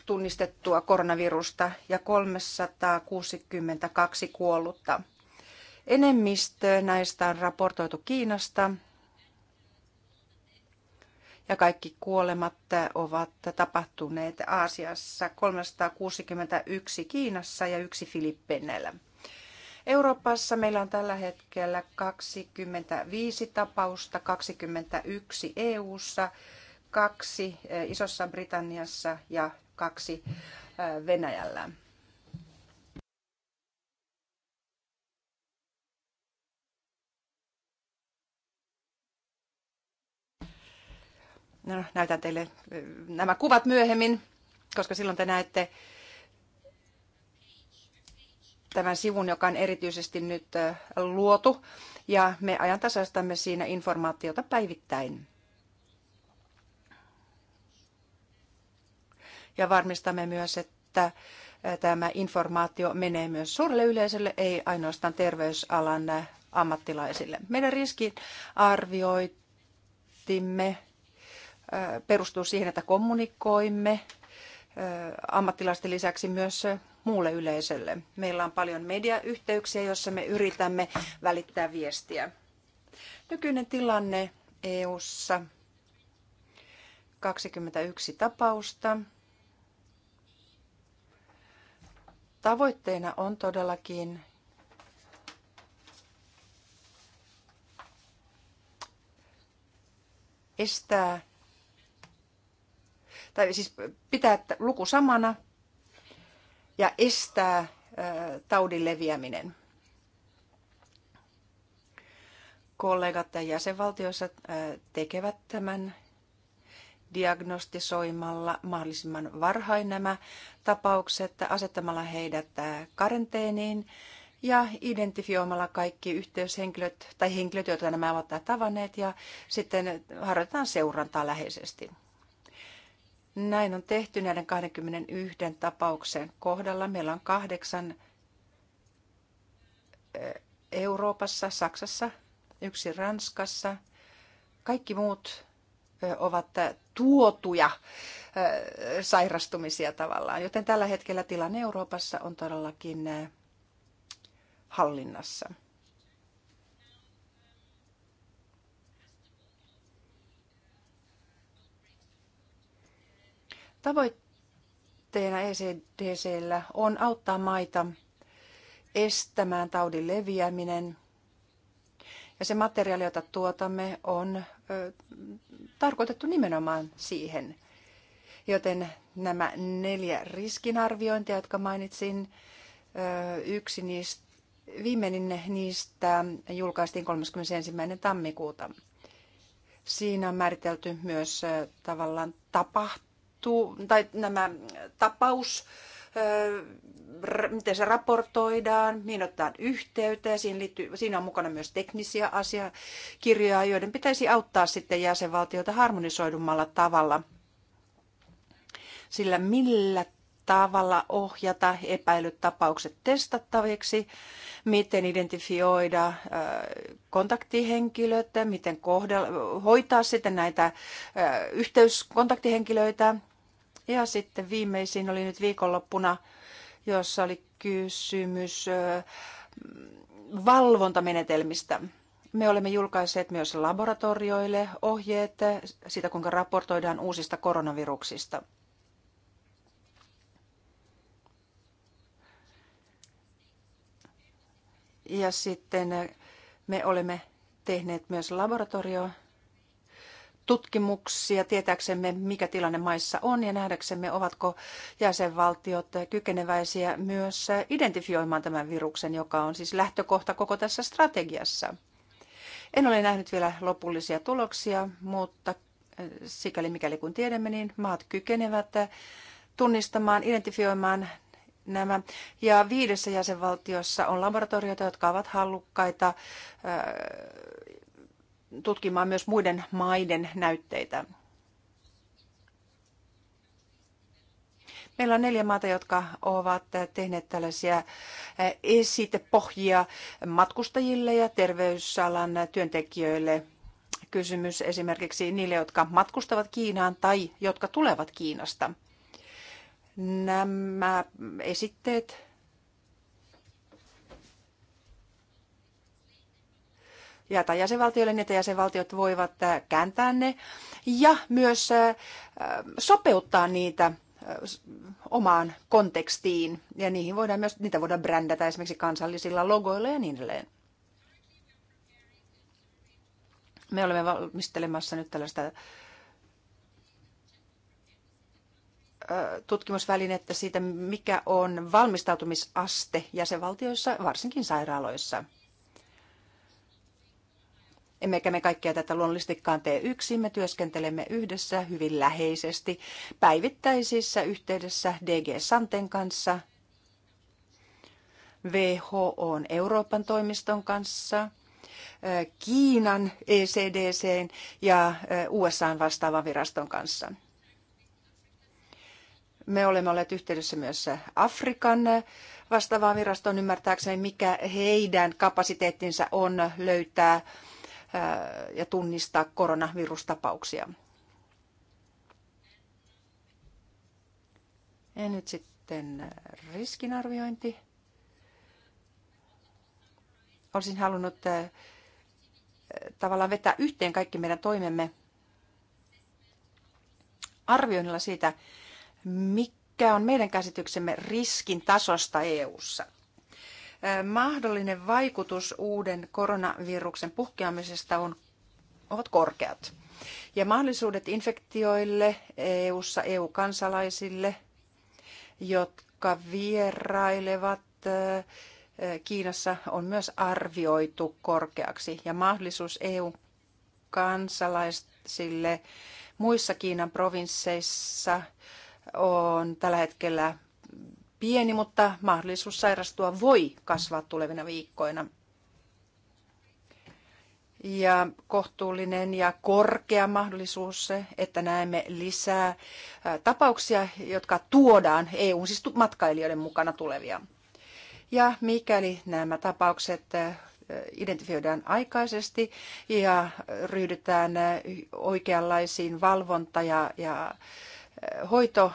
Speaker 4: tunnistettua koronavirusta ja 362 kuollutta. Enemmistö näistä on raportoitu Kiinasta ja kaikki kuolemat ovat tapahtuneet Aasiassa 361 Kiinassa ja yksi Filippeneillä. Euroopassa meillä on tällä hetkellä 25 tapausta, 21 EU:ssa, kaksi eh, Isossa Britanniassa ja kaksi eh, Venäjällä. No, näytän teille nämä kuvat myöhemmin, koska silloin te näette tämän sivun, joka on erityisesti nyt luotu, ja me ajantasaistamme siinä informaatiota päivittäin. Ja varmistamme myös, että tämä informaatio menee myös suurelle yleisölle, ei ainoastaan terveysalan ammattilaisille. Meidän riskiarviointimme perustuu siihen, että kommunikoimme ammattilaisten lisäksi myös muulle yleisölle. Meillä on paljon mediayhteyksiä, joissa me yritämme välittää viestiä. Nykyinen tilanne EU:ssa 21 tapausta. Tavoitteena on todellakin estää tai siis pitää luku samana ja estää taudin leviäminen. Kollegat ja jäsenvaltioissa tekevät tämän diagnostisoimalla mahdollisimman varhain nämä tapaukset, asettamalla heidät karanteeniin ja identifioimalla kaikki yhteyshenkilöt tai henkilöt, joita nämä ovat tavanneet ja sitten harjoitetaan seurantaa läheisesti. Näin on tehty näiden 21 tapauksen kohdalla. Meillä on kahdeksan Euroopassa, Saksassa, yksi Ranskassa. Kaikki muut ovat tuotuja sairastumisia tavallaan, joten tällä hetkellä tilanne Euroopassa on todellakin hallinnassa. Tavoitteena ECDCllä on auttaa maita estämään taudin leviäminen. Ja se materiaali, jota tuotamme, on ö, tarkoitettu nimenomaan siihen. Joten nämä neljä riskinarviointia, jotka mainitsin, ö, yksi niistä, viimeinen niistä julkaistiin 31. tammikuuta. Siinä on määritelty myös ö, tavallaan tapahtumia tu, tai nämä tapaus, miten se raportoidaan, mihin otetaan yhteyttä siinä, liittyy, siinä on mukana myös teknisiä asiakirjoja, joiden pitäisi auttaa sitten jäsenvaltioita harmonisoidummalla tavalla. Sillä millä tavalla ohjata epäilyt tapaukset testattaviksi, miten identifioida kontaktihenkilöitä, miten kohdella, hoitaa sitten näitä yhteyskontaktihenkilöitä ja sitten viimeisin oli nyt viikonloppuna, jossa oli kysymys valvontamenetelmistä. Me olemme julkaisseet myös laboratorioille ohjeet siitä, kuinka raportoidaan uusista koronaviruksista. Ja sitten me olemme tehneet myös laboratorio tutkimuksia tietääksemme, mikä tilanne maissa on ja nähdäksemme, ovatko jäsenvaltiot kykeneväisiä myös identifioimaan tämän viruksen, joka on siis lähtökohta koko tässä strategiassa. En ole nähnyt vielä lopullisia tuloksia, mutta eh, sikäli mikäli kun tiedämme, niin maat kykenevät eh, tunnistamaan, identifioimaan nämä. Ja viidessä jäsenvaltiossa on laboratorioita, jotka ovat hallukkaita eh, tutkimaan myös muiden maiden näytteitä. Meillä on neljä maata, jotka ovat tehneet tällaisia eh, esitepohjia matkustajille ja terveysalan työntekijöille. Kysymys esimerkiksi niille, jotka matkustavat Kiinaan tai jotka tulevat Kiinasta. Nämä esitteet tai jäsenvaltioille, niin että jäsenvaltiot voivat äh, kääntää ne ja myös äh, äh, sopeuttaa niitä omaan kontekstiin. Ja niihin voidaan myös, niitä voidaan brändätä esimerkiksi kansallisilla logoilla ja niin edelleen. Me olemme valmistelemassa nyt tällaista tutkimusvälinettä siitä, mikä on valmistautumisaste jäsenvaltioissa, varsinkin sairaaloissa – Emmekä me kaikkia tätä luonnollistikaan tee yksin, me työskentelemme yhdessä hyvin läheisesti päivittäisissä yhteydessä DG Santen kanssa, WHOn Euroopan toimiston kanssa, äh, Kiinan ECDC ja äh, USA vastaavan viraston kanssa. Me olemme olleet yhteydessä myös Afrikan äh, vastaavaan virastoon ymmärtääkseni, mikä heidän kapasiteettinsa on löytää ja tunnistaa koronavirustapauksia. Ja nyt sitten riskinarviointi. Olisin halunnut tavallaan vetää yhteen kaikki meidän toimemme arvioinnilla siitä, mikä on meidän käsityksemme riskin tasosta EU:ssa mahdollinen vaikutus uuden koronaviruksen puhkeamisesta on, ovat korkeat. Ja mahdollisuudet infektioille EU-ssa EU-kansalaisille, jotka vierailevat Kiinassa, on myös arvioitu korkeaksi. Ja mahdollisuus EU-kansalaisille muissa Kiinan provinsseissa on tällä hetkellä pieni, mutta mahdollisuus sairastua voi kasvaa tulevina viikkoina. Ja kohtuullinen ja korkea mahdollisuus se, että näemme lisää tapauksia, jotka tuodaan EU, siis matkailijoiden mukana tulevia. Ja mikäli nämä tapaukset identifioidaan aikaisesti ja ryhdytään oikeanlaisiin valvonta- ja, ja hoito-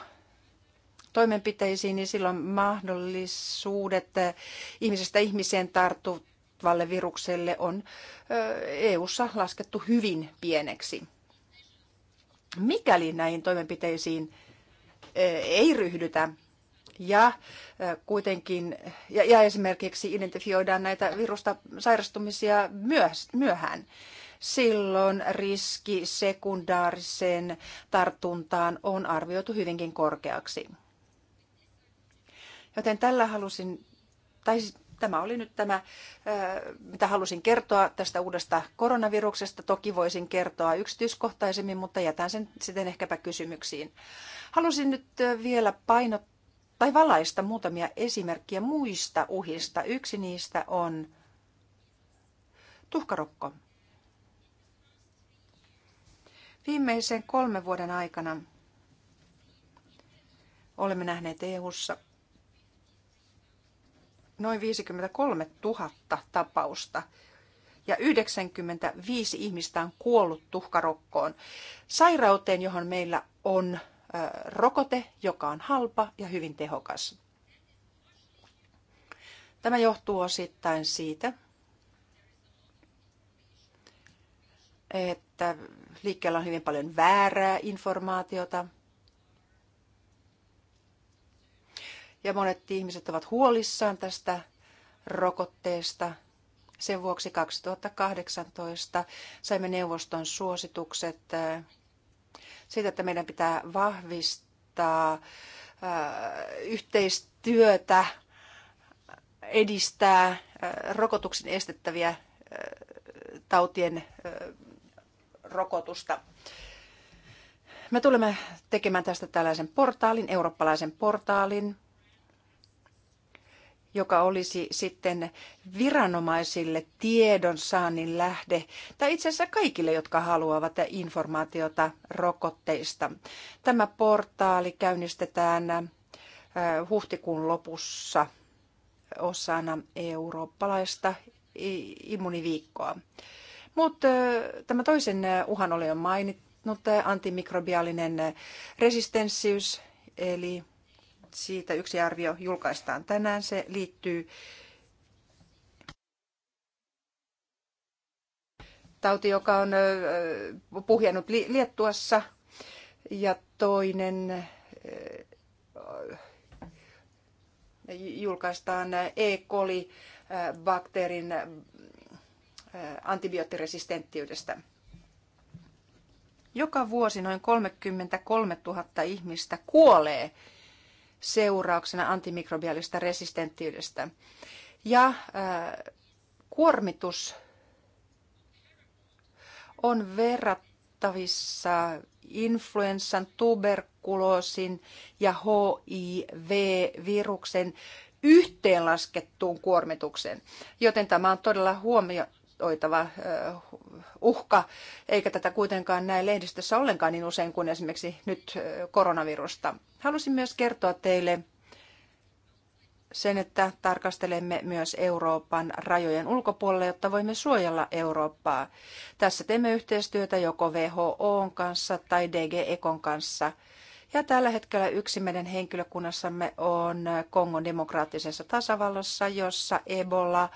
Speaker 4: toimenpiteisiin, niin silloin mahdollisuudet eh, ihmisestä ihmiseen tarttuvalle virukselle on EU-ssa eh, e laskettu hyvin pieneksi. Mikäli näihin toimenpiteisiin eh, ei ryhdytä ja kuitenkin ja, ja esimerkiksi identifioidaan näitä virusta sairastumisia myöhään, silloin riski sekundaariseen tartuntaan on arvioitu hyvinkin korkeaksi. Joten tällä halusin, tai siis tämä oli nyt tämä, mitä halusin kertoa tästä uudesta koronaviruksesta. Toki voisin kertoa yksityiskohtaisemmin, mutta jätän sen sitten ehkäpä kysymyksiin. Halusin nyt vielä painottaa tai valaista muutamia esimerkkejä muista uhista. Yksi niistä on tuhkarokko. Viimeisen kolmen vuoden aikana olemme nähneet EU:ssa noin 53 000 tapausta ja 95 ihmistä on kuollut tuhkarokkoon, sairauteen, johon meillä on rokote, joka on halpa ja hyvin tehokas. Tämä johtuu osittain siitä, että liikkeellä on hyvin paljon väärää informaatiota – ja monet ihmiset ovat huolissaan tästä rokotteesta. Sen vuoksi 2018 saimme neuvoston suositukset eh, siitä, että meidän pitää vahvistaa eh, yhteistyötä, edistää eh, rokotuksen estettäviä tautien rokotusta. Me tulemme tekemään tästä tällaisen portaalin, eurooppalaisen portaalin, joka olisi sitten viranomaisille tiedonsaannin lähde, tai itse asiassa kaikille, jotka haluavat informaatiota rokotteista. Tämä portaali käynnistetään äh, huhtikuun lopussa osana eurooppalaista immuniviikkoa. Mutta äh, tämä toisen äh, uhan oli jo mainittu, antimikrobiaalinen resistenssius, eli siitä yksi arvio julkaistaan tänään. Se liittyy tauti, joka on puhjennut Liettuassa ja toinen julkaistaan E. coli bakteerin antibioottiresistenttiydestä. Joka vuosi noin 33 000 ihmistä kuolee seurauksena antimikrobiaalista resistenttiydestä. Ja äh, kuormitus on verrattavissa influenssan, tuberkuloosin ja HIV-viruksen yhteenlaskettuun kuormitukseen, joten tämä on todella huomio, oitava uhka, eikä tätä kuitenkaan näe lehdistössä ollenkaan niin usein kuin esimerkiksi nyt koronavirusta. Halusin myös kertoa teille sen, että tarkastelemme myös Euroopan rajojen ulkopuolella, jotta voimme suojella Eurooppaa. Tässä teemme yhteistyötä joko WHOn kanssa tai DG Ekon kanssa. Ja tällä hetkellä yksi meidän henkilökunnassamme on Kongon demokraattisessa tasavallassa, jossa Ebola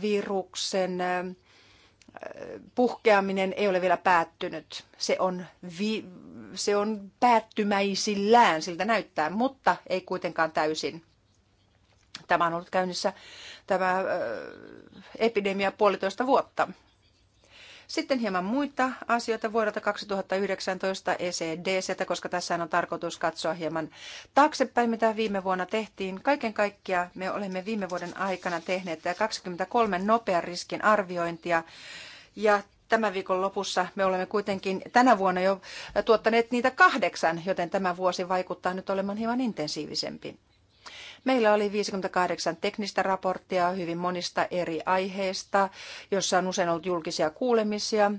Speaker 4: viruksen puhkeaminen ei ole vielä päättynyt. Se on, vi, se on päättymäisillään, siltä näyttää, mutta ei kuitenkaan täysin. Tämä on ollut käynnissä tämä epidemia puolitoista vuotta. Sitten hieman muita asioita vuodelta 2019 ECDCtä, koska tässä on tarkoitus katsoa hieman taaksepäin, mitä viime vuonna tehtiin. Kaiken kaikkiaan me olemme viime vuoden aikana tehneet 23 nopean riskin arviointia ja tämän viikon lopussa me olemme kuitenkin tänä vuonna jo tuottaneet niitä kahdeksan, joten tämä vuosi vaikuttaa nyt olemaan hieman intensiivisempi. Meillä oli 58 teknistä raporttia hyvin monista eri aiheista, jossa on usein ollut julkisia kuulemisia.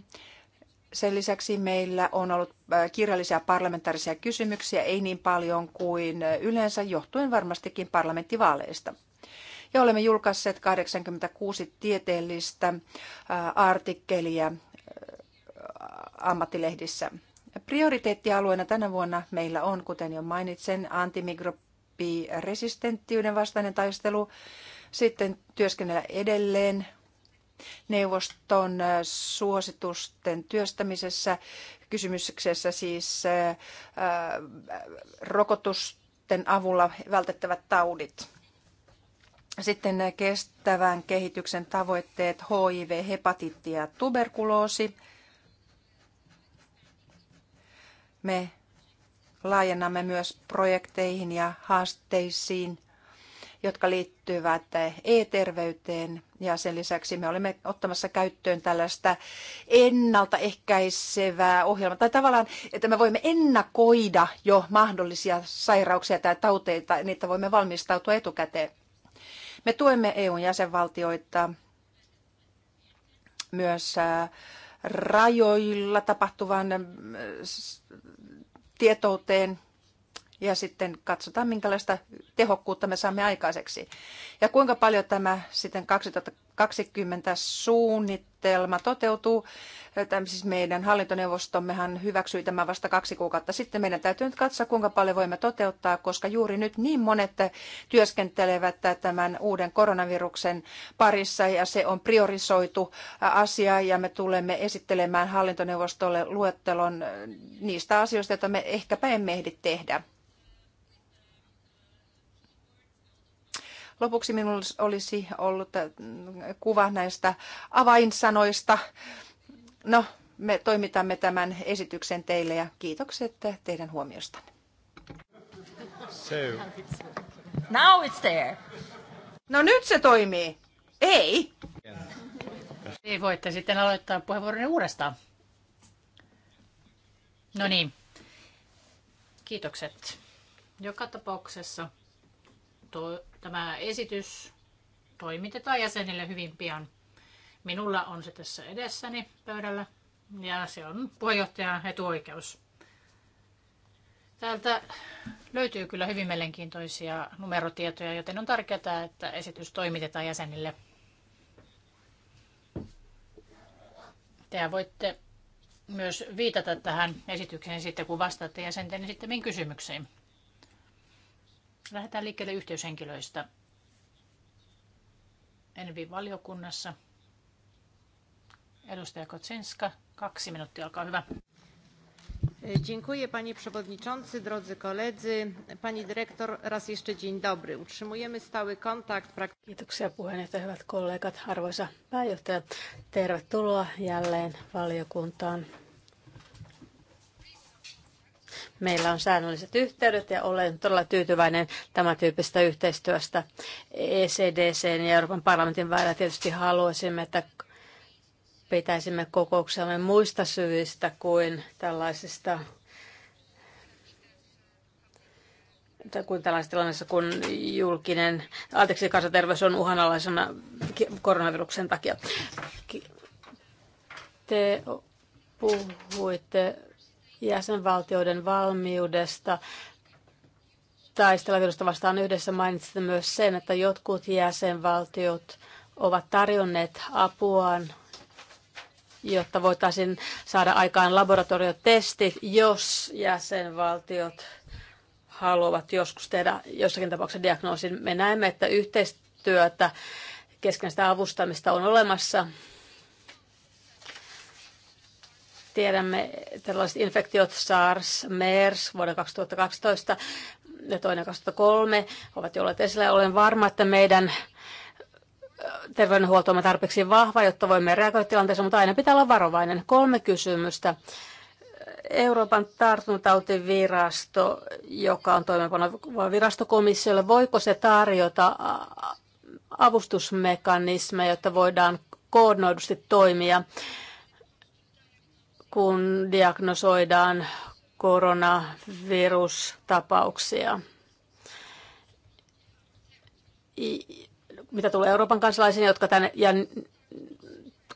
Speaker 4: Sen lisäksi meillä on ollut äh, kirjallisia parlamentaarisia kysymyksiä, ei niin paljon kuin yleensä, johtuen varmastikin parlamenttivaaleista. Ja olemme julkaisseet 86 tieteellistä äh, artikkelia äh, ammattilehdissä. Prioriteettialueena tänä vuonna meillä on, kuten jo mainitsen, antimikrop läpi resistenttiyden vastainen taistelu, sitten työskennellä edelleen neuvoston äh, suositusten työstämisessä. Kysymyksessä siis äh, äh, rokotusten avulla vältettävät taudit. Sitten kestävän kehityksen tavoitteet HIV, hepatiitti ja tuberkuloosi. Me laajennamme myös projekteihin ja haasteisiin, jotka liittyvät e-terveyteen. Ja sen lisäksi me olemme ottamassa käyttöön tällaista ennaltaehkäisevää ohjelmaa. Tai tavallaan, että me voimme ennakoida jo mahdollisia sairauksia tai tauteita, niitä voimme valmistautua etukäteen. Me tuemme EUn jäsenvaltioita myös äh, rajoilla tapahtuvan äh, tietouteen ja sitten katsotaan, minkälaista tehokkuutta me saamme aikaiseksi. Ja kuinka paljon tämä sitten 2020 2020 suunnitelma toteutuu. Siis meidän hallintoneuvostommehan hyväksyi tämän vasta kaksi kuukautta sitten. Meidän täytyy nyt katsoa, kuinka paljon voimme toteuttaa, koska juuri nyt niin monet työskentelevät tämän uuden koronaviruksen parissa ja se on priorisoitu asia ja me tulemme esittelemään hallintoneuvostolle luettelon niistä asioista, joita me ehkäpä emme ehdi tehdä. Lopuksi minulla olisi ollut äh, kuva näistä avainsanoista. No, me toimitamme tämän esityksen teille ja kiitokset teidän huomiostanne.
Speaker 1: So.
Speaker 2: Now it's there. No nyt se toimii. Ei. Niin voitte sitten aloittaa puheenvuoron uudestaan. No niin. Kiitokset. Joka tapauksessa to, tämä esitys toimitetaan jäsenille hyvin pian. Minulla on se tässä edessäni pöydällä ja se on puheenjohtajan etuoikeus. Täältä löytyy kyllä hyvin mielenkiintoisia numerotietoja, joten on tärkeää, että esitys toimitetaan jäsenille. Te voitte myös viitata tähän esitykseen sitten, kun vastaatte jäsenten esittämiin kysymyksiin. Lähdetään liikkeelle yhteyshenkilöistä. Envin valiokunnassa Edustaja Kotsinska, kaksi minuuttia, olkaa hyvä.
Speaker 3: Dziękuję panie przewodniczący, drodzy koledzy, pani dyrektor, raz jeszcze dzień dobry. Utrzymujemy stały kontakt. Kiitoksia puheenjohtaja, hyvät kollegat, arvoisa pääjohtaja. Tervetuloa jälleen valiokuntaan. Meillä on säännölliset yhteydet ja olen todella tyytyväinen tämän tyyppistä yhteistyöstä ECDCn ja Euroopan parlamentin välillä. Tietysti haluaisimme, että pitäisimme kokouksemme muista syistä kuin tällaisista kuin tällaisessa tilanteessa, kun julkinen, anteeksi, kansanterveys on uhanalaisena koronaviruksen takia. Te puhuitte jäsenvaltioiden valmiudesta taistella virusta vastaan yhdessä mainitsitte myös sen, että jotkut jäsenvaltiot ovat tarjonneet apuaan, jotta voitaisiin saada aikaan laboratoriotestit, jos jäsenvaltiot haluavat joskus tehdä jossakin tapauksessa diagnoosin. Me näemme, että yhteistyötä keskenäistä avustamista on olemassa Tiedämme tällaiset infektiot SARS, MERS vuoden 2012 ja toinen 2003 ovat jo olleet esillä. Olen varma, että meidän äh, terveydenhuoltomme tarpeeksi vahva, jotta voimme reagoida tilanteeseen, mutta aina pitää olla varovainen. Kolme kysymystä. Euroopan tartuntatautivirasto, joka on toimeenpanova virastokomissiolle, voiko se tarjota äh, avustusmekanismeja, jotta voidaan koordinoidusti toimia kun diagnosoidaan koronavirustapauksia. Mitä tulee Euroopan kansalaisiin jotka tänne, ja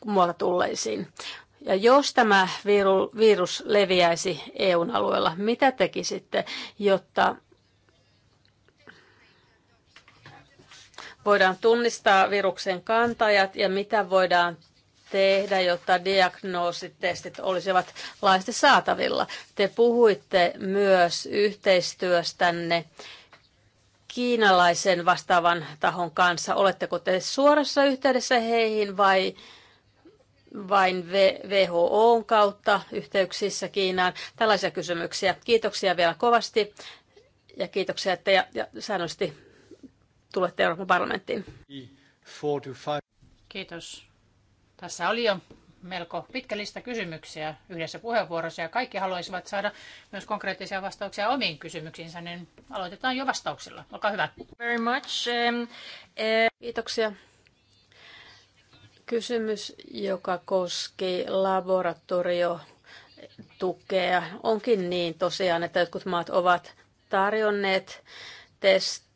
Speaker 3: muualta tulleisiin. Ja jos tämä viru, virus leviäisi EUn alueella, mitä tekisitte, jotta voidaan tunnistaa viruksen kantajat ja mitä voidaan tehdä, jotta diagnoositestit olisivat laajasti saatavilla. Te puhuitte myös yhteistyöstänne kiinalaisen vastaavan tahon kanssa. Oletteko te suorassa yhteydessä heihin vai vain WHOn kautta yhteyksissä Kiinaan? Tällaisia kysymyksiä. Kiitoksia vielä kovasti ja kiitoksia, että ja, ja säännöllisesti tulette Euroopan parlamenttiin.
Speaker 2: Kiitos. Tässä oli jo melko pitkä lista kysymyksiä yhdessä puheenvuorossa ja kaikki haluaisivat saada myös konkreettisia vastauksia omiin kysymyksiinsä, niin aloitetaan jo vastauksilla.
Speaker 3: Olkaa hyvä. Very much. Um, uh, Kiitoksia. Kysymys, joka koski laboratorio tukea. Onkin niin tosiaan, että jotkut maat ovat tarjonneet test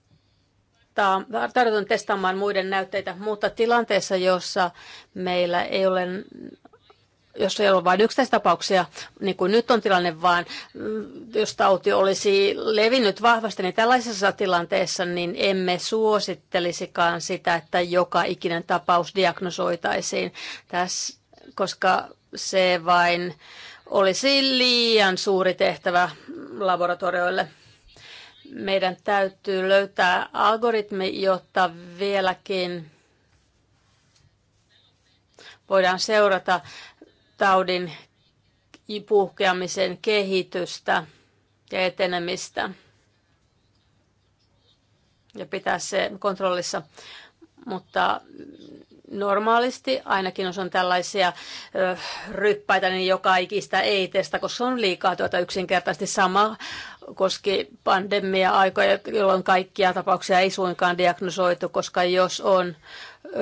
Speaker 3: testaa, tarjotaan testaamaan muiden näytteitä, mutta tilanteessa, jossa meillä ei ole jos ei ole vain yksittäistapauksia, niin kuin nyt on tilanne, vaan mm, jos tauti olisi levinnyt vahvasti, niin tällaisessa tilanteessa niin emme suosittelisikaan sitä, että joka ikinen tapaus diagnosoitaisiin, Tässä, koska se vain olisi liian suuri tehtävä laboratorioille meidän täytyy löytää algoritmi, jotta vieläkin voidaan seurata taudin puhkeamisen kehitystä ja etenemistä ja pitää se kontrollissa. Mutta normaalisti, ainakin jos on tällaisia ryppäitä, niin joka ikistä ei testa, koska on liikaa tuota yksinkertaisesti sama koski pandemia-aikoja, jolloin kaikkia tapauksia ei suinkaan diagnosoitu, koska jos on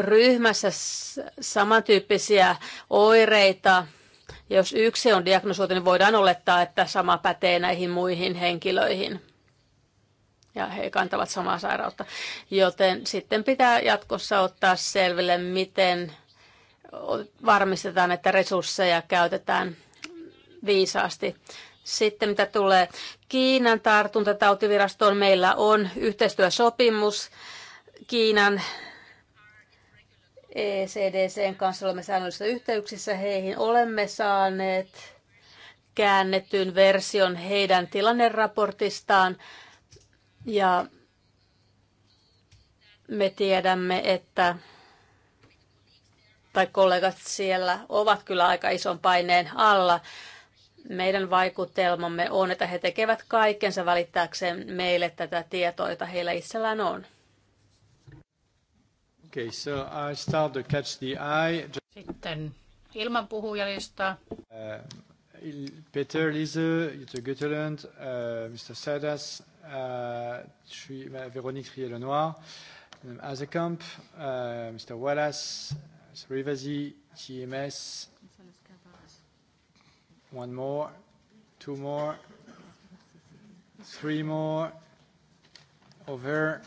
Speaker 3: ryhmässä samantyyppisiä oireita, jos yksi on diagnosoitu, niin voidaan olettaa, että sama pätee näihin muihin henkilöihin. Ja he kantavat samaa sairautta. Joten sitten pitää jatkossa ottaa selville, miten varmistetaan, että resursseja käytetään viisaasti sitten mitä tulee Kiinan tartuntatautivirastoon, meillä on yhteistyösopimus Kiinan ECDCn kanssa olemme säännöllisissä yhteyksissä heihin. Olemme saaneet käännettyyn version heidän tilanneraportistaan ja me tiedämme, että tai kollegat siellä ovat kyllä aika ison paineen alla meidän vaikutelmamme on, että he tekevät kaikkensa välittääkseen meille tätä tietoa, jota heillä itsellään on.
Speaker 1: Okay, so I start to catch the eye.
Speaker 2: Sitten ilman puhujalista.
Speaker 1: Uh, Peter Lise, Jutta Götterlund, uh, Mr. Sadas, uh, uh Veronique Rielenoir, Madame Azekamp, uh, Mr. Wallace, Rivasi, TMS, One more, two more, three more over.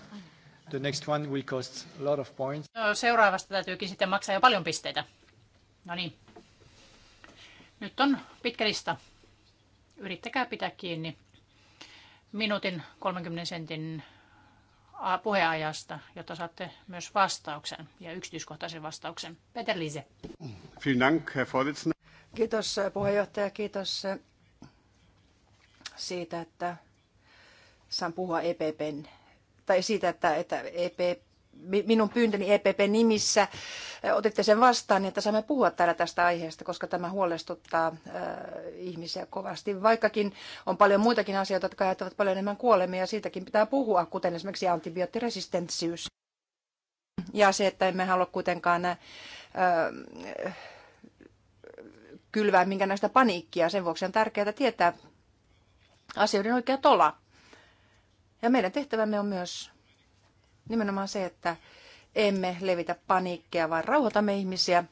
Speaker 1: The next one will cost a lot of points.
Speaker 2: No, seuraavasta täytyykin sitten maksaa jo paljon pisteitä. No niin. Nyt on pitkä lista. Yrittäkää pitää kiinni minuutin 30 sentin puheajasta, jotta saatte myös vastauksen ja yksityiskohtaisen vastauksen. Peter Lise.
Speaker 1: Vielen Dank, Herr Vorsitzender.
Speaker 4: Kiitos eh, puheenjohtaja, kiitos eh, siitä, että saan puhua EPPn, tai siitä, että, että EP, minun pyyntöni EPPn nimissä eh, otitte sen vastaan, niin että saamme puhua täällä tästä aiheesta, koska tämä huolestuttaa ihmisiä kovasti. Vaikkakin on paljon muitakin asioita, jotka aiheuttavat paljon enemmän kuolemia, siitäkin pitää puhua, kuten esimerkiksi antibioottiresistenssiys. Ja se, että emme halua kuitenkaan kylvää näistä paniikkia. Sen vuoksi on tärkeää tietää asioiden oikea tola. Ja meidän tehtävämme on myös nimenomaan se, että emme levitä paniikkia, vaan rauhoitamme ihmisiä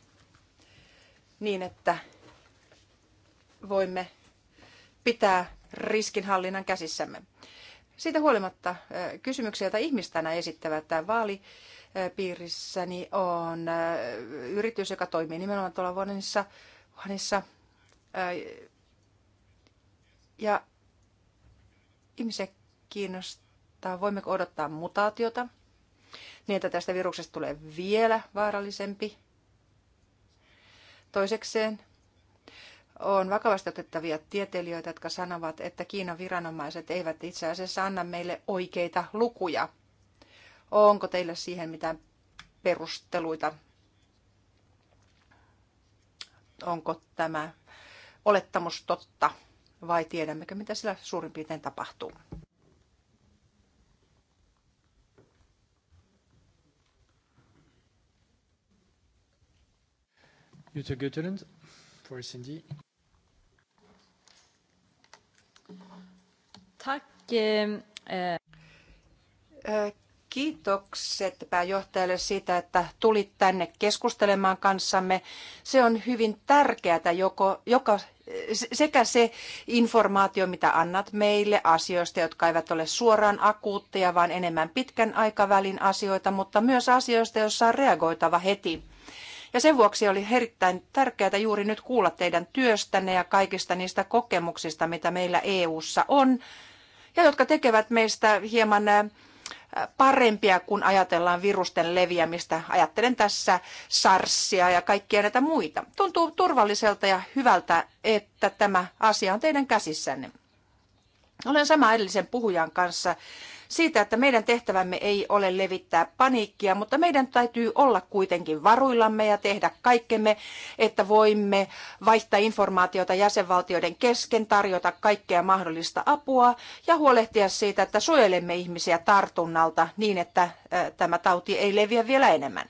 Speaker 4: niin, että voimme pitää riskinhallinnan käsissämme. Siitä huolimatta kysymyksiä, joita ihmistänä esittävät tämä vaali, piirissäni on yritys, joka toimii nimenomaan tuolla vuodessa huoneessa. Ja ihmisiä kiinnostaa, voimmeko odottaa mutaatiota, niin että tästä viruksesta tulee vielä vaarallisempi. Toisekseen on vakavasti otettavia tieteilijöitä, jotka sanovat, että Kiinan viranomaiset eivät itse asiassa anna meille oikeita lukuja. Onko teillä siihen mitään perusteluita onko tämä olettamus totta vai tiedämmekö, mitä sillä suurin piirtein tapahtuu.
Speaker 1: Jutta Götterlund for SND.
Speaker 3: Tack. Eh, eh.
Speaker 4: eh Kiitokset pääjohtajalle siitä, että tulit tänne keskustelemaan kanssamme. Se on hyvin tärkeää joko, joka, sekä se informaatio, mitä annat meille asioista, jotka eivät ole suoraan akuutteja, vaan enemmän pitkän aikavälin asioita, mutta myös asioista, joissa on reagoitava heti. Ja sen vuoksi oli erittäin tärkeää juuri nyt kuulla teidän työstänne ja kaikista niistä kokemuksista, mitä meillä EU:ssa on, ja jotka tekevät meistä hieman äh, parempia, kun ajatellaan virusten leviämistä. Ajattelen tässä SARSia ja kaikkia näitä muita. Tuntuu turvalliselta ja hyvältä, että tämä asia on teidän käsissänne. Olen sama edellisen puhujan kanssa siitä, että meidän tehtävämme ei ole levittää paniikkia, mutta meidän täytyy olla kuitenkin varuillamme ja tehdä kaikkemme, että voimme vaihtaa informaatiota jäsenvaltioiden kesken, tarjota kaikkea mahdollista apua ja huolehtia siitä, että suojelemme ihmisiä tartunnalta niin, että tämä tauti ei leviä vielä enemmän.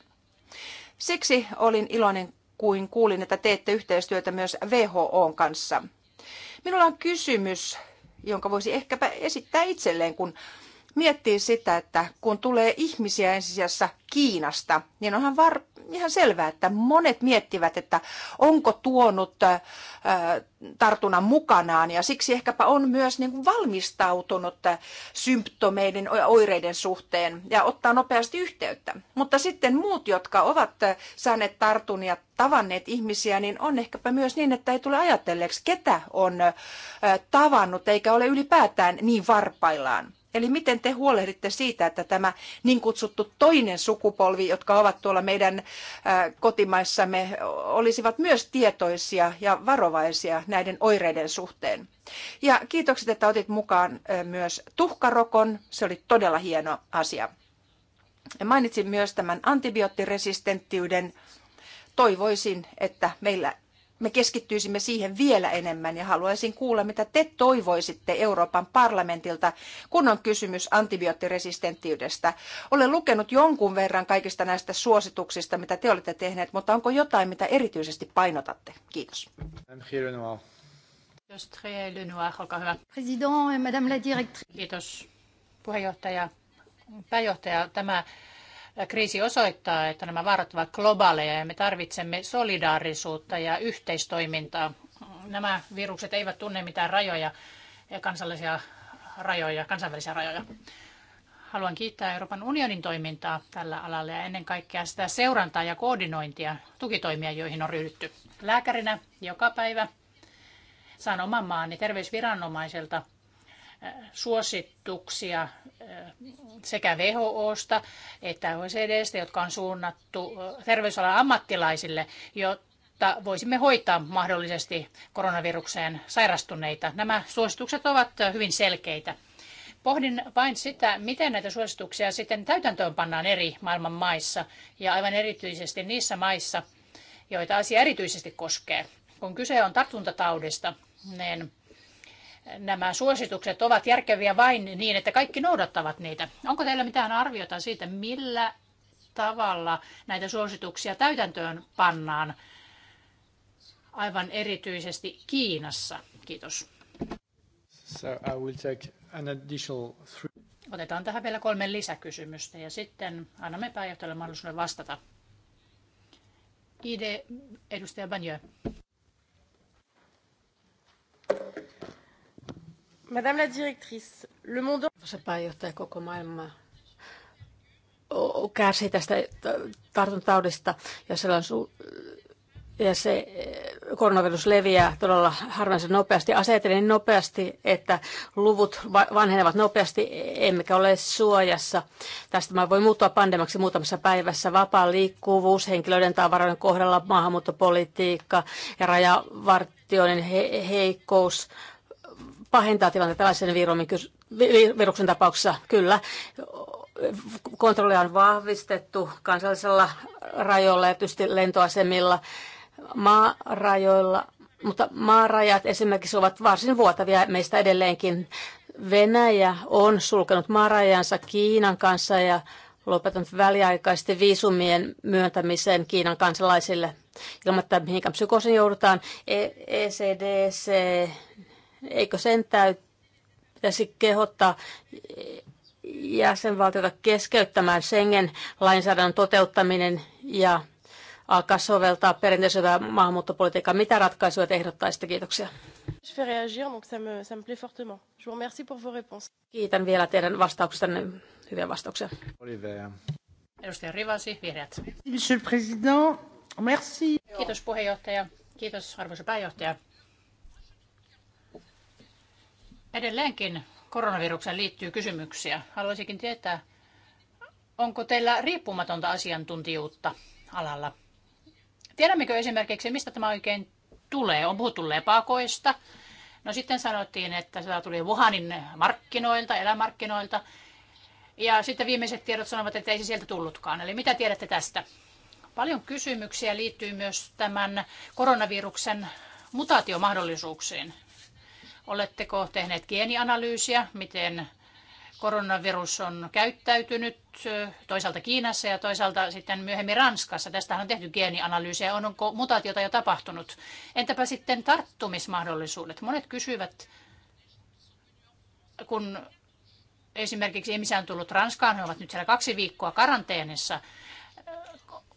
Speaker 4: Siksi olin iloinen, kuin kuulin, että teette yhteistyötä myös WHOn kanssa. Minulla on kysymys, jonka voisi ehkäpä esittää itselleen, kun miettii sitä, että kun tulee ihmisiä ensisijassa Kiinasta, niin onhan var, ihan selvää, että monet miettivät, että onko tuonut äh, tartunnan mukanaan ja siksi ehkäpä on myös niin kuin valmistautunut äh, symptomeiden ja oireiden suhteen ja ottaa nopeasti yhteyttä. Mutta sitten muut, jotka ovat äh, saaneet tartunia, tavanneet ihmisiä, niin on ehkäpä myös niin, että ei tule ajatelleeksi, ketä on äh, tavannut eikä ole ylipäätään niin varpaillaan. Eli miten te huolehditte siitä, että tämä niin kutsuttu toinen sukupolvi, jotka ovat tuolla meidän kotimaissamme, olisivat myös tietoisia ja varovaisia näiden oireiden suhteen? Ja kiitokset, että otit mukaan myös tuhkarokon. Se oli todella hieno asia. Mainitsin myös tämän antibioottiresistenttiyden. Toivoisin, että meillä me keskittyisimme siihen vielä enemmän ja haluaisin kuulla, mitä te toivoisitte Euroopan parlamentilta, kun on kysymys antibioottiresistenttiydestä. Olen lukenut jonkun verran kaikista näistä suosituksista, mitä te olette tehneet, mutta onko jotain, mitä erityisesti painotatte? Kiitos.
Speaker 2: madame la directrice. Kiitos puheenjohtaja. Pääjohtaja, tämä kriisi osoittaa, että nämä vaarat ovat globaaleja ja me tarvitsemme solidaarisuutta ja yhteistoimintaa. Nämä virukset eivät tunne mitään rajoja, kansallisia rajoja, kansainvälisiä rajoja. Haluan kiittää Euroopan unionin toimintaa tällä alalla ja ennen kaikkea sitä seurantaa ja koordinointia, tukitoimia, joihin on ryhdytty. Lääkärinä joka päivä saan oman maani terveysviranomaiselta suosituksia äh, sekä WHOsta että OECDstä, jotka on suunnattu äh, terveysalan ammattilaisille, jotta voisimme hoitaa mahdollisesti koronavirukseen sairastuneita. Nämä suositukset ovat äh, hyvin selkeitä. Pohdin vain sitä, miten näitä suosituksia sitten täytäntöön pannaan eri maailman maissa ja aivan erityisesti niissä maissa, joita asia erityisesti koskee. Kun kyse on tartuntataudista, niin nämä suositukset ovat järkeviä vain niin, että kaikki noudattavat niitä. Onko teillä mitään arviota siitä, millä tavalla näitä suosituksia täytäntöön pannaan aivan erityisesti Kiinassa? Kiitos.
Speaker 1: So I will take an additional three.
Speaker 2: Otetaan tähän vielä kolme lisäkysymystä ja sitten annamme pääjohtajalle mahdollisuuden vastata. ID,
Speaker 3: edustaja Banjö. Madame la directrice, le monde... Se pääjohtaja koko maailma kärsii tästä tartuntataudista ja se, on su- ja se eh, koronavirus leviää todella harvinaisen nopeasti. Asetelin niin nopeasti, että luvut vanhenevat nopeasti, emmekä ole suojassa. Tästä mä voi muuttua pandemaksi muutamassa päivässä. Vapaa liikkuvuus, henkilöiden tavaroiden kohdalla, maahanmuuttopolitiikka ja rajavartioiden he- heikkous pahentaa tilannetta tällaisen viruksen tapauksessa. Kyllä, kontrollia on vahvistettu kansallisella rajoilla ja tietysti lentoasemilla maarajoilla, mutta maarajat esimerkiksi ovat varsin vuotavia meistä edelleenkin. Venäjä on sulkenut maarajansa Kiinan kanssa ja lopetanut väliaikaisesti viisumien myöntämisen Kiinan kansalaisille ilman, että mihinkään psykoosin joudutaan. ECDC e Eikö sen täytyy pitäisi kehottaa jäsenvaltiota keskeyttämään Schengen-lainsäädännön toteuttaminen ja alkaa soveltaa perinteisellä maahanmuuttopolitiikkaa. Mitä ratkaisuja te ehdottaisitte? Kiitoksia. Kiitän vielä teidän vastauksistanne. Hyviä vastauksia. Olivia.
Speaker 2: Edustaja Rivasi, Vihreät.
Speaker 3: Monsieur le Président, merci.
Speaker 2: Kiitos puheenjohtaja. Kiitos arvoisa pääjohtaja. Edelleenkin koronavirukseen liittyy kysymyksiä. Haluaisinkin tietää, onko teillä riippumatonta asiantuntijuutta alalla? Tiedämmekö esimerkiksi, mistä tämä oikein tulee? On puhuttu lepakoista. No sitten sanottiin, että se tuli Wuhanin markkinoilta, elämarkkinoilta. Ja sitten viimeiset tiedot sanovat, että ei se sieltä tullutkaan. Eli mitä tiedätte tästä? Paljon kysymyksiä liittyy myös tämän koronaviruksen mutaatiomahdollisuuksiin. Oletteko tehneet geenianalyysiä, miten koronavirus on käyttäytynyt toisaalta Kiinassa ja toisaalta sitten myöhemmin Ranskassa. Tästä on tehty geenianalyysiä, onko mutaatiota jo tapahtunut. Entäpä sitten tarttumismahdollisuudet? Monet kysyvät, kun esimerkiksi ihmisiä on tullut Ranskaan, he ovat nyt siellä kaksi viikkoa karanteenissa.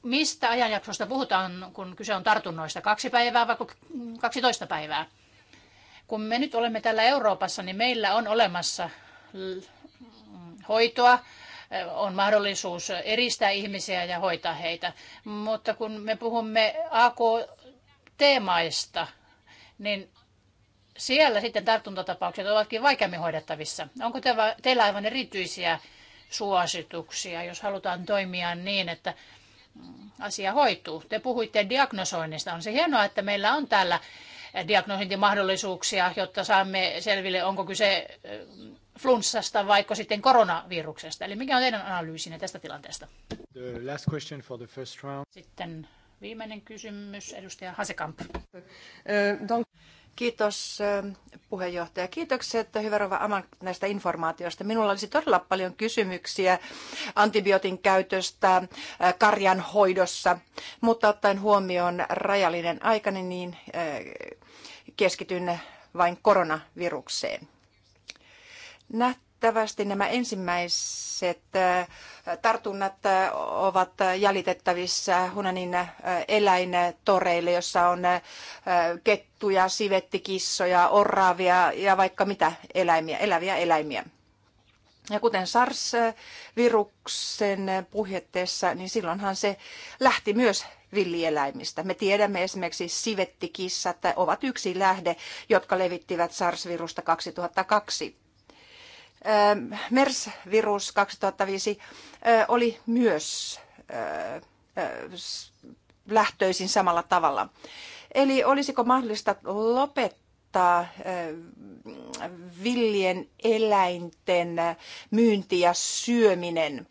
Speaker 2: Mistä ajanjaksosta puhutaan, kun kyse on tartunnoista? Kaksi päivää vai 12 päivää? Kun me nyt olemme täällä Euroopassa, niin meillä on olemassa hoitoa, on mahdollisuus eristää ihmisiä ja hoitaa heitä. Mutta kun me puhumme AKT-maista, niin siellä sitten tartuntatapaukset ovatkin vaikeammin hoidettavissa. Onko teillä aivan erityisiä suosituksia, jos halutaan toimia niin, että mm, asia hoituu? Te puhuitte diagnosoinnista. On se hienoa, että meillä on täällä diagnosointimahdollisuuksia, jotta saamme selville, onko kyse flunssasta vai sitten koronaviruksesta. Eli mikä on teidän analyysinne tästä tilanteesta?
Speaker 1: The last question for the first round.
Speaker 2: Sitten viimeinen kysymys, edustaja Hasekamp. Uh, Kiitos puheenjohtaja.
Speaker 4: Kiitokset, hyvä Rova Aman, näistä informaatioista. Minulla olisi todella paljon kysymyksiä antibiootin käytöstä karjan hoidossa, mutta ottaen huomioon rajallinen aikani, niin keskityn vain koronavirukseen. Nähty Valitettavasti nämä ensimmäiset tartunnat ovat jäljitettävissä Hunanin eläintoreille, jossa on kettuja, sivettikissoja, orraavia ja vaikka mitä eläimiä, eläviä eläimiä. Ja kuten SARS-viruksen puhjetteessa, niin silloinhan se lähti myös villieläimistä. Me tiedämme esimerkiksi sivettikissat ovat yksi lähde, jotka levittivät SARS-virusta 2002. Ähm, MERS-virus 2005 oli myös lähtöisin samalla tavalla. Eli olisiko mahdollista lopettaa villien eläinten myynti ja syöminen?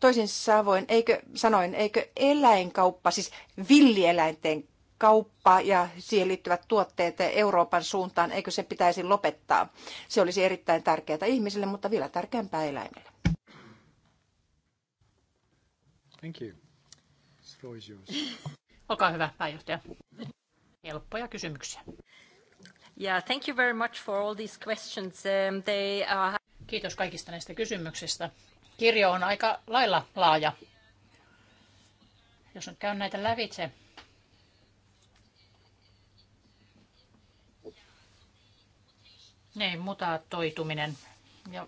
Speaker 4: Toisin sanoen, eikö, sanoin, eikö eläinkauppa, siis villieläinten kauppa ja siihen liittyvät tuotteet Euroopan suuntaan, eikö se pitäisi lopettaa? Se olisi erittäin tärkeää ihmisille, mutta vielä tärkeämpää eläimille.
Speaker 1: Thank you.
Speaker 2: Olkaa hyvä, pääjohtaja. Helppoja kysymyksiä. Yeah, thank you very much for all these questions. Um, they are... Uh, Kiitos kaikista näistä kysymyksistä. Kirjo on aika lailla laaja. Jos nyt käyn näitä lävitse, Niin, mutatoituminen ja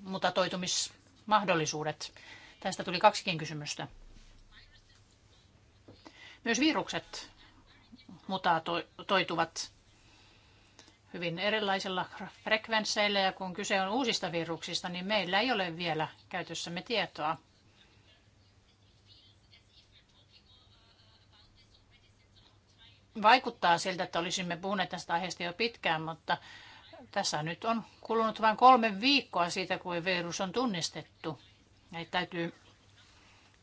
Speaker 2: mutatoitumismahdollisuudet. Tästä tuli kaksikin kysymystä. Myös virukset mutatoituvat hyvin erilaisilla frekvensseillä ja kun kyse on uusista viruksista, niin meillä ei ole vielä käytössämme tietoa. Vaikuttaa siltä, että olisimme puhuneet tästä aiheesta jo pitkään, mutta tässä nyt on kulunut vain kolme viikkoa siitä, kun virus on tunnistettu. Eli täytyy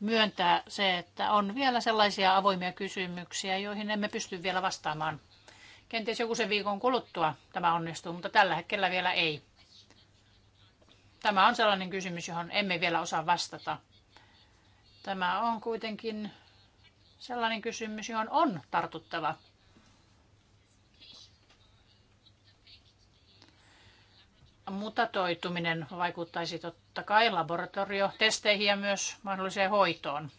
Speaker 2: myöntää se, että on vielä sellaisia avoimia kysymyksiä, joihin emme pysty vielä vastaamaan. Kenties joku sen viikon kuluttua tämä onnistuu, mutta tällä hetkellä vielä ei. Tämä on sellainen kysymys, johon emme vielä osaa vastata. Tämä on kuitenkin sellainen kysymys, johon on tartuttava. Mutatoituminen vaikuttaisi totta kai laboratoriotesteihin ja myös mahdolliseen hoitoon.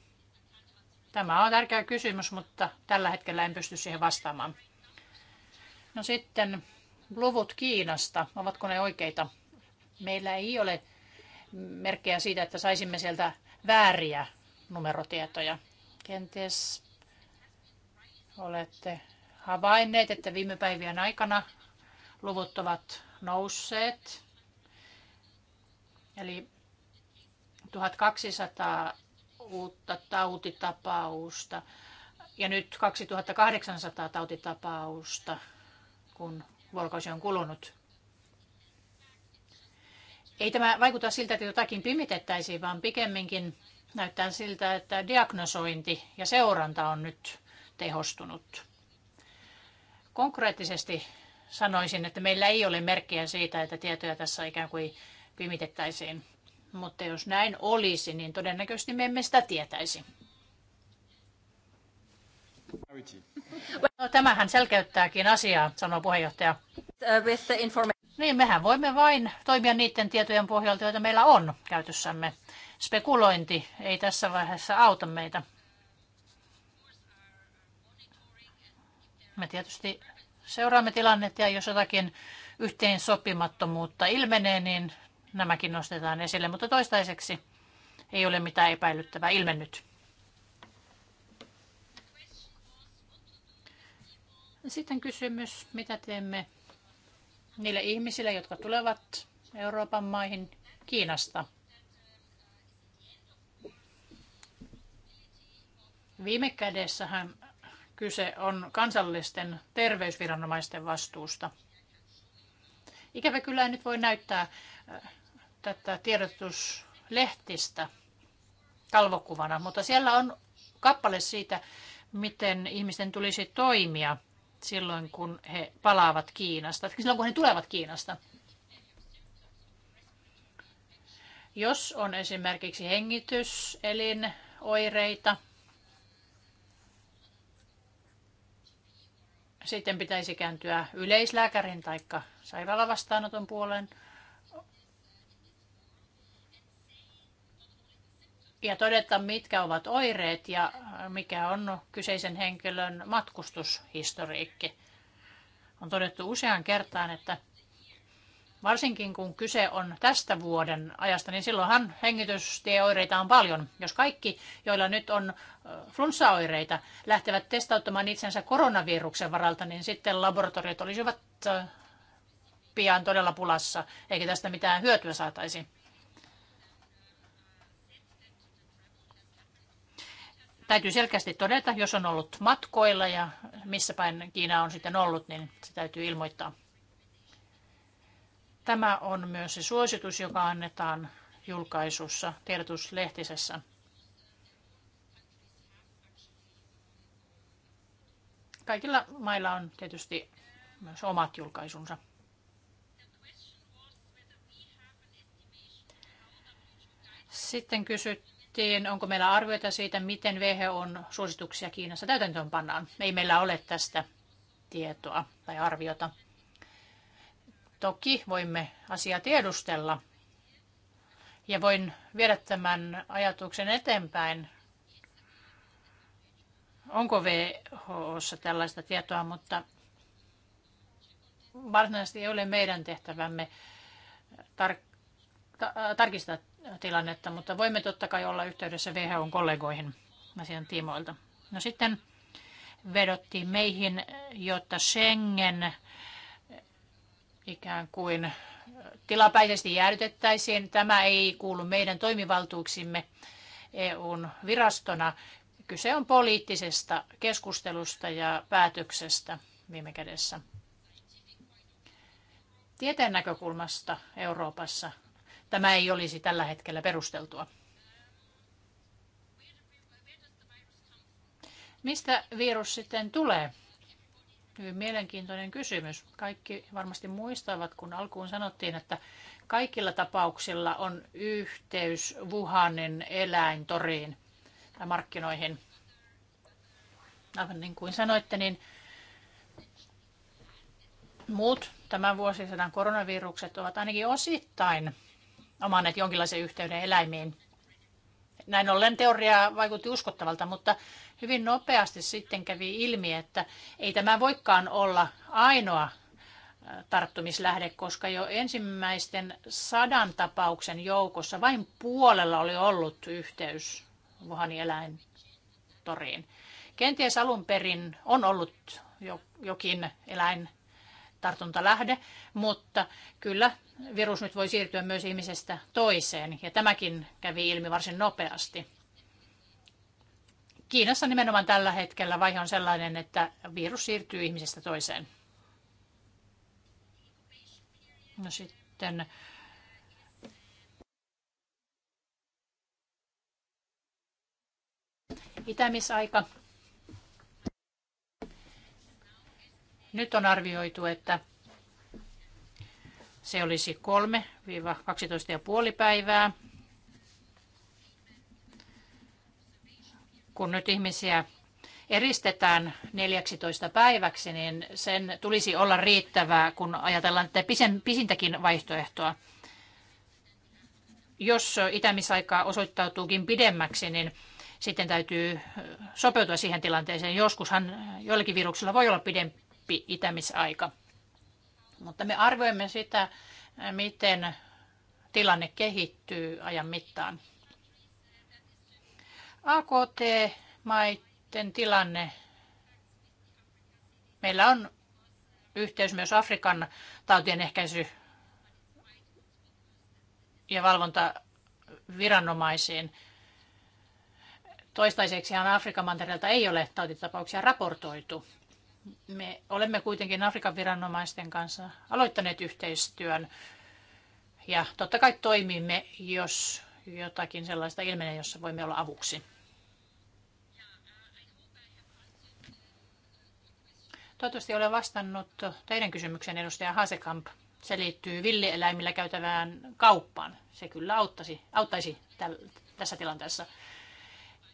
Speaker 2: Tämä on tärkeä kysymys, mutta tällä hetkellä en pysty siihen vastaamaan. No sitten luvut Kiinasta, ovatko ne oikeita? Meillä ei ole merkkejä siitä, että saisimme sieltä vääriä numerotietoja. Kenties olette havainneet, että viime päivien aikana luvut ovat nousseet. Eli 1200 uutta tautitapausta ja nyt 2800 tautitapausta, kun vuorokausi on kulunut. Ei tämä vaikuta siltä, että jotakin pimitettäisiin, vaan pikemminkin Näyttää siltä, että diagnosointi ja seuranta on nyt tehostunut. Konkreettisesti sanoisin, että meillä ei ole merkkiä siitä, että tietoja tässä ikään kuin pimitettäisiin. Mutta jos näin olisi, niin todennäköisesti me emme sitä tietäisi. No, tämähän selkeyttääkin asiaa, sanoo puheenjohtaja. Niin, mehän voimme vain toimia niiden tietojen pohjalta, joita meillä on käytössämme. Spekulointi ei tässä vaiheessa auta meitä. Me tietysti seuraamme tilannetta ja jos jotakin yhteen sopimattomuutta ilmenee, niin nämäkin nostetaan esille, mutta toistaiseksi ei ole mitään epäilyttävää ilmennyt. Sitten kysymys, mitä teemme niille ihmisille, jotka tulevat Euroopan maihin Kiinasta? Viime kädessähän kyse on kansallisten terveysviranomaisten vastuusta. Ikävä kyllä nyt voi näyttää äh, tätä tiedotuslehtistä kalvokuvana, mutta siellä on kappale siitä, miten ihmisten tulisi toimia silloin, kun he palaavat Kiinasta, silloin kun he tulevat Kiinasta. Jos on esimerkiksi hengityselinoireita, sitten pitäisi kääntyä yleislääkärin tai sairaalavastaanoton puoleen. Ja todeta, mitkä ovat oireet ja mikä on kyseisen henkilön matkustushistoriikki. On todettu useaan kertaan, että varsinkin kun kyse on tästä vuoden ajasta, niin silloinhan hengitystieoireita on paljon. Jos kaikki, joilla nyt on flunssaoireita, lähtevät testauttamaan itsensä koronaviruksen varalta, niin sitten laboratoriot olisivat pian todella pulassa, eikä tästä mitään hyötyä saataisi. Täytyy selkeästi todeta, jos on ollut matkoilla ja missä päin Kiina on sitten ollut, niin se täytyy ilmoittaa. Tämä on myös se suositus, joka annetaan julkaisussa, tiedotuslehtisessä. Kaikilla mailla on tietysti myös omat julkaisunsa. Sitten kysyttiin, onko meillä arvioita siitä, miten WHOn suosituksia Kiinassa täytäntöön pannaan. Ei meillä ole tästä tietoa tai arviota. Toki voimme asiaa tiedustella ja voin viedä tämän ajatuksen eteenpäin. Onko WHOssa tällaista tietoa, mutta varsinaisesti ei ole meidän tehtävämme tar- ta- tarkistaa tilannetta, mutta voimme totta kai olla yhteydessä WHOn kollegoihin asian tiimoilta. No sitten vedottiin meihin, jotta Schengen ikään kuin äh, tilapäisesti jäädytettäisiin. Tämä ei kuulu meidän toimivaltuuksimme EUn virastona. Kyse on poliittisesta keskustelusta ja päätöksestä viime kädessä. Tieteen näkökulmasta Euroopassa tämä ei olisi tällä hetkellä perusteltua. Mistä virus sitten tulee? Hyvin mielenkiintoinen kysymys. Kaikki varmasti muistavat, kun alkuun sanottiin, että kaikilla tapauksilla on yhteys Wuhanin eläintoriin tai markkinoihin. Aivan niin kuin sanoitte, niin muut tämän vuosisadan koronavirukset ovat ainakin osittain omanneet jonkinlaisen yhteyden eläimiin. Näin ollen teoria vaikutti uskottavalta, mutta hyvin nopeasti sitten kävi ilmi, että ei tämä voikaan olla ainoa tarttumislähde, koska jo ensimmäisten sadan tapauksen joukossa vain puolella oli ollut yhteys Wuhanin eläintoriin. Kenties alun perin on ollut jokin eläintartuntalähde, mutta kyllä virus nyt voi siirtyä myös ihmisestä toiseen, ja tämäkin kävi ilmi varsin nopeasti. Kiinassa nimenomaan tällä hetkellä vaihe on sellainen, että virus siirtyy ihmisestä toiseen. No sitten itämisaika. Nyt on arvioitu, että se olisi 3-12,5 päivää kun nyt ihmisiä eristetään 14 päiväksi, niin sen tulisi olla riittävää, kun ajatellaan tätä pisintäkin vaihtoehtoa. Jos itämisaika osoittautuukin pidemmäksi, niin sitten täytyy sopeutua siihen tilanteeseen. Joskushan joillakin viruksilla voi olla pidempi itämisaika. Mutta me arvioimme sitä, miten tilanne kehittyy ajan mittaan. AKT-maiden tilanne. Meillä on yhteys myös Afrikan tautien ehkäisy- ja valvontaviranomaisiin. Toistaiseksi Afrikan mantereelta ei ole tautitapauksia raportoitu. Me olemme kuitenkin Afrikan viranomaisten kanssa aloittaneet yhteistyön ja totta kai toimimme, jos jotakin sellaista ilmenee, jossa voimme olla avuksi. Toivottavasti olen vastannut teidän kysymykseen, edustaja Hasekamp. Se liittyy villieläimillä käytävään kauppaan. Se kyllä auttaisi, auttaisi täl- tässä tilanteessa.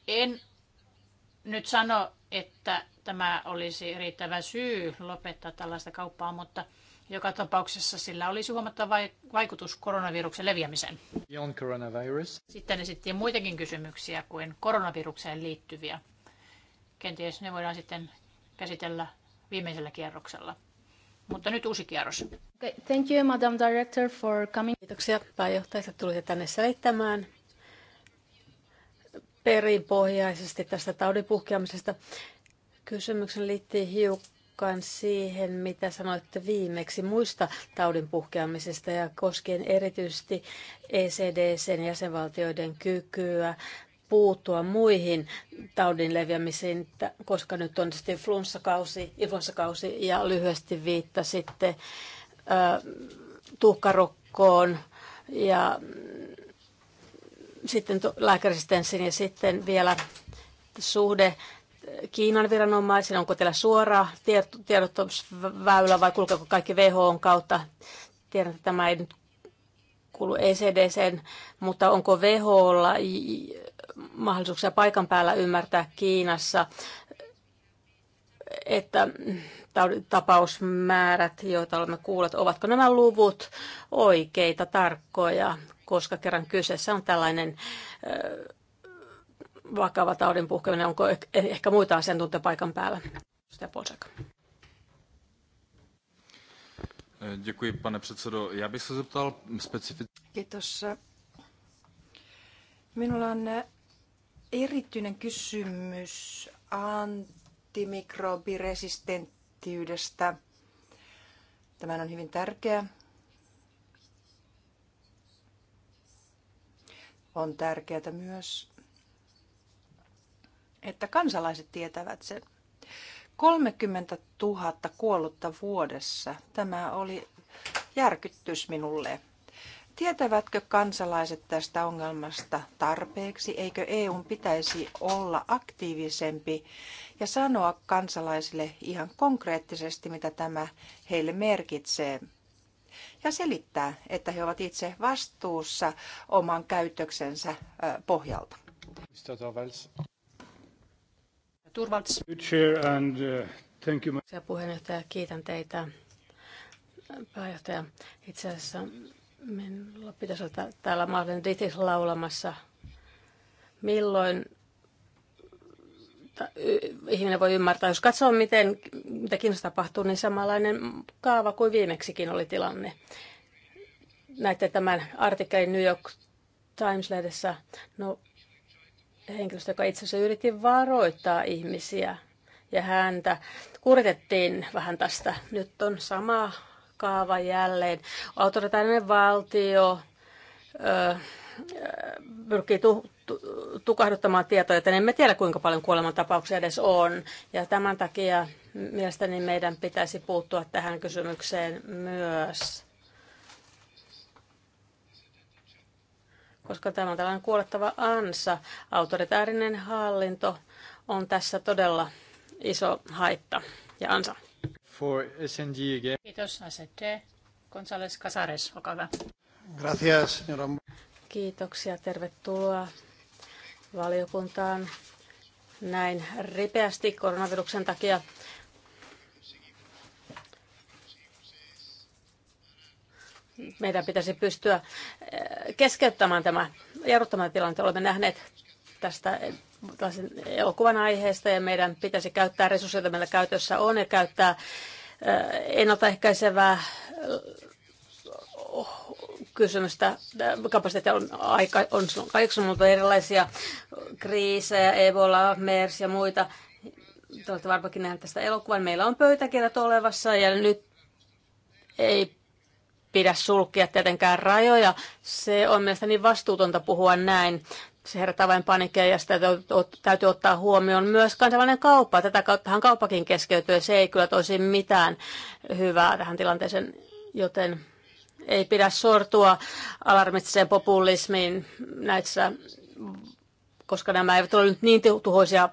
Speaker 2: En nyt sano, että tämä olisi riittävä syy lopettaa tällaista kauppaa, mutta joka tapauksessa sillä olisi huomattava vaikutus koronaviruksen leviämiseen.
Speaker 1: On coronavirus.
Speaker 2: Sitten esittiin muitakin kysymyksiä kuin koronavirukseen liittyviä. Kenties ne voidaan sitten käsitellä viimeisellä kierroksella. Mutta nyt uusi kierros.
Speaker 3: Okay, thank you, Madam Director, for coming. Kiitoksia että tulitte tänne selittämään perinpohjaisesti tästä taudin puhkeamisesta. Kysymyksen liittyy hiukan siihen, mitä sanoitte viimeksi muista taudin puhkeamisesta ja koskien erityisesti ECDCn jäsenvaltioiden kykyä puuttua muihin taudin leviämisiin, koska nyt on sitten flunssakausi, influenssakausi ja lyhyesti viitta sitten tuhkarokkoon ja mm, sitten lääkäresistenssin ja sitten vielä suhde Kiinan viranomaisiin, onko teillä suora tiedotusväylä vai kulkeeko kaikki WHOn kautta? Tiedän, että tämä ei nyt kuulu ECDC, mutta onko WHOlla mahdollisuuksia paikan päällä ymmärtää Kiinassa, että tapausmäärät, joita olemme kuulleet, ovatko nämä luvut oikeita, tarkkoja, koska kerran kyseessä on tällainen vakava taudin puhkeminen, onko ehkä muita asiantuntijoita paikan päällä?
Speaker 1: Děkuji, pane předsedo. Já bych se zeptal specificky.
Speaker 4: Kiitos. Minulla on erityinen kysymys antimikrobiresistenttiydestä. Tämä on hyvin tärkeä. On tärkeää myös, että kansalaiset tietävät sen. 30 000 kuollutta vuodessa. Tämä oli järkytys minulle. Tietävätkö kansalaiset tästä ongelmasta tarpeeksi? Eikö EUn pitäisi olla aktiivisempi ja sanoa kansalaisille ihan konkreettisesti, mitä tämä heille merkitsee? Ja selittää, että he ovat itse vastuussa oman käytöksensä pohjalta.
Speaker 1: Turvalts.
Speaker 3: Puheenjohtaja, kiitän teitä pääjohtaja. Itse asiassa Minulla pitäisi olla täällä Marvin Dittis laulamassa. Milloin ihminen voi ymmärtää, jos katsoo, miten, mitä kiinnosta tapahtuu, niin samanlainen kaava kuin viimeksikin oli tilanne. Näitte tämän artikkelin New York Times-lehdessä. No, henkilöstö, joka itse asiassa yritti varoittaa ihmisiä ja häntä kuritettiin vähän tästä. Nyt on sama kaava jälleen. Autoritaarinen valtio ö, pyrkii tu, tu, tukahduttamaan tietoja, että emme tiedä kuinka paljon kuolemantapauksia edes on. Ja tämän takia mielestäni meidän pitäisi puuttua tähän kysymykseen myös. Koska tämä on tällainen kuolettava ansa, autoritaarinen hallinto on tässä todella iso haitta ja ansa
Speaker 1: for SNG again.
Speaker 2: Kiitos ST.
Speaker 3: González Casares, olkaa hyvä.
Speaker 1: Gracias, señora.
Speaker 3: Kiitoksia, tervetuloa valiokuntaan näin ripeästi koronaviruksen takia. Meidän pitäisi pystyä eh, keskeyttämään tämä jarruttamaan tilanteen. Olemme nähneet tästä elokuvan aiheesta ja meidän pitäisi käyttää resursseja, joita meillä käytössä on ja käyttää eh, ennaltaehkäisevää eh, kysymystä. Eh, kapasiteetti on aika, on muuta erilaisia kriisejä, Ebola, MERS ja muita. Te olette varmaankin nähneet tästä elokuvan. Meillä on pöytäkirjat olevassa ja nyt ei pidä sulkea tietenkään rajoja. Se on mielestäni vastuutonta puhua näin se herättää vain panikkeja ja sitä täytyy ottaa huomioon myös kansainvälinen kauppa. Tätä kauttahan kauppakin keskeytyy ja se ei kyllä tosi mitään hyvää tähän tilanteeseen, joten ei pidä sortua alarmistiseen populismiin näissä, koska nämä eivät ole nyt niin tuhoisia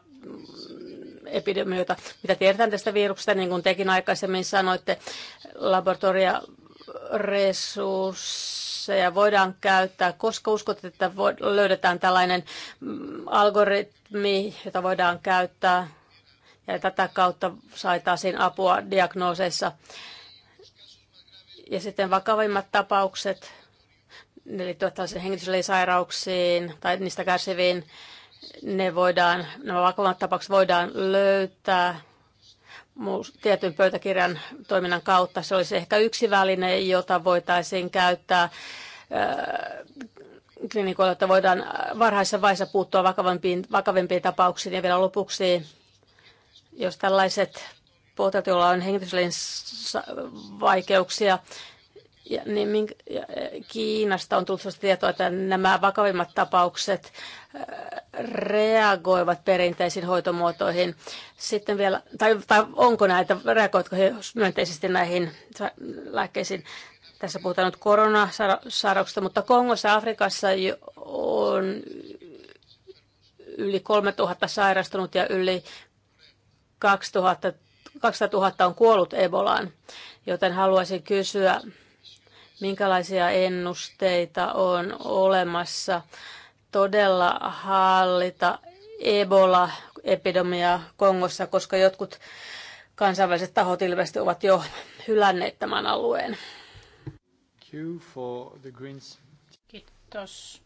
Speaker 3: epidemioita, mitä tiedetään tästä viruksesta, niin kuin tekin aikaisemmin sanoitte, laboratoria resursseja voidaan käyttää, koska uskot, että löydetään tällainen mm, algoritmi, jota voidaan käyttää ja tätä kautta saataisiin apua diagnooseissa. Ja sitten vakavimmat tapaukset, ne liittyvät tällaisiin hengityslisairauksiin tai niistä kärsiviin, ne voidaan, nämä vakavimmat tapaukset voidaan löytää tietyn pöytäkirjan toiminnan kautta. Se olisi ehkä yksi väline, jota voitaisiin käyttää äh, klinikoilla, että voidaan varhaisessa vaiheessa puuttua vakavampiin, vakavimpiin tapauksiin. Ja vielä lopuksi, jos tällaiset potilaat, joilla on henkilöiden vaikeuksia, ja, niin mink, ja, e, Kiinasta on tullut tietoa, että nämä vakavimmat tapaukset e, reagoivat perinteisiin hoitomuotoihin. Sitten vielä, tai, tai onko näitä, reagoitko he myönteisesti näihin lääkkeisiin? Tässä puhutaan nyt koronasairauksista, mutta Kongossa ja Afrikassa on yli 3000 sairastunut ja yli 2000, 200 000 on kuollut Ebolaan. Joten haluaisin kysyä, minkälaisia ennusteita on olemassa todella hallita Ebola-epidemiaa Kongossa, koska jotkut kansainväliset tahot ilmeisesti ovat jo hylänneet tämän alueen.
Speaker 2: Kiitos.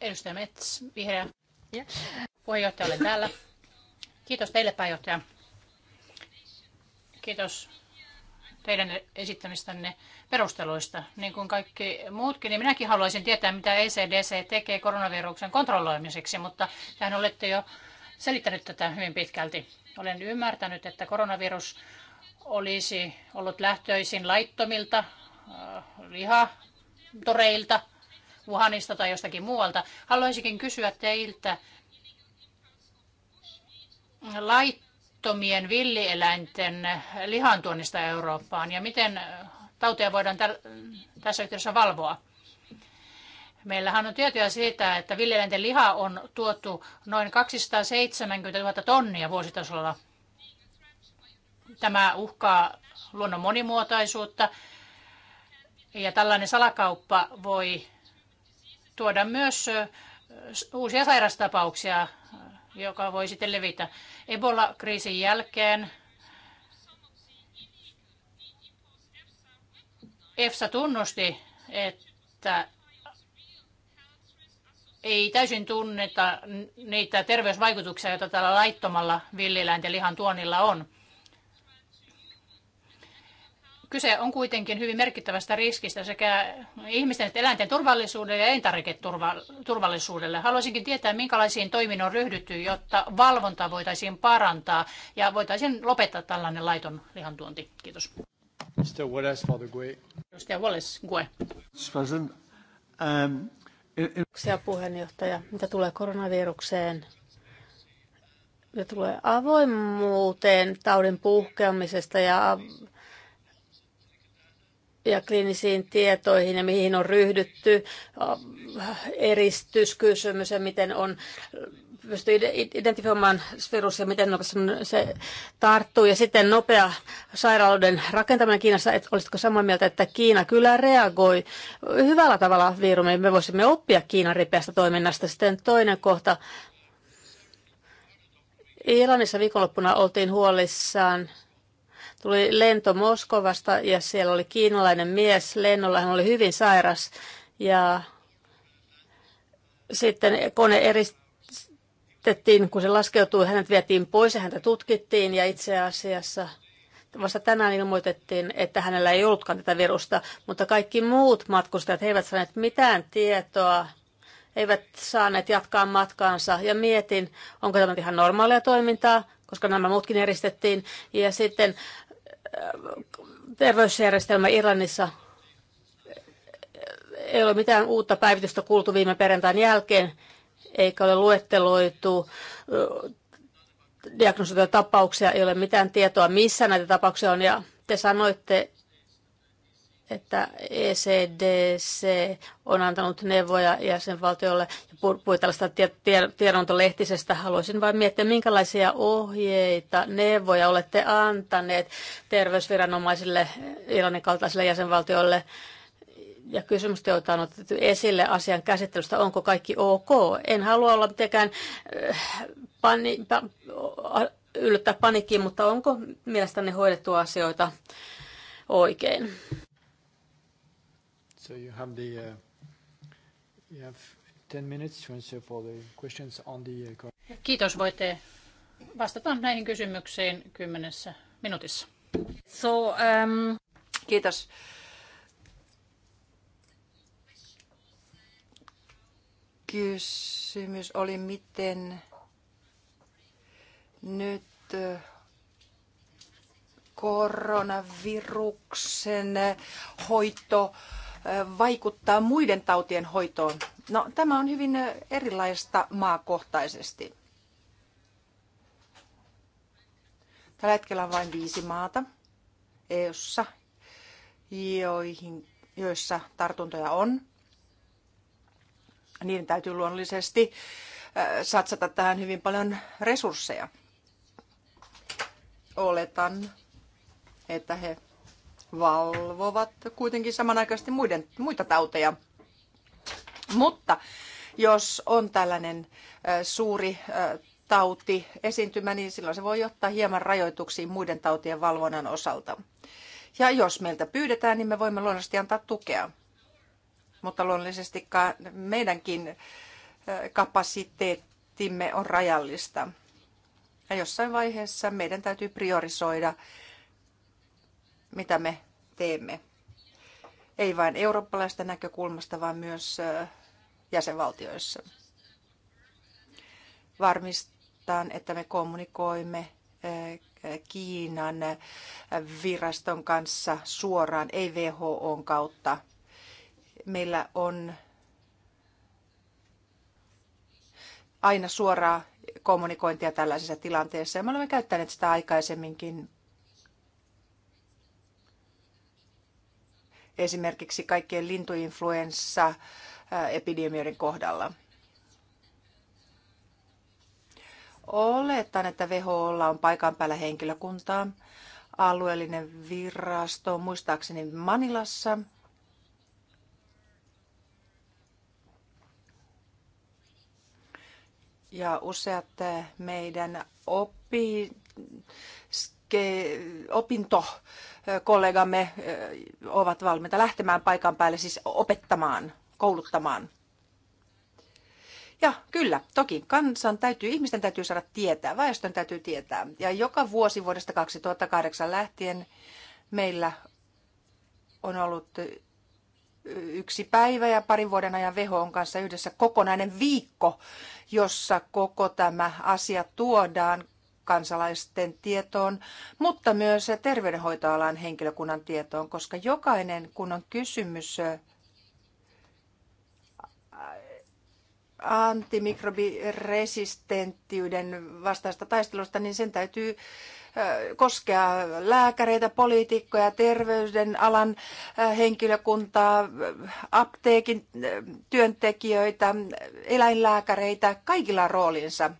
Speaker 2: Edustaja Mets, vihreä. Yeah. Puheenjohtaja, olen täällä. Kiitos teille, pääjohtaja. Kiitos teidän esittämistänne perusteluista. Niin kuin kaikki muutkin, niin minäkin haluaisin tietää, mitä ECDC tekee koronaviruksen kontrolloimiseksi, mutta tähän olette jo selittänyt tätä hyvin pitkälti. Olen ymmärtänyt, että koronavirus olisi ollut lähtöisin laittomilta äh, lihatoreilta, Wuhanista tai jostakin muualta. Haluaisinkin kysyä teiltä lait laittomien villieläinten lihantuonnista Eurooppaan ja miten tauteja voidaan tässä yhteydessä valvoa? Meillähän on tietoja siitä, että villieläinten liha on tuotu noin 270 000 tonnia vuositasolla. Tämä uhkaa luonnon monimuotoisuutta ja tällainen salakauppa voi tuoda myös uusia sairastapauksia joka voi sitten levitä. Ebola-kriisin jälkeen EFSA tunnusti, että ei täysin tunneta niitä terveysvaikutuksia, joita tällä laittomalla villieläinten lihan tuonnilla on. Kyse on kuitenkin hyvin merkittävästä riskistä sekä ihmisten että eläinten turvallisuudelle ja elintarviketurvallisuudelle. Haluaisinkin tietää, minkälaisiin toimiin on ryhdytty, jotta valvonta voitaisiin parantaa ja voitaisiin lopettaa tällainen laiton lihantuonti. Kiitos.
Speaker 1: Mr. Wallace, Father
Speaker 3: Gue. Mr. Wallace, Gue. Um, Kiitoksia puheenjohtaja. Mitä tulee koronavirukseen, mitä tulee avoimuuteen taudin puhkeamisesta ja ja kliinisiin tietoihin ja mihin on ryhdytty, eristyskysymys ja miten on pystyy identifioimaan virus ja miten nopeasti se tarttuu. Ja sitten nopea sairaaloiden rakentaminen Kiinassa, että olisitko samaa mieltä, että Kiina kyllä reagoi hyvällä tavalla virumiin. Me voisimme oppia Kiinan ripeästä toiminnasta. Sitten toinen kohta. Iranissa viikonloppuna oltiin huolissaan Tuli lento Moskovasta ja siellä oli kiinalainen mies lennolla, hän oli hyvin sairas ja sitten kone eristettiin, kun se laskeutui, hänet vietiin pois ja häntä tutkittiin ja itse asiassa vasta tänään ilmoitettiin, että hänellä ei ollutkaan tätä virusta, mutta kaikki muut matkustajat he eivät saaneet mitään tietoa, eivät saaneet jatkaa matkaansa ja mietin, onko tämä ihan normaalia toimintaa, koska nämä muutkin eristettiin. Ja sitten terveysjärjestelmä Iranissa ei ole mitään uutta päivitystä kuultu viime perjantain jälkeen, eikä ole luetteloitu diagnosoituja tapauksia, ei ole mitään tietoa, missä näitä tapauksia on. Ja te sanoitte, että ECDC on antanut neuvoja jäsenvaltiolle ja puhui tällaista tiedontolehtisestä. Haluaisin vain miettiä, minkälaisia ohjeita, neuvoja olette antaneet terveysviranomaisille Iranin kaltaisille jäsenvaltioille ja kysymys, joita on otettu esille asian käsittelystä, onko kaikki ok. En halua olla mitenkään äh, pani, yllättää panikkiin, mutta onko mielestäni hoidettu asioita oikein?
Speaker 1: So you have the, uh, you have 10 minutes to answer for the questions on the... uh,
Speaker 2: Kiitos, voitte vastata näihin kysymyksiin kymmenessä minuutissa. So, um... Kiitos.
Speaker 4: Kysymys oli, miten nyt koronaviruksen hoito vaikuttaa muiden tautien hoitoon? No, tämä on hyvin erilaista maakohtaisesti. Tällä hetkellä on vain viisi maata EU:ssa, joihin, joissa tartuntoja on. Niiden täytyy luonnollisesti satsata tähän hyvin paljon resursseja. Oletan, että he valvovat kuitenkin samanaikaisesti muiden, muita tauteja. Mutta jos on tällainen suuri tauti esiintymä, niin silloin se voi ottaa hieman rajoituksiin muiden tautien valvonnan osalta. Ja jos meiltä pyydetään, niin me voimme luonnollisesti antaa tukea. Mutta luonnollisesti meidänkin kapasiteettimme on rajallista. Ja jossain vaiheessa meidän täytyy priorisoida mitä me teemme. Ei vain eurooppalaista näkökulmasta, vaan myös jäsenvaltioissa. Varmistaan, että me kommunikoimme Kiinan viraston kanssa suoraan, ei WHOn kautta. Meillä on aina suoraa kommunikointia tällaisessa tilanteessa ja me olemme käyttäneet sitä aikaisemminkin esimerkiksi kaikkien lintuinfluenssaepidemioiden kohdalla. Oletan, että WHOlla on paikan päällä henkilökuntaa. Alueellinen virasto, muistaakseni Manilassa, ja useat meidän oppi Opinto- kollegamme ovat valmiita lähtemään paikan päälle, siis opettamaan, kouluttamaan. Ja kyllä, toki kansan täytyy, ihmisten täytyy saada tietää, väestön täytyy tietää. Ja joka vuosi vuodesta 2008 lähtien meillä on ollut yksi päivä ja parin vuoden ajan WHOn kanssa yhdessä kokonainen viikko, jossa koko tämä asia tuodaan kansalaisten tietoon, mutta myös terveydenhoitoalan henkilökunnan tietoon, koska jokainen, kun on kysymys antimikrobiresistenttiyden vastaista taistelusta, niin sen täytyy koskea lääkäreitä, poliitikkoja, terveydenalan henkilökuntaa, apteekin työntekijöitä, eläinlääkäreitä, kaikilla roolinsa.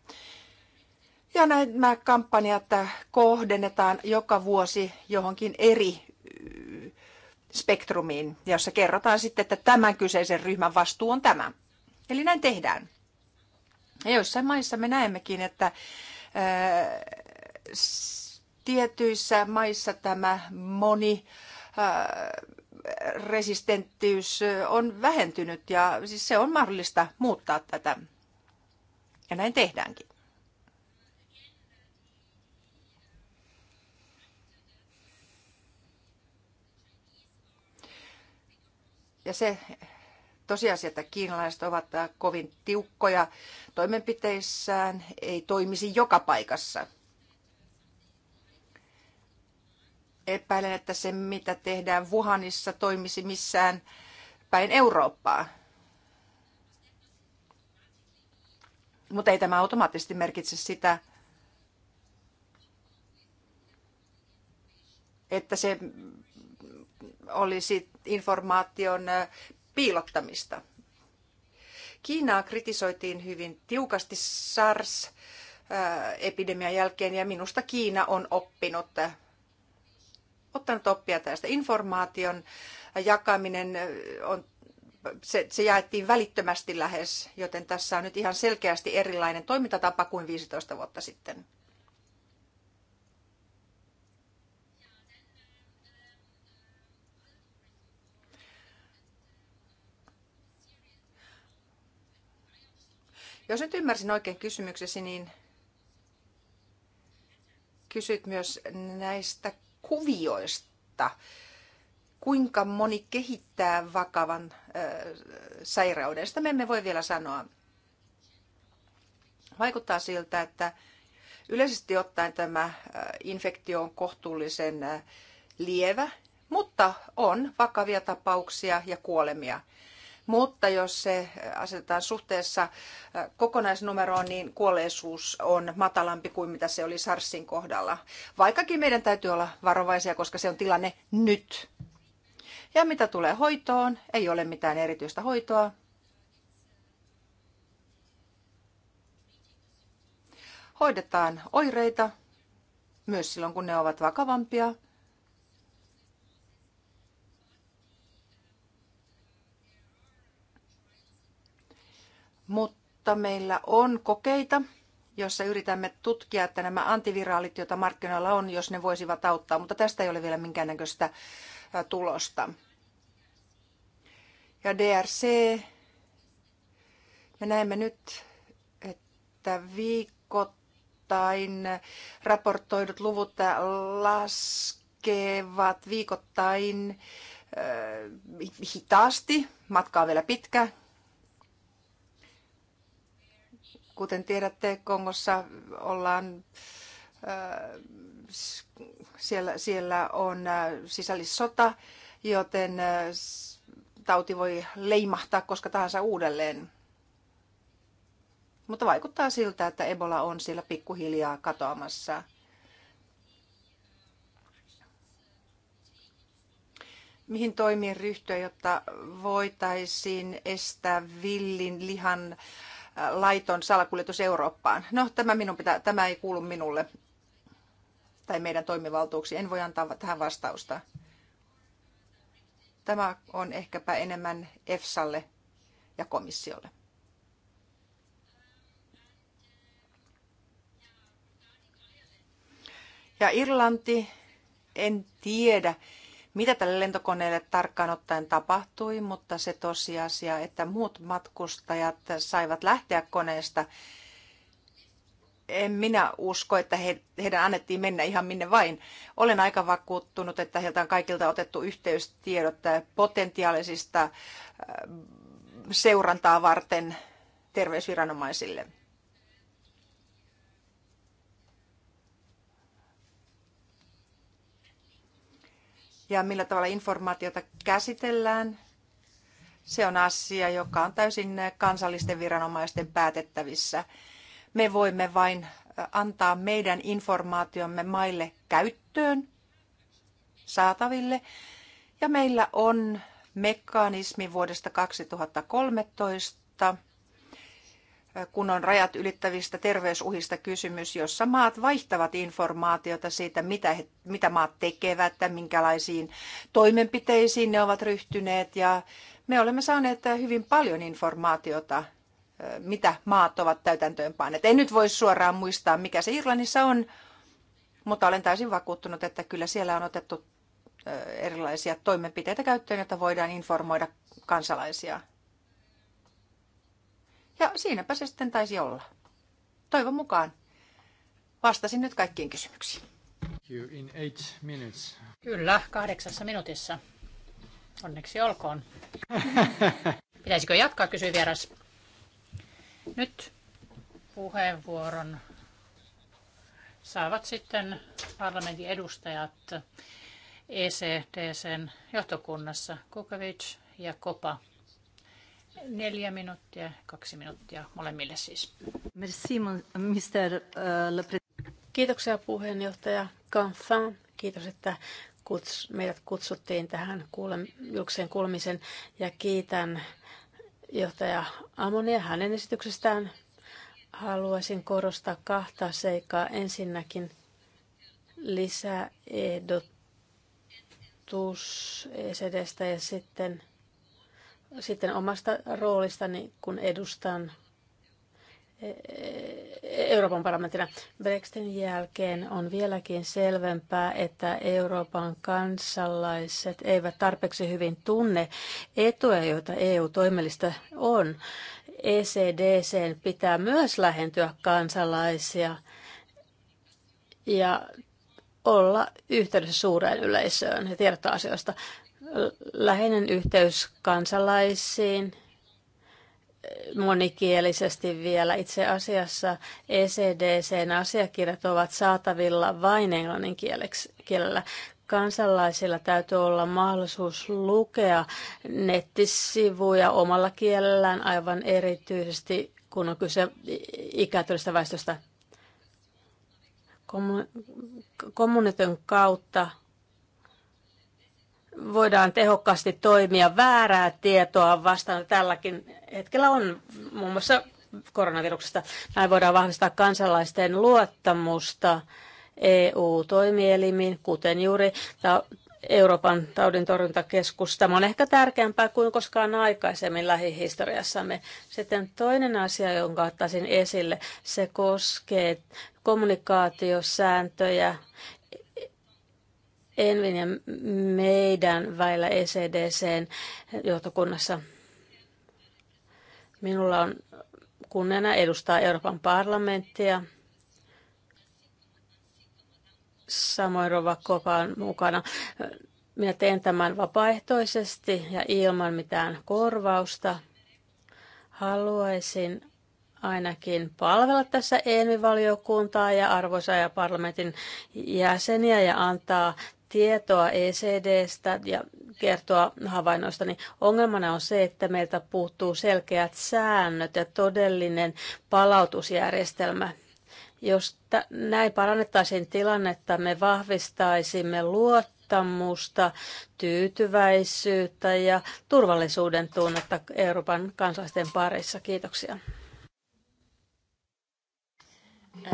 Speaker 4: Ja nämä kampanjat kohdennetaan joka vuosi johonkin eri spektrumiin, jossa kerrotaan sitten, että tämän kyseisen ryhmän vastuu on tämä. Eli näin tehdään. Ja joissain maissa me näemmekin, että ää, tietyissä maissa tämä moni ää, resistenttiys on vähentynyt ja siis se on mahdollista muuttaa tätä. Ja näin tehdäänkin. Ja se tosiasia, että kiinalaiset ovat äh, kovin tiukkoja toimenpiteissään, ei toimisi joka paikassa. Epäilen, että se mitä tehdään Wuhanissa toimisi missään päin Eurooppaa. Mutta ei tämä automaattisesti merkitse sitä, että se olisi informaation piilottamista. Kiinaa kritisoitiin hyvin tiukasti SARS-epidemian jälkeen ja minusta Kiina on oppinut, ottanut oppia tästä. Informaation jakaminen on se, se jaettiin välittömästi lähes, joten tässä on nyt ihan selkeästi erilainen toimintatapa kuin 15 vuotta sitten. Jos nyt ymmärsin oikein kysymyksesi, niin kysyt myös näistä kuvioista. Kuinka moni kehittää vakavan äh, sairauden? Sitä me emme voi vielä sanoa. Vaikuttaa siltä, että yleisesti ottaen tämä infektio on kohtuullisen lievä, mutta on vakavia tapauksia ja kuolemia. Mutta jos se asetetaan suhteessa äh, kokonaisnumeroon, niin kuolleisuus on matalampi kuin mitä se oli SARSin kohdalla. Vaikkakin meidän täytyy olla varovaisia, koska se on tilanne nyt. Ja mitä tulee hoitoon, ei ole mitään erityistä hoitoa. Hoidetaan oireita, myös silloin kun ne ovat vakavampia – mutta meillä on kokeita, jossa yritämme tutkia, että nämä antiviraalit, joita markkinoilla on, jos ne voisivat auttaa, mutta tästä ei ole vielä minkäännäköistä tulosta. Ja DRC, me näemme nyt, että viikoittain raportoidut luvut laskevat viikoittain hitaasti, matka on vielä pitkä, Kuten tiedätte, Kongossa ollaan siellä, siellä on sisällissota, joten tauti voi leimahtaa koska tahansa uudelleen. Mutta vaikuttaa siltä, että Ebola on siellä pikkuhiljaa katoamassa. Mihin toimiin ryhtyä, jotta voitaisiin estää villin lihan äh, laiton salakuljetus Eurooppaan. No, tämä, minun pitää, tämä ei kuulu minulle tai meidän toimivaltuuksiin. En voi antaa tähän vastausta. Tämä on ehkäpä enemmän EFSAlle ja komissiolle. Ja Irlanti, en tiedä mitä tälle lentokoneelle tarkkaan ottaen tapahtui, mutta se tosiasia, että muut matkustajat saivat lähteä koneesta, en minä usko, että he, heidän annettiin mennä ihan minne vain. Olen aika vakuuttunut, että heiltä on kaikilta otettu yhteystiedot äh, potentiaalisista äh, seurantaa varten terveysviranomaisille. ja millä tavalla informaatiota käsitellään, se on asia, joka on täysin kansallisten viranomaisten päätettävissä. Me voimme vain antaa meidän informaatiomme maille käyttöön saataville. Ja meillä on mekanismi vuodesta 2013, kun on rajat ylittävistä terveysuhista kysymys, jossa maat vaihtavat informaatiota siitä, mitä, he, mitä maat tekevät, minkälaisiin toimenpiteisiin ne ovat ryhtyneet. Ja me olemme saaneet hyvin paljon informaatiota, mitä maat ovat täytäntöönpaineet. En nyt voi suoraan muistaa, mikä se Irlannissa on, mutta olen täysin vakuuttunut, että kyllä siellä on otettu erilaisia toimenpiteitä käyttöön, joita voidaan informoida kansalaisia ja siinäpä se sitten taisi olla. Toivon mukaan vastasin nyt kaikkiin kysymyksiin.
Speaker 1: In eight minutes.
Speaker 2: Kyllä, kahdeksassa minuutissa. Onneksi olkoon. <laughs> Pitäisikö jatkaa, kysyi vieras. Nyt puheenvuoron saavat sitten parlamentin edustajat ECDCn johtokunnassa,
Speaker 3: Kukovic
Speaker 2: ja Kopa. Neljä minuuttia, kaksi minuuttia molemmille siis.
Speaker 3: Merci, Mr. Äh, le Kiitoksia puheenjohtaja Canfin. Kiitos, että kuts, meidät kutsuttiin tähän kuulem, julkiseen kuulemisen ja kiitän johtaja Amonia hänen esityksestään. Haluaisin korostaa kahta seikkaa. Ensinnäkin lisäehdotus ECDstä ja sitten – sitten omasta roolistani, kun edustan e, e, Euroopan parlamenttina. Brexitin jälkeen on vieläkin selvempää, että Euroopan kansalaiset eivät tarpeeksi hyvin tunne etuja, joita eu toimellista on. ECDC pitää myös lähentyä kansalaisia ja olla yhteydessä suureen yleisöön ja tiedottaa asioista läheinen yhteys kansalaisiin monikielisesti vielä. Itse asiassa ECDCn asiakirjat ovat saatavilla vain englannin kielellä. Kansalaisilla täytyy olla mahdollisuus lukea nettisivuja omalla kielellään aivan erityisesti, kun on kyse ikääntyneestä väestöstä. Kommunitön kautta voidaan tehokkaasti toimia väärää tietoa vastaan. Tälläkin hetkellä on muun muassa koronaviruksesta. Näin voidaan vahvistaa kansalaisten luottamusta EU-toimielimiin, kuten juuri Euroopan taudin torjuntakeskus. Tämä on ehkä tärkeämpää kuin koskaan aikaisemmin lähihistoriassamme. Sitten toinen asia, jonka ottaisin esille, se koskee kommunikaatiosääntöjä Envin ja meidän väillä ECDCn johtokunnassa. Minulla on kunnena edustaa Euroopan parlamenttia. Samoin Rova Kopa on mukana. Minä teen tämän vapaaehtoisesti ja ilman mitään korvausta. Haluaisin ainakin palvella tässä ENVI-valiokuntaa ja arvoisa ja parlamentin jäseniä ja antaa tietoa ECDstä ja kertoa havainnoista, niin ongelmana on se, että meiltä puuttuu selkeät säännöt ja todellinen palautusjärjestelmä. Jos näin parannettaisiin tilannetta, me vahvistaisimme luottamusta, tyytyväisyyttä ja turvallisuuden tunnetta Euroopan kansalaisten parissa. Kiitoksia. Uh,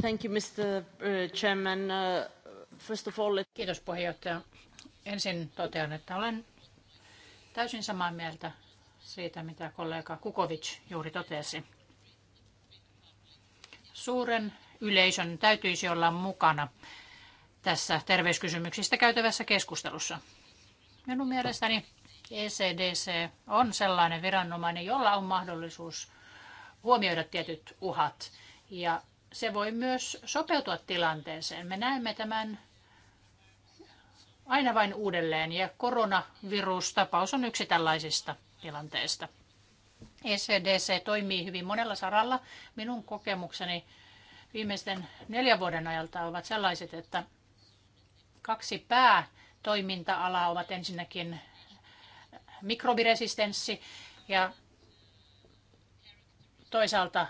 Speaker 3: thank you, Mr. Uh, chairman.
Speaker 2: Uh... First of all, Kiitos puheenjohtaja. Ensin totean, että olen täysin samaa mieltä siitä, mitä kollega Kukovic juuri totesi. Suuren yleisön täytyisi olla mukana tässä terveyskysymyksistä käytävässä keskustelussa. Minun mielestäni ECDC on sellainen viranomainen, jolla on mahdollisuus huomioida tietyt uhat. Ja se voi myös sopeutua tilanteeseen. Me näemme tämän aina vain uudelleen ja koronavirustapaus on yksi tällaisista tilanteista. ECDC toimii hyvin monella saralla. Minun kokemukseni viimeisten neljän vuoden ajalta ovat sellaiset, että kaksi päätoiminta-alaa ovat ensinnäkin mikrobiresistenssi ja toisaalta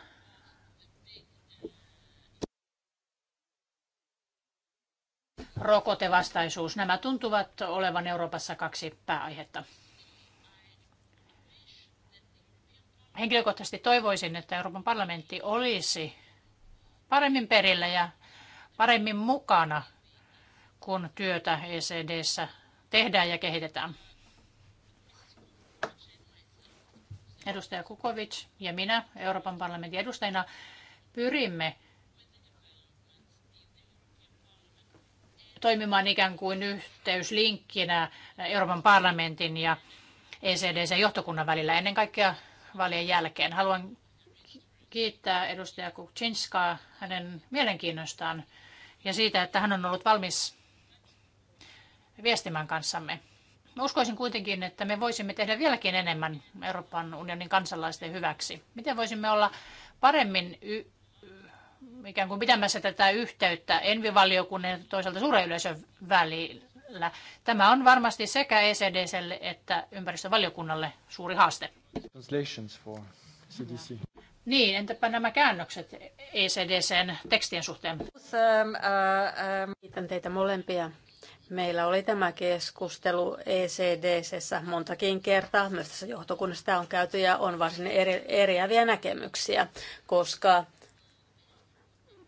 Speaker 2: rokotevastaisuus. Nämä tuntuvat olevan Euroopassa kaksi pääaihetta. Henkilökohtaisesti toivoisin, että Euroopan parlamentti olisi paremmin perillä ja paremmin mukana, kun työtä ECDssä tehdään ja kehitetään. Edustaja Kukovic ja minä Euroopan parlamentin edustajina pyrimme toimimaan ikään kuin yhteyslinkkinä Euroopan parlamentin ja ECDC-johtokunnan välillä ennen kaikkea vaalien jälkeen. Haluan kiittää edustaja Kuczynskaa hänen mielenkiinnostaan ja siitä, että hän on ollut valmis viestimään kanssamme. Uskoisin kuitenkin, että me voisimme tehdä vieläkin enemmän Euroopan unionin kansalaisten hyväksi. Miten voisimme olla paremmin ikään kuin pitämässä tätä yhteyttä envivaliokunnan ja toisaalta suuren yleisön välillä. Tämä on varmasti sekä ECDClle että ympäristövaliokunnalle suuri haaste.
Speaker 1: Translations for CDC.
Speaker 2: Niin, entäpä nämä käännökset ECDCn tekstien suhteen? Um, uh,
Speaker 3: um. Kiitän teitä molempia. Meillä oli tämä keskustelu ECDCssä montakin kertaa, myös tässä johtokunnassa sitä on käyty ja on varsin eri, eriäviä näkemyksiä, koska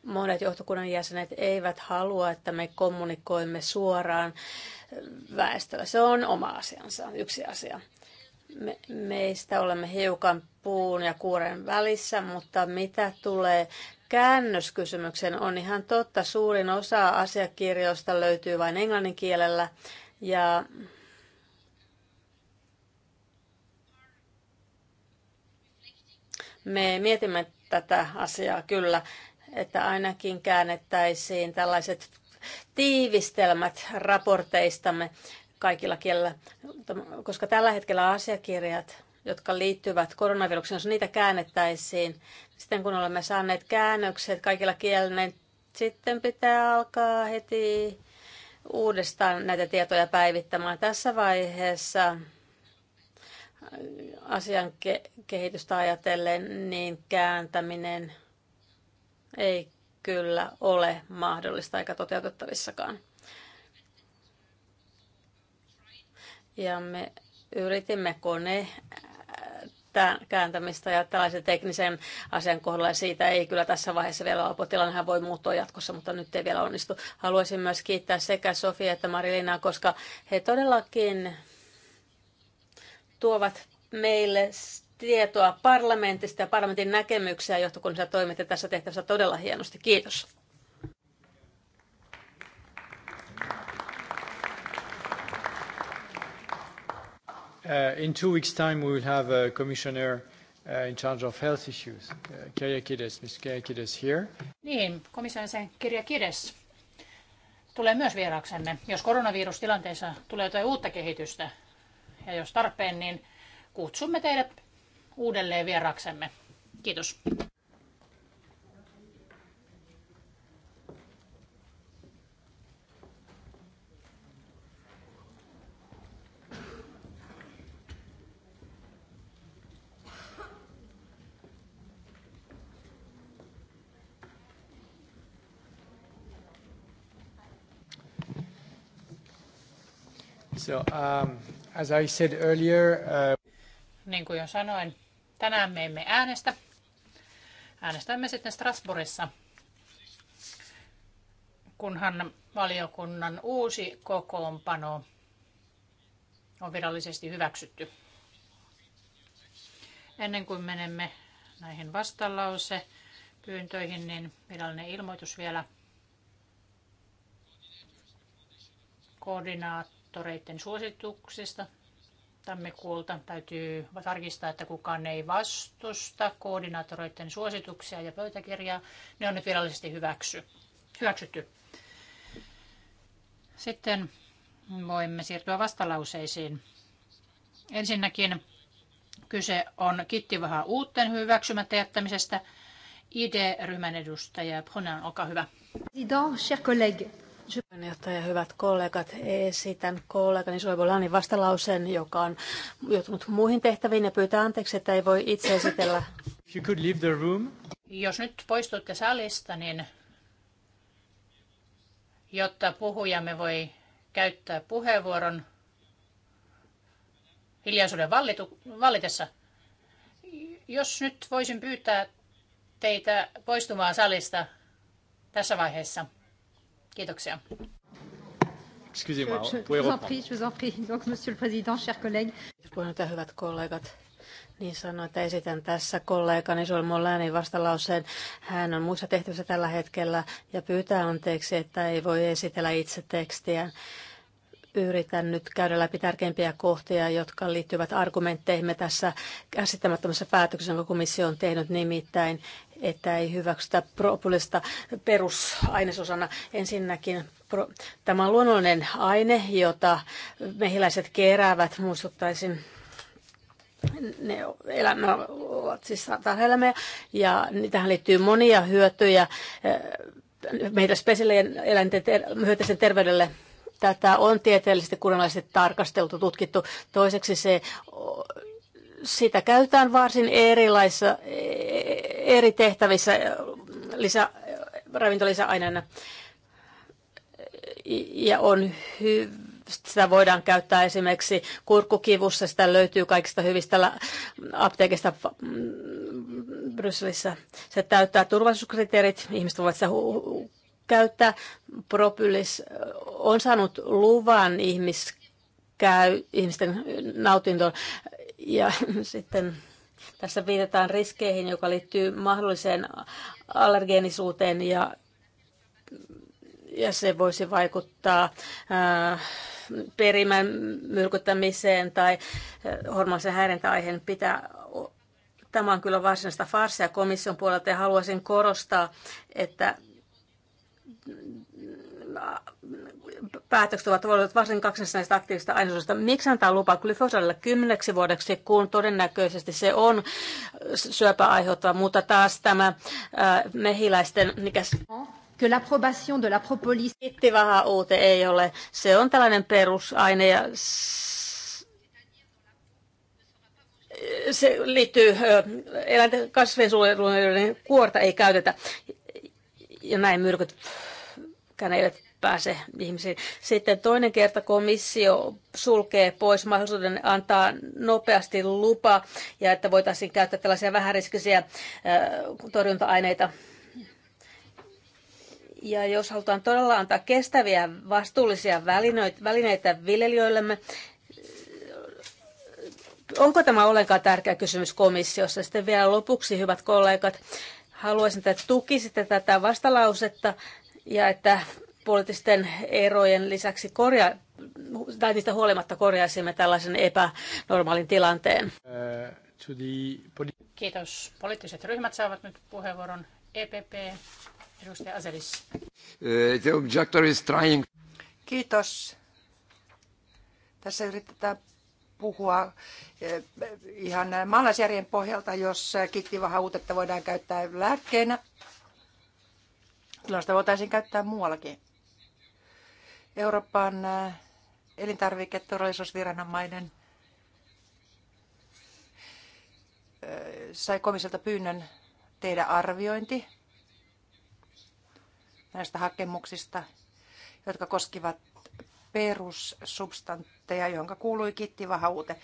Speaker 3: monet johtokunnan jäsenet eivät halua, että me kommunikoimme suoraan väestöllä. Se on oma asiansa, yksi asia. Me, meistä olemme hiukan puun ja kuoren välissä, mutta mitä tulee käännöskysymyksen, on ihan totta. Suurin osa asiakirjoista löytyy vain englannin kielellä ja me mietimme tätä asiaa kyllä että ainakin käännettäisiin tällaiset tiivistelmät raporteistamme kaikilla kielillä, koska tällä hetkellä asiakirjat, jotka liittyvät koronavirukseen, jos niitä käännettäisiin, niin sitten kun olemme saaneet käännökset kaikilla kielillä, niin sitten pitää alkaa heti uudestaan näitä tietoja päivittämään. Tässä vaiheessa asian ke- kehitystä ajatellen, niin kääntäminen – ei kyllä ole mahdollista eikä toteutettavissakaan. Ja me yritimme kone kääntämistä ja tällaisen teknisen asian kohdalla. Siitä ei kyllä tässä vaiheessa vielä ole. Tilannehan voi muuttua jatkossa, mutta nyt ei vielä onnistu. Haluaisin myös kiittää sekä Sofia että Marilinaa, koska he todellakin tuovat meille tietoa parlamentista ja parlamentin näkemyksiä johtokunnassa toimitte tässä tehtävässä todella hienosti. Kiitos.
Speaker 1: Uh, in two weeks' time, we will have a commissioner uh, in charge of health issues, uh, Kyriakides, Ms. Kyriakides here.
Speaker 2: Niin, komissaari sen Kyriakides tulee myös vieraksenne, Jos koronavirustilanteessa tulee jotain uutta kehitystä ja jos tarpeen, niin kutsumme teidät uudelleen vieraksemme. Kiitos.
Speaker 1: So, um, as I said earlier, uh...
Speaker 2: Niin kuin jo sanoin, Tänään me emme äänestä. Äänestämme sitten Strasbourgissa, kunhan valiokunnan uusi kokoonpano on virallisesti hyväksytty. Ennen kuin menemme näihin vastalause pyyntöihin, niin virallinen ilmoitus vielä koordinaattoreiden suosituksista tammikuulta. Täytyy tarkistaa, että kukaan ei vastusta koordinaattoreiden suosituksia ja pöytäkirjaa. Ne on nyt virallisesti hyväksy, hyväksytty. Sitten voimme siirtyä vastalauseisiin. Ensinnäkin kyse on kittivahaa uuten hyväksymättä jättämisestä. ID-ryhmän edustaja Brunan, olkaa hyvä.
Speaker 3: Président, chers collègues, Puheenjohtaja, hyvät kollegat, esitän kollegani Lannin vastalauseen, joka on joutunut muihin tehtäviin ja pyytää anteeksi, että ei voi itse esitellä.
Speaker 1: If you could leave the room.
Speaker 2: Jos nyt poistutte salista, niin jotta puhujamme voi käyttää puheenvuoron hiljaisuuden vallitu, vallitessa. Jos nyt voisin pyytää teitä poistumaan salista tässä vaiheessa. Kiitoksia.
Speaker 1: je vous en prie,
Speaker 3: je vous en prie. Donc, monsieur le président, chers collègues. Puheenjohtaja, hyvät kollegat, niin sanoin, että esitän tässä kollegani Joel Molanin vastalauseen. Hän on muissa tehtävissä tällä hetkellä ja pyytää anteeksi, että ei voi esitellä itse tekstiään yritän nyt käydä läpi tärkeimpiä kohtia, jotka liittyvät argumentteihimme tässä käsittämättömässä päätöksessä, jonka komissio on tehnyt nimittäin, että ei hyväksytä propulista perusainesosana. Ensinnäkin tämä on luonnollinen aine, jota mehiläiset keräävät, muistuttaisin ne elämä ovat siis tarhaelämiä ja tähän liittyy monia hyötyjä eh, meidän spesiaalien eläinten ter- hyötyisen terveydelle Tätä on tieteellisesti kunnallisesti tarkasteltu, tutkittu. Toiseksi se sitä käytetään varsin erilaisissa, e, eri tehtävissä e, lisä, ravintolisäaineena. E, ja on hy, sitä voidaan käyttää esimerkiksi kurkkukivussa, sitä löytyy kaikista hyvistä apteekista mm, Brysselissä. Se täyttää turvallisuuskriteerit, ihmiset voivat sitä käyttää. Propylis on saanut luvan ihmiskäy, ihmisten nautintoon. Ja <laughs> sitten tässä viitataan riskeihin, joka liittyy mahdolliseen allergeenisuuteen ja, ja se voisi vaikuttaa ää, äh, perimän myrkyttämiseen tai äh, hormonisen häirintäaiheen pitää Tämä on kyllä varsinaista farsia komission puolelta ja haluaisin korostaa, että päätökset ovat olleet varsin kaksessa näistä aktiivisista ainesosista. Miksi antaa lupa glyfosalille kymmeneksi vuodeksi, kun todennäköisesti se on syöpää aiheuttava, mutta taas tämä äh, mehiläisten, mikäs que l'approbation de la propolis... Kittivahaute ei ole. Se on tällainen perusaine ja se liittyy eläinten kasvien kuorta ei käytetä. Ja näin myrkyt käneivät pääse ihmisiin. Sitten toinen kerta komissio sulkee pois mahdollisuuden antaa nopeasti lupa ja että voitaisiin käyttää tällaisia vähäriskisiä äh, torjunta-aineita ja jos halutaan todella antaa kestäviä, vastuullisia välineitä viljelijöillemme, onko tämä ollenkaan tärkeä kysymys komissiossa? Sitten vielä lopuksi, hyvät kollegat, haluaisin, että tukisitte tätä vastalausetta ja että poliittisten erojen lisäksi korja, tai niistä huolimatta korjaisimme tällaisen epänormaalin tilanteen. Eh,
Speaker 2: Kiitos. Poliittiset ryhmät saavat nyt puheenvuoron. EPP, edustaja Aselis. Eh, the objector is
Speaker 1: trying.
Speaker 4: Kiitos.
Speaker 2: Tässä yritetään puhua
Speaker 4: eh, ihan maalaisjärjen pohjalta, jos kittivahautetta voidaan käyttää lääkkeenä. Silloin sitä voitaisiin käyttää muuallakin. Euroopan elintarviketurvallisuusviranomainen sai komissiolta pyynnön tehdä arviointi näistä hakemuksista, jotka koskivat perussubstantteja, jonka kuului kittivahaute.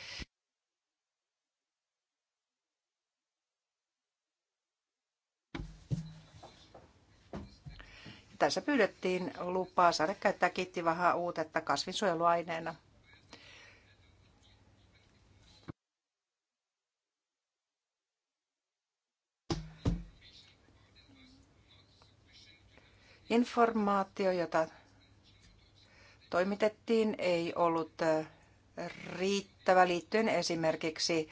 Speaker 4: tässä pyydettiin lupaa saada käyttää kittivahaa uutetta kasvinsuojeluaineena. Informaatio, jota toimitettiin, ei ollut äh, riittävä liittyen esimerkiksi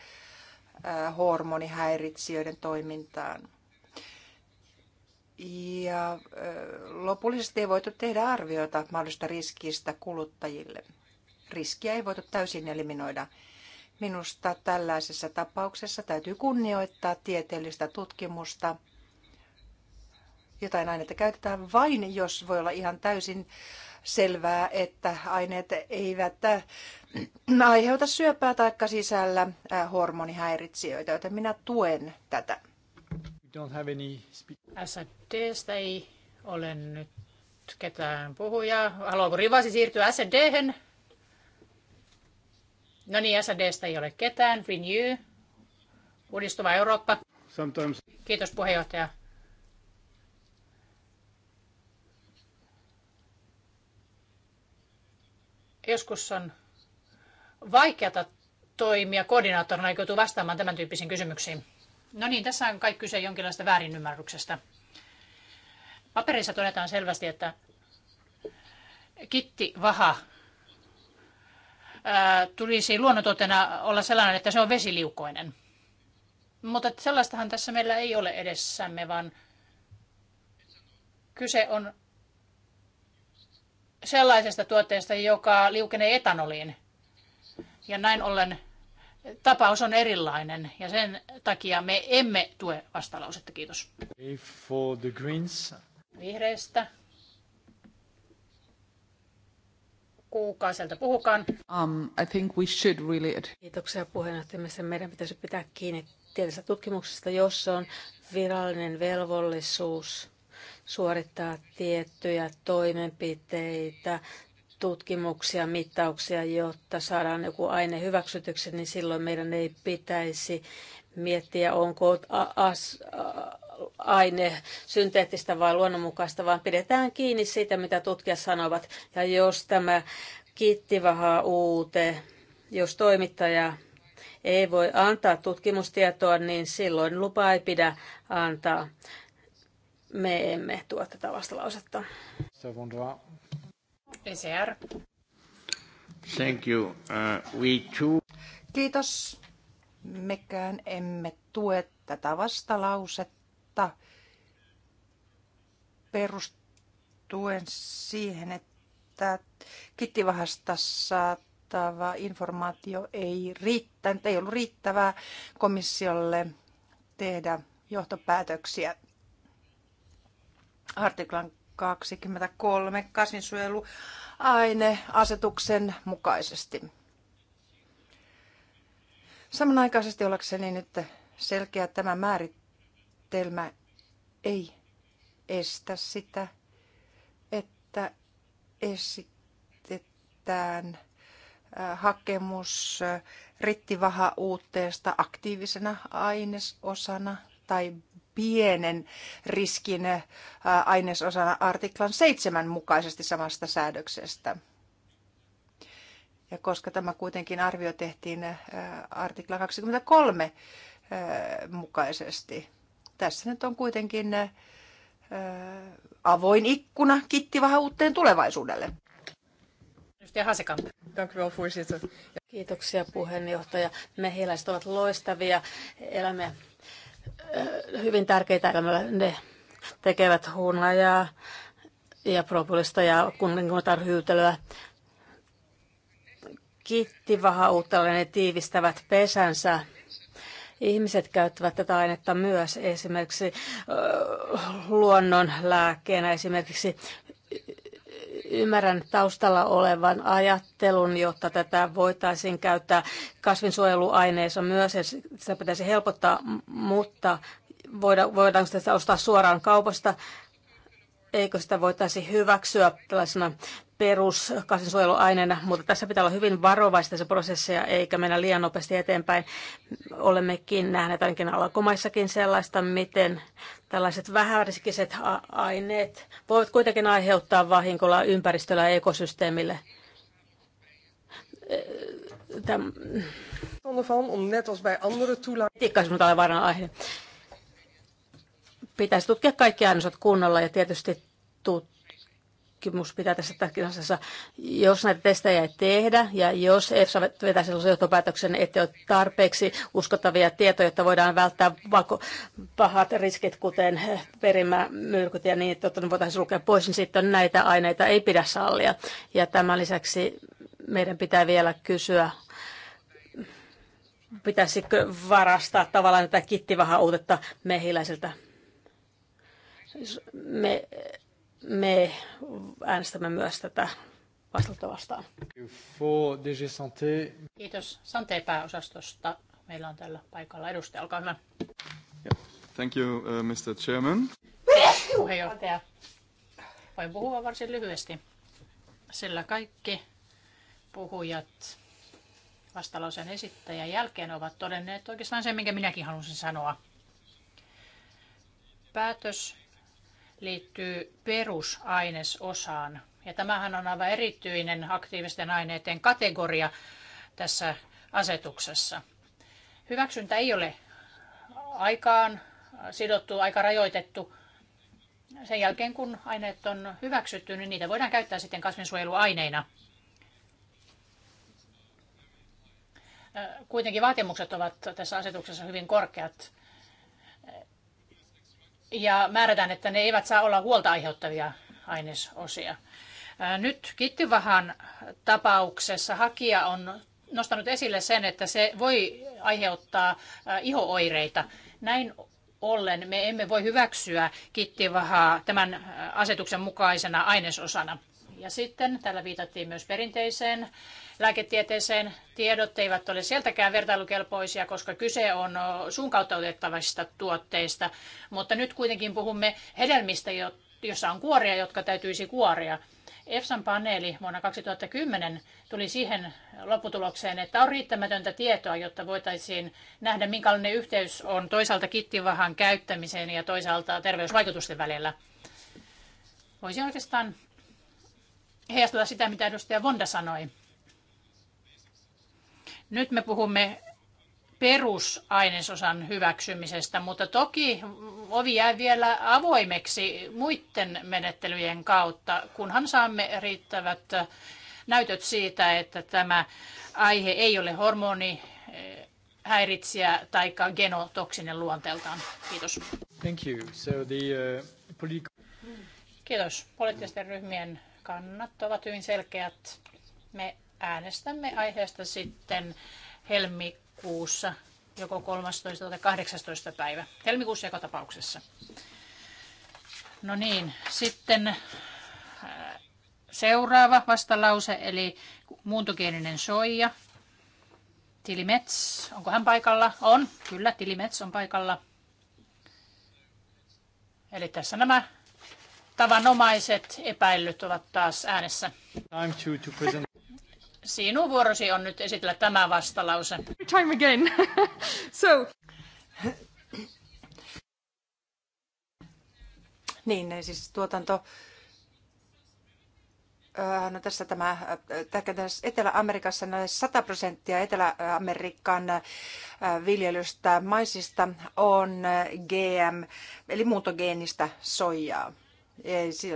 Speaker 4: äh, hormonihäiritsijöiden toimintaan. Ja lopullisesti ei voitu tehdä arviota mahdollista riskistä kuluttajille. Riskiä ei voitu täysin eliminoida. Minusta tällaisessa tapauksessa täytyy kunnioittaa tieteellistä tutkimusta. Jotain aineita käytetään vain, jos voi olla ihan täysin selvää, että aineet eivät äh, aiheuta syöpää taikka sisällä äh, hormonihäiritsijöitä, joten minä tuen
Speaker 2: tätä don't have any SDstä ei ole nyt ketään puhujaa. Haluaako Rivasi siirtyä No niin, SDstä ei ole ketään. Renew. Uudistuva Eurooppa. Sometimes. Kiitos puheenjohtaja. Joskus on vaikeata toimia koordinaattorina, joka joutuu vastaamaan tämän tyyppisiin kysymyksiin. No niin, tässä on kaikki kyse jonkinlaista väärinymmärryksestä. Paperissa todetaan selvästi, että kitti vaha tulisi luonnontuotteena olla sellainen, että se on vesiliukoinen. Mutta sellaistahan tässä meillä ei ole edessämme, vaan kyse on sellaisesta tuotteesta, joka liukenee etanoliin. Ja näin ollen tapaus on erilainen ja sen takia me emme tue vastalausetta. Kiitos.
Speaker 1: For the Greens.
Speaker 2: Vihreistä.
Speaker 3: kuukaiselta puhukaan.
Speaker 4: Um, I think we should really...
Speaker 3: Kiitoksia puheenjohtajamista. Meidän pitäisi pitää kiinni tietystä tutkimuksesta, jos on virallinen velvollisuus suorittaa tiettyjä toimenpiteitä tutkimuksia, mittauksia, jotta saadaan joku aine hyväksytyksi, niin silloin meidän ei pitäisi miettiä, onko aine synteettistä vai luonnonmukaista, vaan pidetään kiinni siitä, mitä tutkijat sanovat. Ja jos tämä kittivaha uute, jos toimittaja ei voi antaa tutkimustietoa, niin silloin lupa ei pidä antaa. Me emme tuo tätä vastalausetta.
Speaker 1: Thank you. Uh, we too...
Speaker 4: Kiitos. Mekään emme tue tätä vastalausetta perustuen siihen, että kittivahasta saatava informaatio ei riittänyt, ei ollut riittävää komissiolle tehdä johtopäätöksiä artiklan 23 kasvinsuojeluaineasetuksen mukaisesti. Samanaikaisesti ollakseni nyt selkeä tämä määritelmä ei estä sitä, että esitetään hakemus rittivaha uutteesta aktiivisena ainesosana tai pienen riskin äh, ainesosana artiklan 7 mukaisesti samasta säädöksestä. Ja koska tämä kuitenkin arvio tehtiin äh, artikla 23 äh, mukaisesti. Tässä nyt on kuitenkin avoin ikkuna kitti vähän uuteen tulevaisuudelle.
Speaker 3: Hasekamp. Kiitoksia puheenjohtaja. Mehiläiset ovat loistavia. Elämme hyvin tärkeitä. Ne tekevät hunajaa ja propulista ja kuningatarhyytelöä. kittivaha ne tiivistävät pesänsä. Ihmiset käyttävät tätä ainetta myös esimerkiksi luonnonlääkkeenä, esimerkiksi Ymmärrän taustalla olevan ajattelun, jotta tätä voitaisiin käyttää kasvinsuojeluaineissa myös, ja sitä pitäisi helpottaa, mutta voidaanko sitä ostaa suoraan kaupasta, eikö sitä voitaisi hyväksyä tällaisena peruskasvinsuojeluaineena, mutta tässä pitää olla hyvin varovaista se prosessia, eikä mennä liian nopeasti eteenpäin. Olemmekin nähneet ainakin alakomaissakin sellaista, miten Tällaiset vähäriskiset aineet voivat kuitenkin aiheuttaa vahinkoa ympäristöllä ja ekosysteemille. Täm... aihe. Pitäisi tutkia kaikki ainesot kunnolla ja tietysti tut tutkimus pitää tässä asiassa. Jos näitä testejä ei tehdä ja jos EFSA vetää sellaisen johtopäätöksen, että ole tarpeeksi uskottavia tietoja, jotta voidaan välttää vako- pahat riskit, kuten perimämyrkyt ja niin, että ne voitaisiin lukea pois, niin sitten näitä aineita ei pidä sallia. Ja tämän lisäksi meidän pitää vielä kysyä pitäisikö varastaa tavallaan tätä kittivahautetta mehiläiseltä. Me me äänestämme myös tätä vastalta vastaan.
Speaker 2: Kiitos Santé pääosastosta. Meillä on tällä paikalla edustaja, olkaa hyvä.
Speaker 1: Thank you, uh, Mr. Chairman.
Speaker 2: Puheenjohtaja, voin puhua varsin lyhyesti, sillä kaikki puhujat vastalauseen esittäjän jälkeen ovat todenneet oikeastaan sen, minkä minäkin halusin sanoa. Päätös liittyy perusainesosaan. Ja tämähän on aivan erityinen aktiivisten aineiden kategoria tässä asetuksessa. Hyväksyntä ei ole aikaan sidottu, aika rajoitettu. Sen jälkeen kun aineet on hyväksytty, niin niitä voidaan käyttää sitten kasvinsuojeluaineina. Kuitenkin vaatimukset ovat tässä asetuksessa hyvin korkeat ja määrätään, että ne eivät saa olla huolta aiheuttavia ainesosia. Nyt Kittivahan tapauksessa hakija on nostanut esille sen, että se voi aiheuttaa ihooireita. Näin ollen me emme voi hyväksyä kittivahaa tämän asetuksen mukaisena ainesosana. Ja sitten täällä viitattiin myös perinteiseen lääketieteeseen tiedot eivät ole sieltäkään vertailukelpoisia, koska kyse on suun kautta otettavista tuotteista. Mutta nyt kuitenkin puhumme hedelmistä, jossa on kuoria, jotka täytyisi kuoria. EFSAn paneeli vuonna 2010 tuli siihen lopputulokseen, että on riittämätöntä tietoa, jotta voitaisiin nähdä, minkälainen yhteys on toisaalta kittivahan käyttämiseen ja toisaalta terveysvaikutusten välillä. Voisi oikeastaan heijastella sitä, mitä edustaja Vonda sanoi. Nyt me puhumme perusainesosan hyväksymisestä, mutta toki ovi jää vielä avoimeksi muiden menettelyjen kautta, kunhan saamme riittävät näytöt siitä, että tämä aihe ei ole hormoni eh, häiritsijä tai genotoksinen luonteeltaan. Kiitos.
Speaker 1: Thank you. So the, uh,
Speaker 2: Kiitos. Poliittisten ryhmien kannat ovat hyvin selkeät. Me äänestämme aiheesta sitten helmikuussa, joko 13 tai 18 päivä. Helmikuussa joka tapauksessa. No niin, sitten äh, seuraava vastalause, eli muuntokielinen soija. Tilimets, onko hän paikalla? On, kyllä, Tilimets on paikalla. Eli tässä nämä tavanomaiset epäillyt ovat taas äänessä. Time to, to present. Sinun vuorosi on nyt esitellä tämä vastalause. Time again. <laughs> so. <laughs>
Speaker 4: Niin, siis tuotanto äh, no tässä tämä, äh, tässä Etelä-Amerikassa noin 100 prosenttia Etelä-Amerikan äh, viljelystä maisista on GM, eli muuntogeenistä soijaa.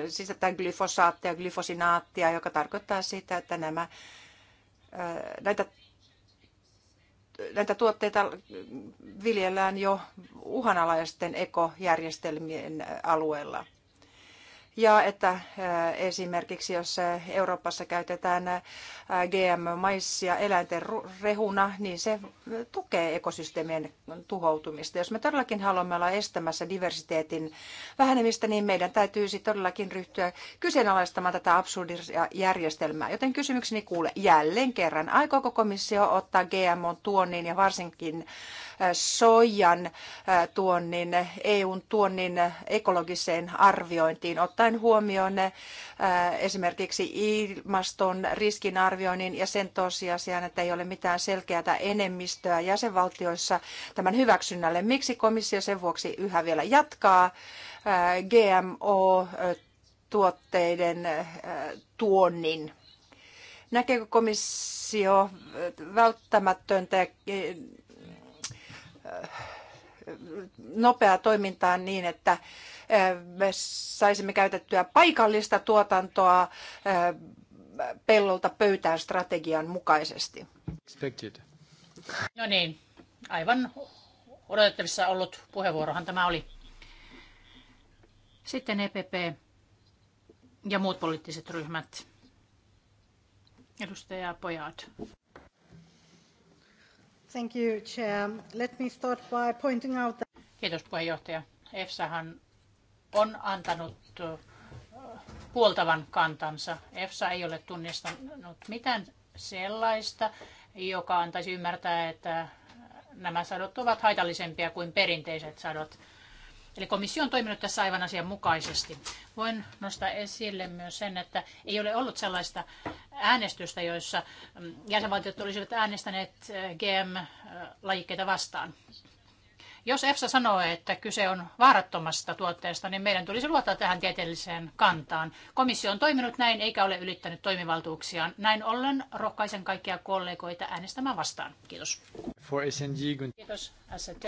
Speaker 4: Sisältää glyfosaattia, glyfosinaattia, joka tarkoittaa sitä, että nämä näitä, näitä tuotteita viljellään jo uhanalaisten ekojärjestelmien alueella ja että äh, esimerkiksi jos äh, Euroopassa käytetään äh, GM-maissia eläinten rehuna, niin se tukee ekosysteemien tuhoutumista. Jos me todellakin haluamme olla estämässä diversiteetin vähenemistä, niin meidän täytyisi todellakin ryhtyä kyseenalaistamaan tätä absurdia järjestelmää. Joten kysymykseni kuule jälleen kerran, aikooko komissio ottaa GMO-tuonnin ja varsinkin soijan tuonnin, EUn tuonnin ekologiseen arviointiin, ottaa ottaen huomioon esimerkiksi ilmaston riskinarvioinnin ja sen tosiasian, että ei ole mitään selkeää enemmistöä jäsenvaltioissa tämän hyväksynnälle. Miksi komissio sen vuoksi yhä vielä jatkaa GMO-tuotteiden tuonnin? Näkeekö komissio välttämättöntä nopeaa toimintaa niin, että me saisimme käytettyä paikallista tuotantoa pellolta pöytään strategian mukaisesti. Expected.
Speaker 2: No niin, aivan odotettavissa ollut puheenvuorohan tämä oli. Sitten EPP ja muut poliittiset ryhmät. Edustaja Pojad.
Speaker 4: Thank you, Chair. Let me start by pointing out that...
Speaker 2: Kiitos puheenjohtaja. EFSAhan on antanut äh, puoltavan kantansa. EFSA ei ole tunnistanut mitään sellaista, joka antaisi ymmärtää, että nämä sadot ovat haitallisempia kuin perinteiset sadot. Eli komissio on toiminut tässä aivan asianmukaisesti. Voin nostaa esille myös sen, että ei ole ollut sellaista äänestystä, joissa mm, jäsenvaltiot olisivat äänestäneet äh, GM-lajikkeita äh, vastaan. Jos EFSA sanoo, että kyse on vaarattomasta tuotteesta, niin meidän tulisi luottaa tähän tieteelliseen kantaan. Komissio on toiminut näin eikä ole ylittänyt toimivaltuuksiaan. Näin ollen rohkaisen kaikkia kollegoita äänestämään vastaan. Kiitos. For SNG. Kiitos. ST.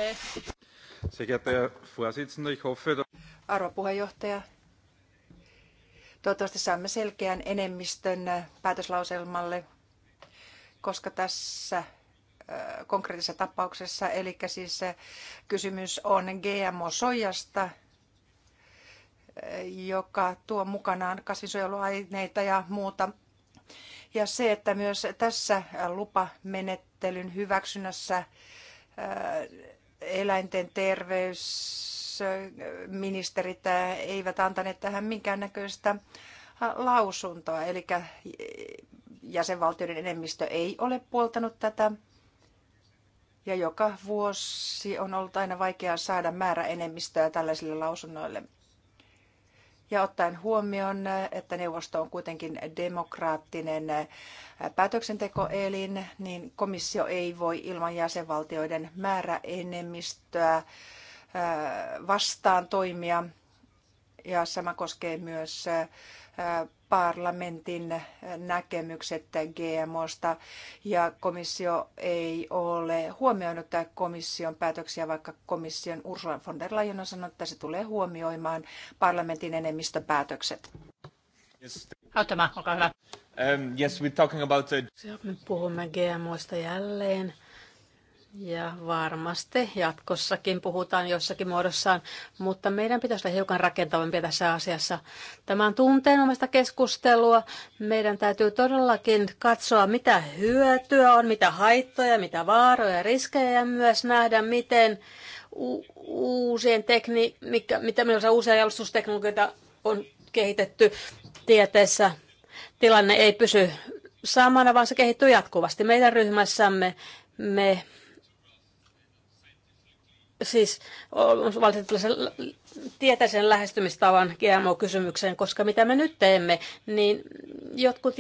Speaker 4: Arvo puheenjohtaja, toivottavasti saamme selkeän enemmistön päätöslauselmalle, koska tässä konkreettisessa tapauksessa. Eli siis kysymys on GMO-sojasta, joka tuo mukanaan kasvinsuojeluaineita ja muuta. Ja se, että myös tässä lupamenettelyn hyväksynnässä eläinten terveysministerit eivät antaneet tähän minkäännäköistä lausuntoa, eli jäsenvaltioiden enemmistö ei ole puoltanut tätä ja joka vuosi on ollut aina vaikeaa saada määräenemmistöä tällaisille lausunnoille. Ja ottaen huomioon, että neuvosto on kuitenkin demokraattinen päätöksentekoelin, niin komissio ei voi ilman jäsenvaltioiden määräenemmistöä vastaan toimia. Ja sama koskee myös parlamentin näkemykset GMOsta ja komissio ei ole huomioinut komission päätöksiä, vaikka komission Ursula von der Leyen on sanonut, että se tulee huomioimaan parlamentin enemmistöpäätökset.
Speaker 2: Yes. Um,
Speaker 1: yes, we're talking about uh,
Speaker 3: the... Puhumme GMOista jälleen. Ja varmasti jatkossakin puhutaan jossakin muodossaan, mutta meidän pitäisi olla hiukan rakentavampia tässä asiassa. Tämä on tunteenomaista keskustelua. Meidän täytyy todellakin katsoa, mitä hyötyä on, mitä haittoja, mitä vaaroja ja riskejä ja myös nähdä, miten u- uusien tekni- mikä, mitä millaisia uusia jalostusteknologioita on kehitetty tieteessä. Tilanne ei pysy samana, vaan se kehittyy jatkuvasti. Meidän ryhmässämme me siis valitettavasti tietäisen lähestymistavan GMO-kysymykseen, koska mitä me nyt teemme, niin jotkut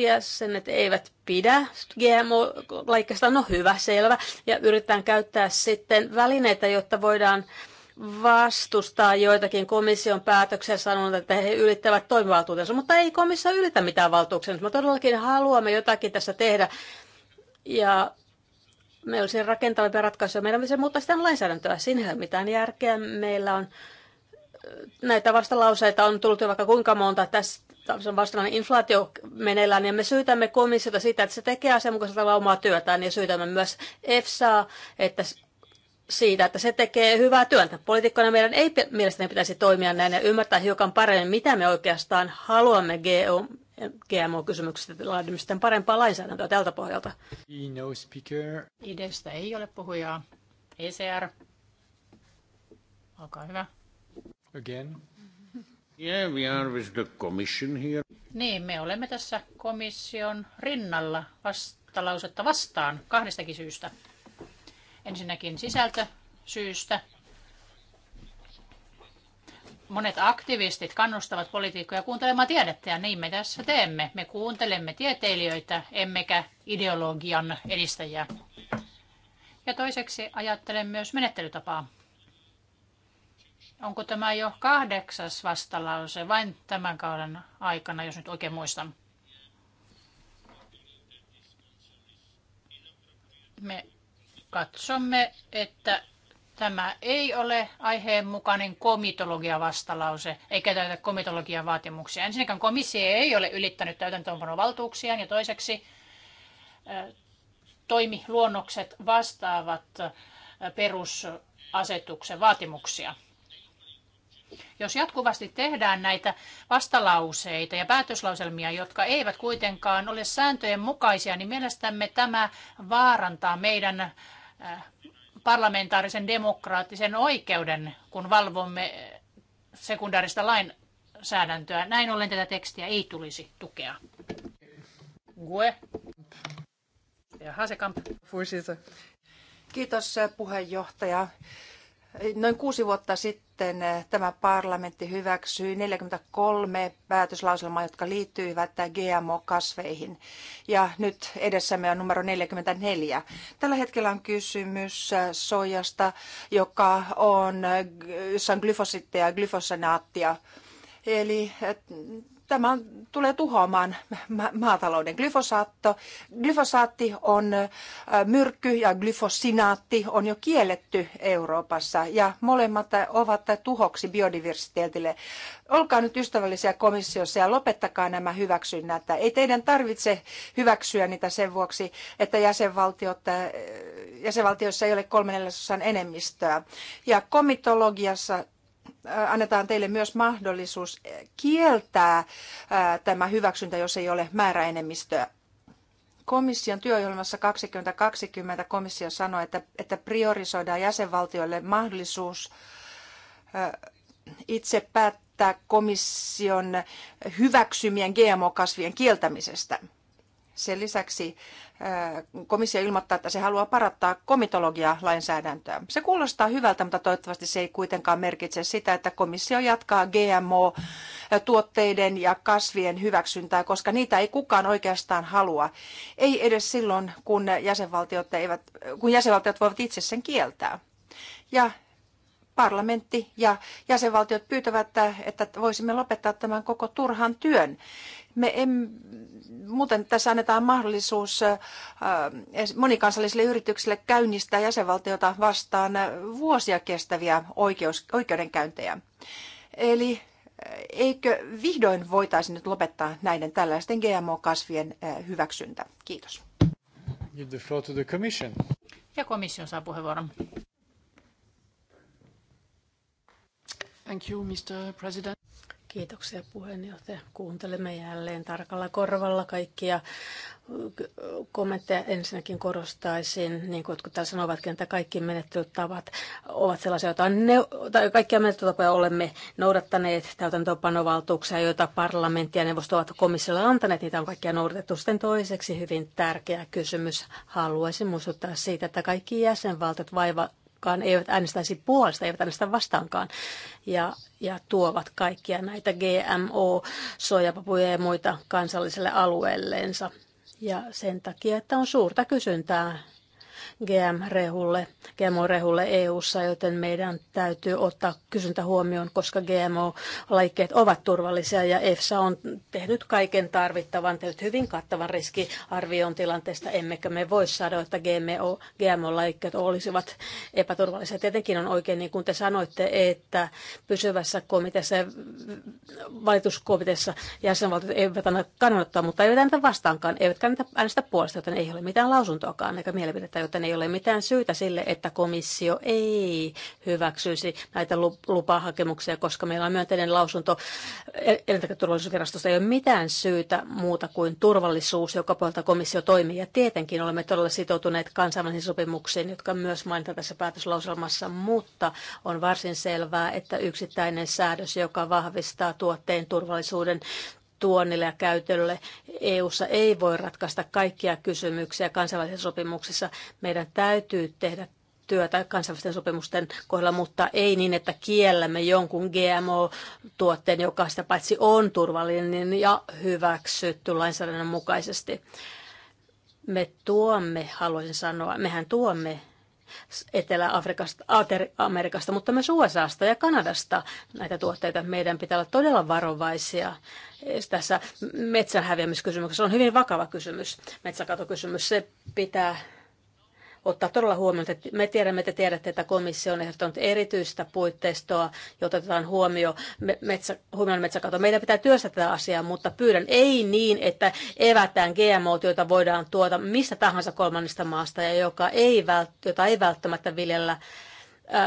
Speaker 3: että eivät pidä GMO-laikkeesta, no hyvä, selvä, ja yritetään käyttää sitten välineitä, jotta voidaan vastustaa joitakin komission päätöksiä sanonut, että he ylittävät toimivaltuutensa, mutta ei komissio ylitä mitään valtuuksia. Me todellakin haluamme jotakin tässä tehdä ja me olisi rakentavampia ratkaisuja. Meidän pitäisi muuttaa sitä lainsäädäntöä. Siinä ei ole mitään järkeä. Meillä on näitä vastalauseita on tullut jo vaikka kuinka monta. Tässä on vastainen inflaatio meneillään, ja me syytämme komissiota siitä, että se tekee asianmukaisella tavalla omaa työtään, ja syytämme myös EFSAa, että siitä, että se tekee hyvää työtä. Poliitikkoina meidän ei mielestäni pitäisi toimia näin ja ymmärtää hiukan paremmin, mitä me oikeastaan haluamme GO GMO-kysymyksistä laadimme parempaa lainsäädäntöä tältä pohjalta.
Speaker 1: No speaker.
Speaker 2: Idestä ei ole puhujaa. ECR. Olkaa hyvä.
Speaker 1: Again. Yeah, we are with the commission here.
Speaker 2: Niin, me olemme tässä komission rinnalla vastalausetta vastaan kahdestakin syystä. Ensinnäkin sisältö syystä monet aktivistit kannustavat poliitikkoja kuuntelemaan tiedettä ja niin me tässä teemme. Me kuuntelemme tieteilijöitä, emmekä ideologian edistäjiä. Ja toiseksi ajattelen myös menettelytapaa. Onko tämä jo kahdeksas vastalause vain tämän kauden aikana, jos nyt oikein muistan? Me katsomme, että Tämä ei ole aiheen mukainen komitologia-vastalause, eikä täytä komitologian vaatimuksia. Ensinnäkään komissio ei ole ylittänyt täytäntöönpanovaltuuksiaan ja toiseksi toimiluonnokset vastaavat perusasetuksen vaatimuksia. Jos jatkuvasti tehdään näitä vastalauseita ja päätöslauselmia, jotka eivät kuitenkaan ole sääntöjen mukaisia, niin mielestämme tämä vaarantaa meidän parlamentaarisen demokraattisen oikeuden, kun valvomme sekundaarista lainsäädäntöä. Näin ollen tätä tekstiä ei tulisi tukea. Gue. Ja Hasekamp.
Speaker 4: Kiitos eh, puheenjohtaja. Noin kuusi vuotta sitten eh, tämä parlamentti hyväksyi 43 päätöslauselmaa, jotka liittyivät GMO-kasveihin. Ja nyt edessämme on numero 44. Tällä hetkellä on kysymys eh, soijasta, joka on, jossa on glyfositteja ja glyfosanaattia. Eli eh, tämä on, tulee tuhoamaan ma- maatalouden. Glyfosaatto, glyfosaatti on ö, myrkky ja glyfosinaatti on jo kielletty Euroopassa ja molemmat ovat tuhoksi biodiversiteetille. Olkaa nyt ystävällisiä komissiossa ja lopettakaa nämä hyväksynnät. Ei teidän tarvitse hyväksyä niitä sen vuoksi, että jäsenvaltiot, jäsenvaltioissa ei ole kolmen enemmistöä Ja komitologiassa Äh, annetaan teille myös mahdollisuus kieltää äh, tämä hyväksyntä, jos ei ole määräenemmistöä. Komission työohjelmassa 2020 komissio sanoi, että, että priorisoidaan jäsenvaltioille mahdollisuus äh, itse päättää komission hyväksymien GMO-kasvien kieltämisestä. Sen lisäksi komissio ilmoittaa, että se haluaa parantaa komitologia-lainsäädäntöä. Se kuulostaa hyvältä, mutta toivottavasti se ei kuitenkaan merkitse sitä, että komissio jatkaa GMO-tuotteiden ja kasvien hyväksyntää, koska niitä ei kukaan oikeastaan halua. Ei edes silloin, kun jäsenvaltiot, eivät, kun jäsenvaltiot voivat itse sen kieltää. Ja parlamentti ja jäsenvaltiot pyytävät, että, että voisimme lopettaa tämän koko turhan työn. Me em, muuten tässä annetaan mahdollisuus monikansallisille yrityksille käynnistää jäsenvaltiota vastaan vuosia kestäviä oikeus, oikeudenkäyntejä. Eli eikö vihdoin voitaisi nyt lopettaa näiden tällaisten GMO-kasvien hyväksyntä? Kiitos. Give the floor to the commission.
Speaker 2: Ja komission saa puheenvuoron.
Speaker 3: Thank you, Mr. President. Kiitoksia puheenjohtaja. Kuuntelemme jälleen tarkalla korvalla kaikkia kommentteja. Ensinnäkin korostaisin, niin kuin jotkut täällä sanovatkin, että kaikki menettelytavat ovat sellaisia, joita ne, tai kaikkia menettelytapoja olemme noudattaneet, täytäntöpanovaltuuksia, joita parlamentti ja neuvosto ovat komissiolle antaneet. Niitä on kaikkia noudatettu. Sitten toiseksi hyvin tärkeä kysymys. Haluaisin muistuttaa siitä, että kaikki jäsenvaltiot vaiva, jotkaan eivät äänestäisi puolesta, eivät äänestä vastaankaan. Ja, ja tuovat kaikkia näitä GMO, soijapapuja ja muita kansalliselle alueelleensa. Ja sen takia, että on suurta kysyntää GM-rehulle, GMO-rehulle EU-ssa, joten meidän täytyy ottaa kysyntä huomioon, koska GMO-laikkeet ovat turvallisia ja EFSA on tehnyt kaiken tarvittavan, tehnyt hyvin kattavan riskiarvion tilanteesta, emmekä me voi saada, että GMO, GMO-laikkeet olisivat epäturvallisia. Tietenkin on oikein, niin kuin te sanoitte, että pysyvässä komiteassa ja valituskomiteassa jäsenvaltiot eivät anna kannattaa, mutta eivät anna vastaankaan, eivätkä anna äänestä puolesta, joten ei ole mitään lausuntoakaan eikä mielipidettä, joten ei ole mitään syytä sille, että komissio ei hyväksyisi näitä lupahakemuksia, koska meillä on myönteinen lausunto e-, elintarviketurvallisuusvirastosta. Ei ole mitään syytä muuta kuin turvallisuus, joka puolta komissio toimii. Ja tietenkin olemme todella sitoutuneet kansainvälisiin sopimuksiin, jotka myös mainitaan tässä päätöslauselmassa, mutta on varsin selvää, että yksittäinen säädös, joka vahvistaa tuotteen turvallisuuden tuonnille ja käytölle. EUssa ei voi ratkaista kaikkia kysymyksiä kansainvälisissä sopimuksissa. Meidän täytyy tehdä työtä kansainvälisten sopimusten kohdalla, mutta ei niin, että kiellämme jonkun GMO-tuotteen, joka sitä paitsi on turvallinen ja hyväksytty lainsäädännön mukaisesti. Me tuomme, haluaisin sanoa, mehän tuomme Etelä-Afrikasta, Amerikasta, mutta myös USAsta ja Kanadasta näitä tuotteita. Meidän pitää olla todella varovaisia. Tässä metsän häviämiskysymyksessä on hyvin vakava kysymys, metsäkatokysymys. Se pitää ottaa todella huomioon. Että me tiedämme, että tiedätte, että komissio on ehdottanut erityistä puitteistoa, jota otetaan huomioon metsä, huomioon metsäkato. Meidän pitää työstää tätä asiaa, mutta pyydän ei niin, että evätään GMO, joita voidaan tuota mistä tahansa kolmannesta maasta ja joka ei, jota ei välttämättä viljellä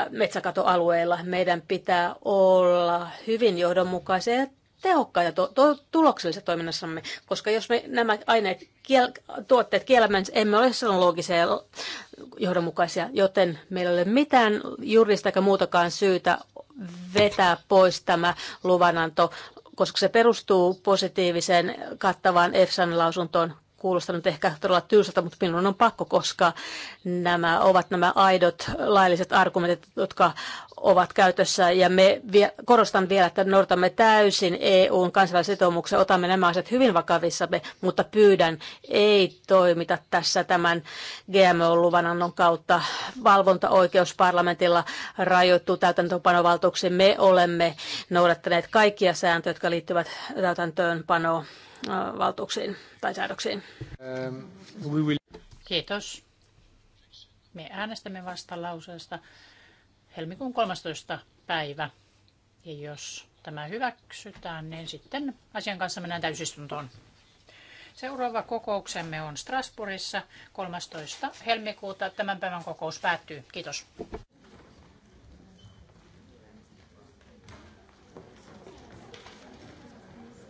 Speaker 3: metsäkatoalueilla meidän pitää olla hyvin johdonmukaisia tehokkaita to- to- tuloksellisessa toiminnassamme, koska jos me nämä aineet, kiel- tuotteet kiellämme, niin emme ole silloin loogisia ja johdonmukaisia, joten meillä ei ole mitään juridista eikä muutakaan syytä vetää pois tämä luvananto, koska se perustuu positiiviseen kattavaan EFSAn lausuntoon kuulostaa nyt ehkä todella tylsältä, mutta minun on pakko, koska nämä ovat nämä aidot lailliset argumentit, jotka ovat käytössä. Ja me vie, korostan vielä, että noudatamme täysin EUn kansainvälisen otamme nämä asiat hyvin vakavissamme, mutta pyydän, ei toimita tässä tämän GMO-luvanannon kautta. Valvontaoikeus parlamentilla rajoittuu täytäntöönpanovaltuuksiin. Me olemme noudattaneet kaikkia sääntöjä, jotka liittyvät täytäntöönpanoon valtuuksiin tai säädöksiin. Ähm, Kiitos. Me äänestämme
Speaker 2: vastalauseesta helmikuun 13. päivä. Ja jos tämä hyväksytään, niin sitten asian kanssa mennään täysistuntoon. Seuraava kokouksemme on Strasbourgissa 13. helmikuuta. Tämän päivän kokous päättyy. Kiitos.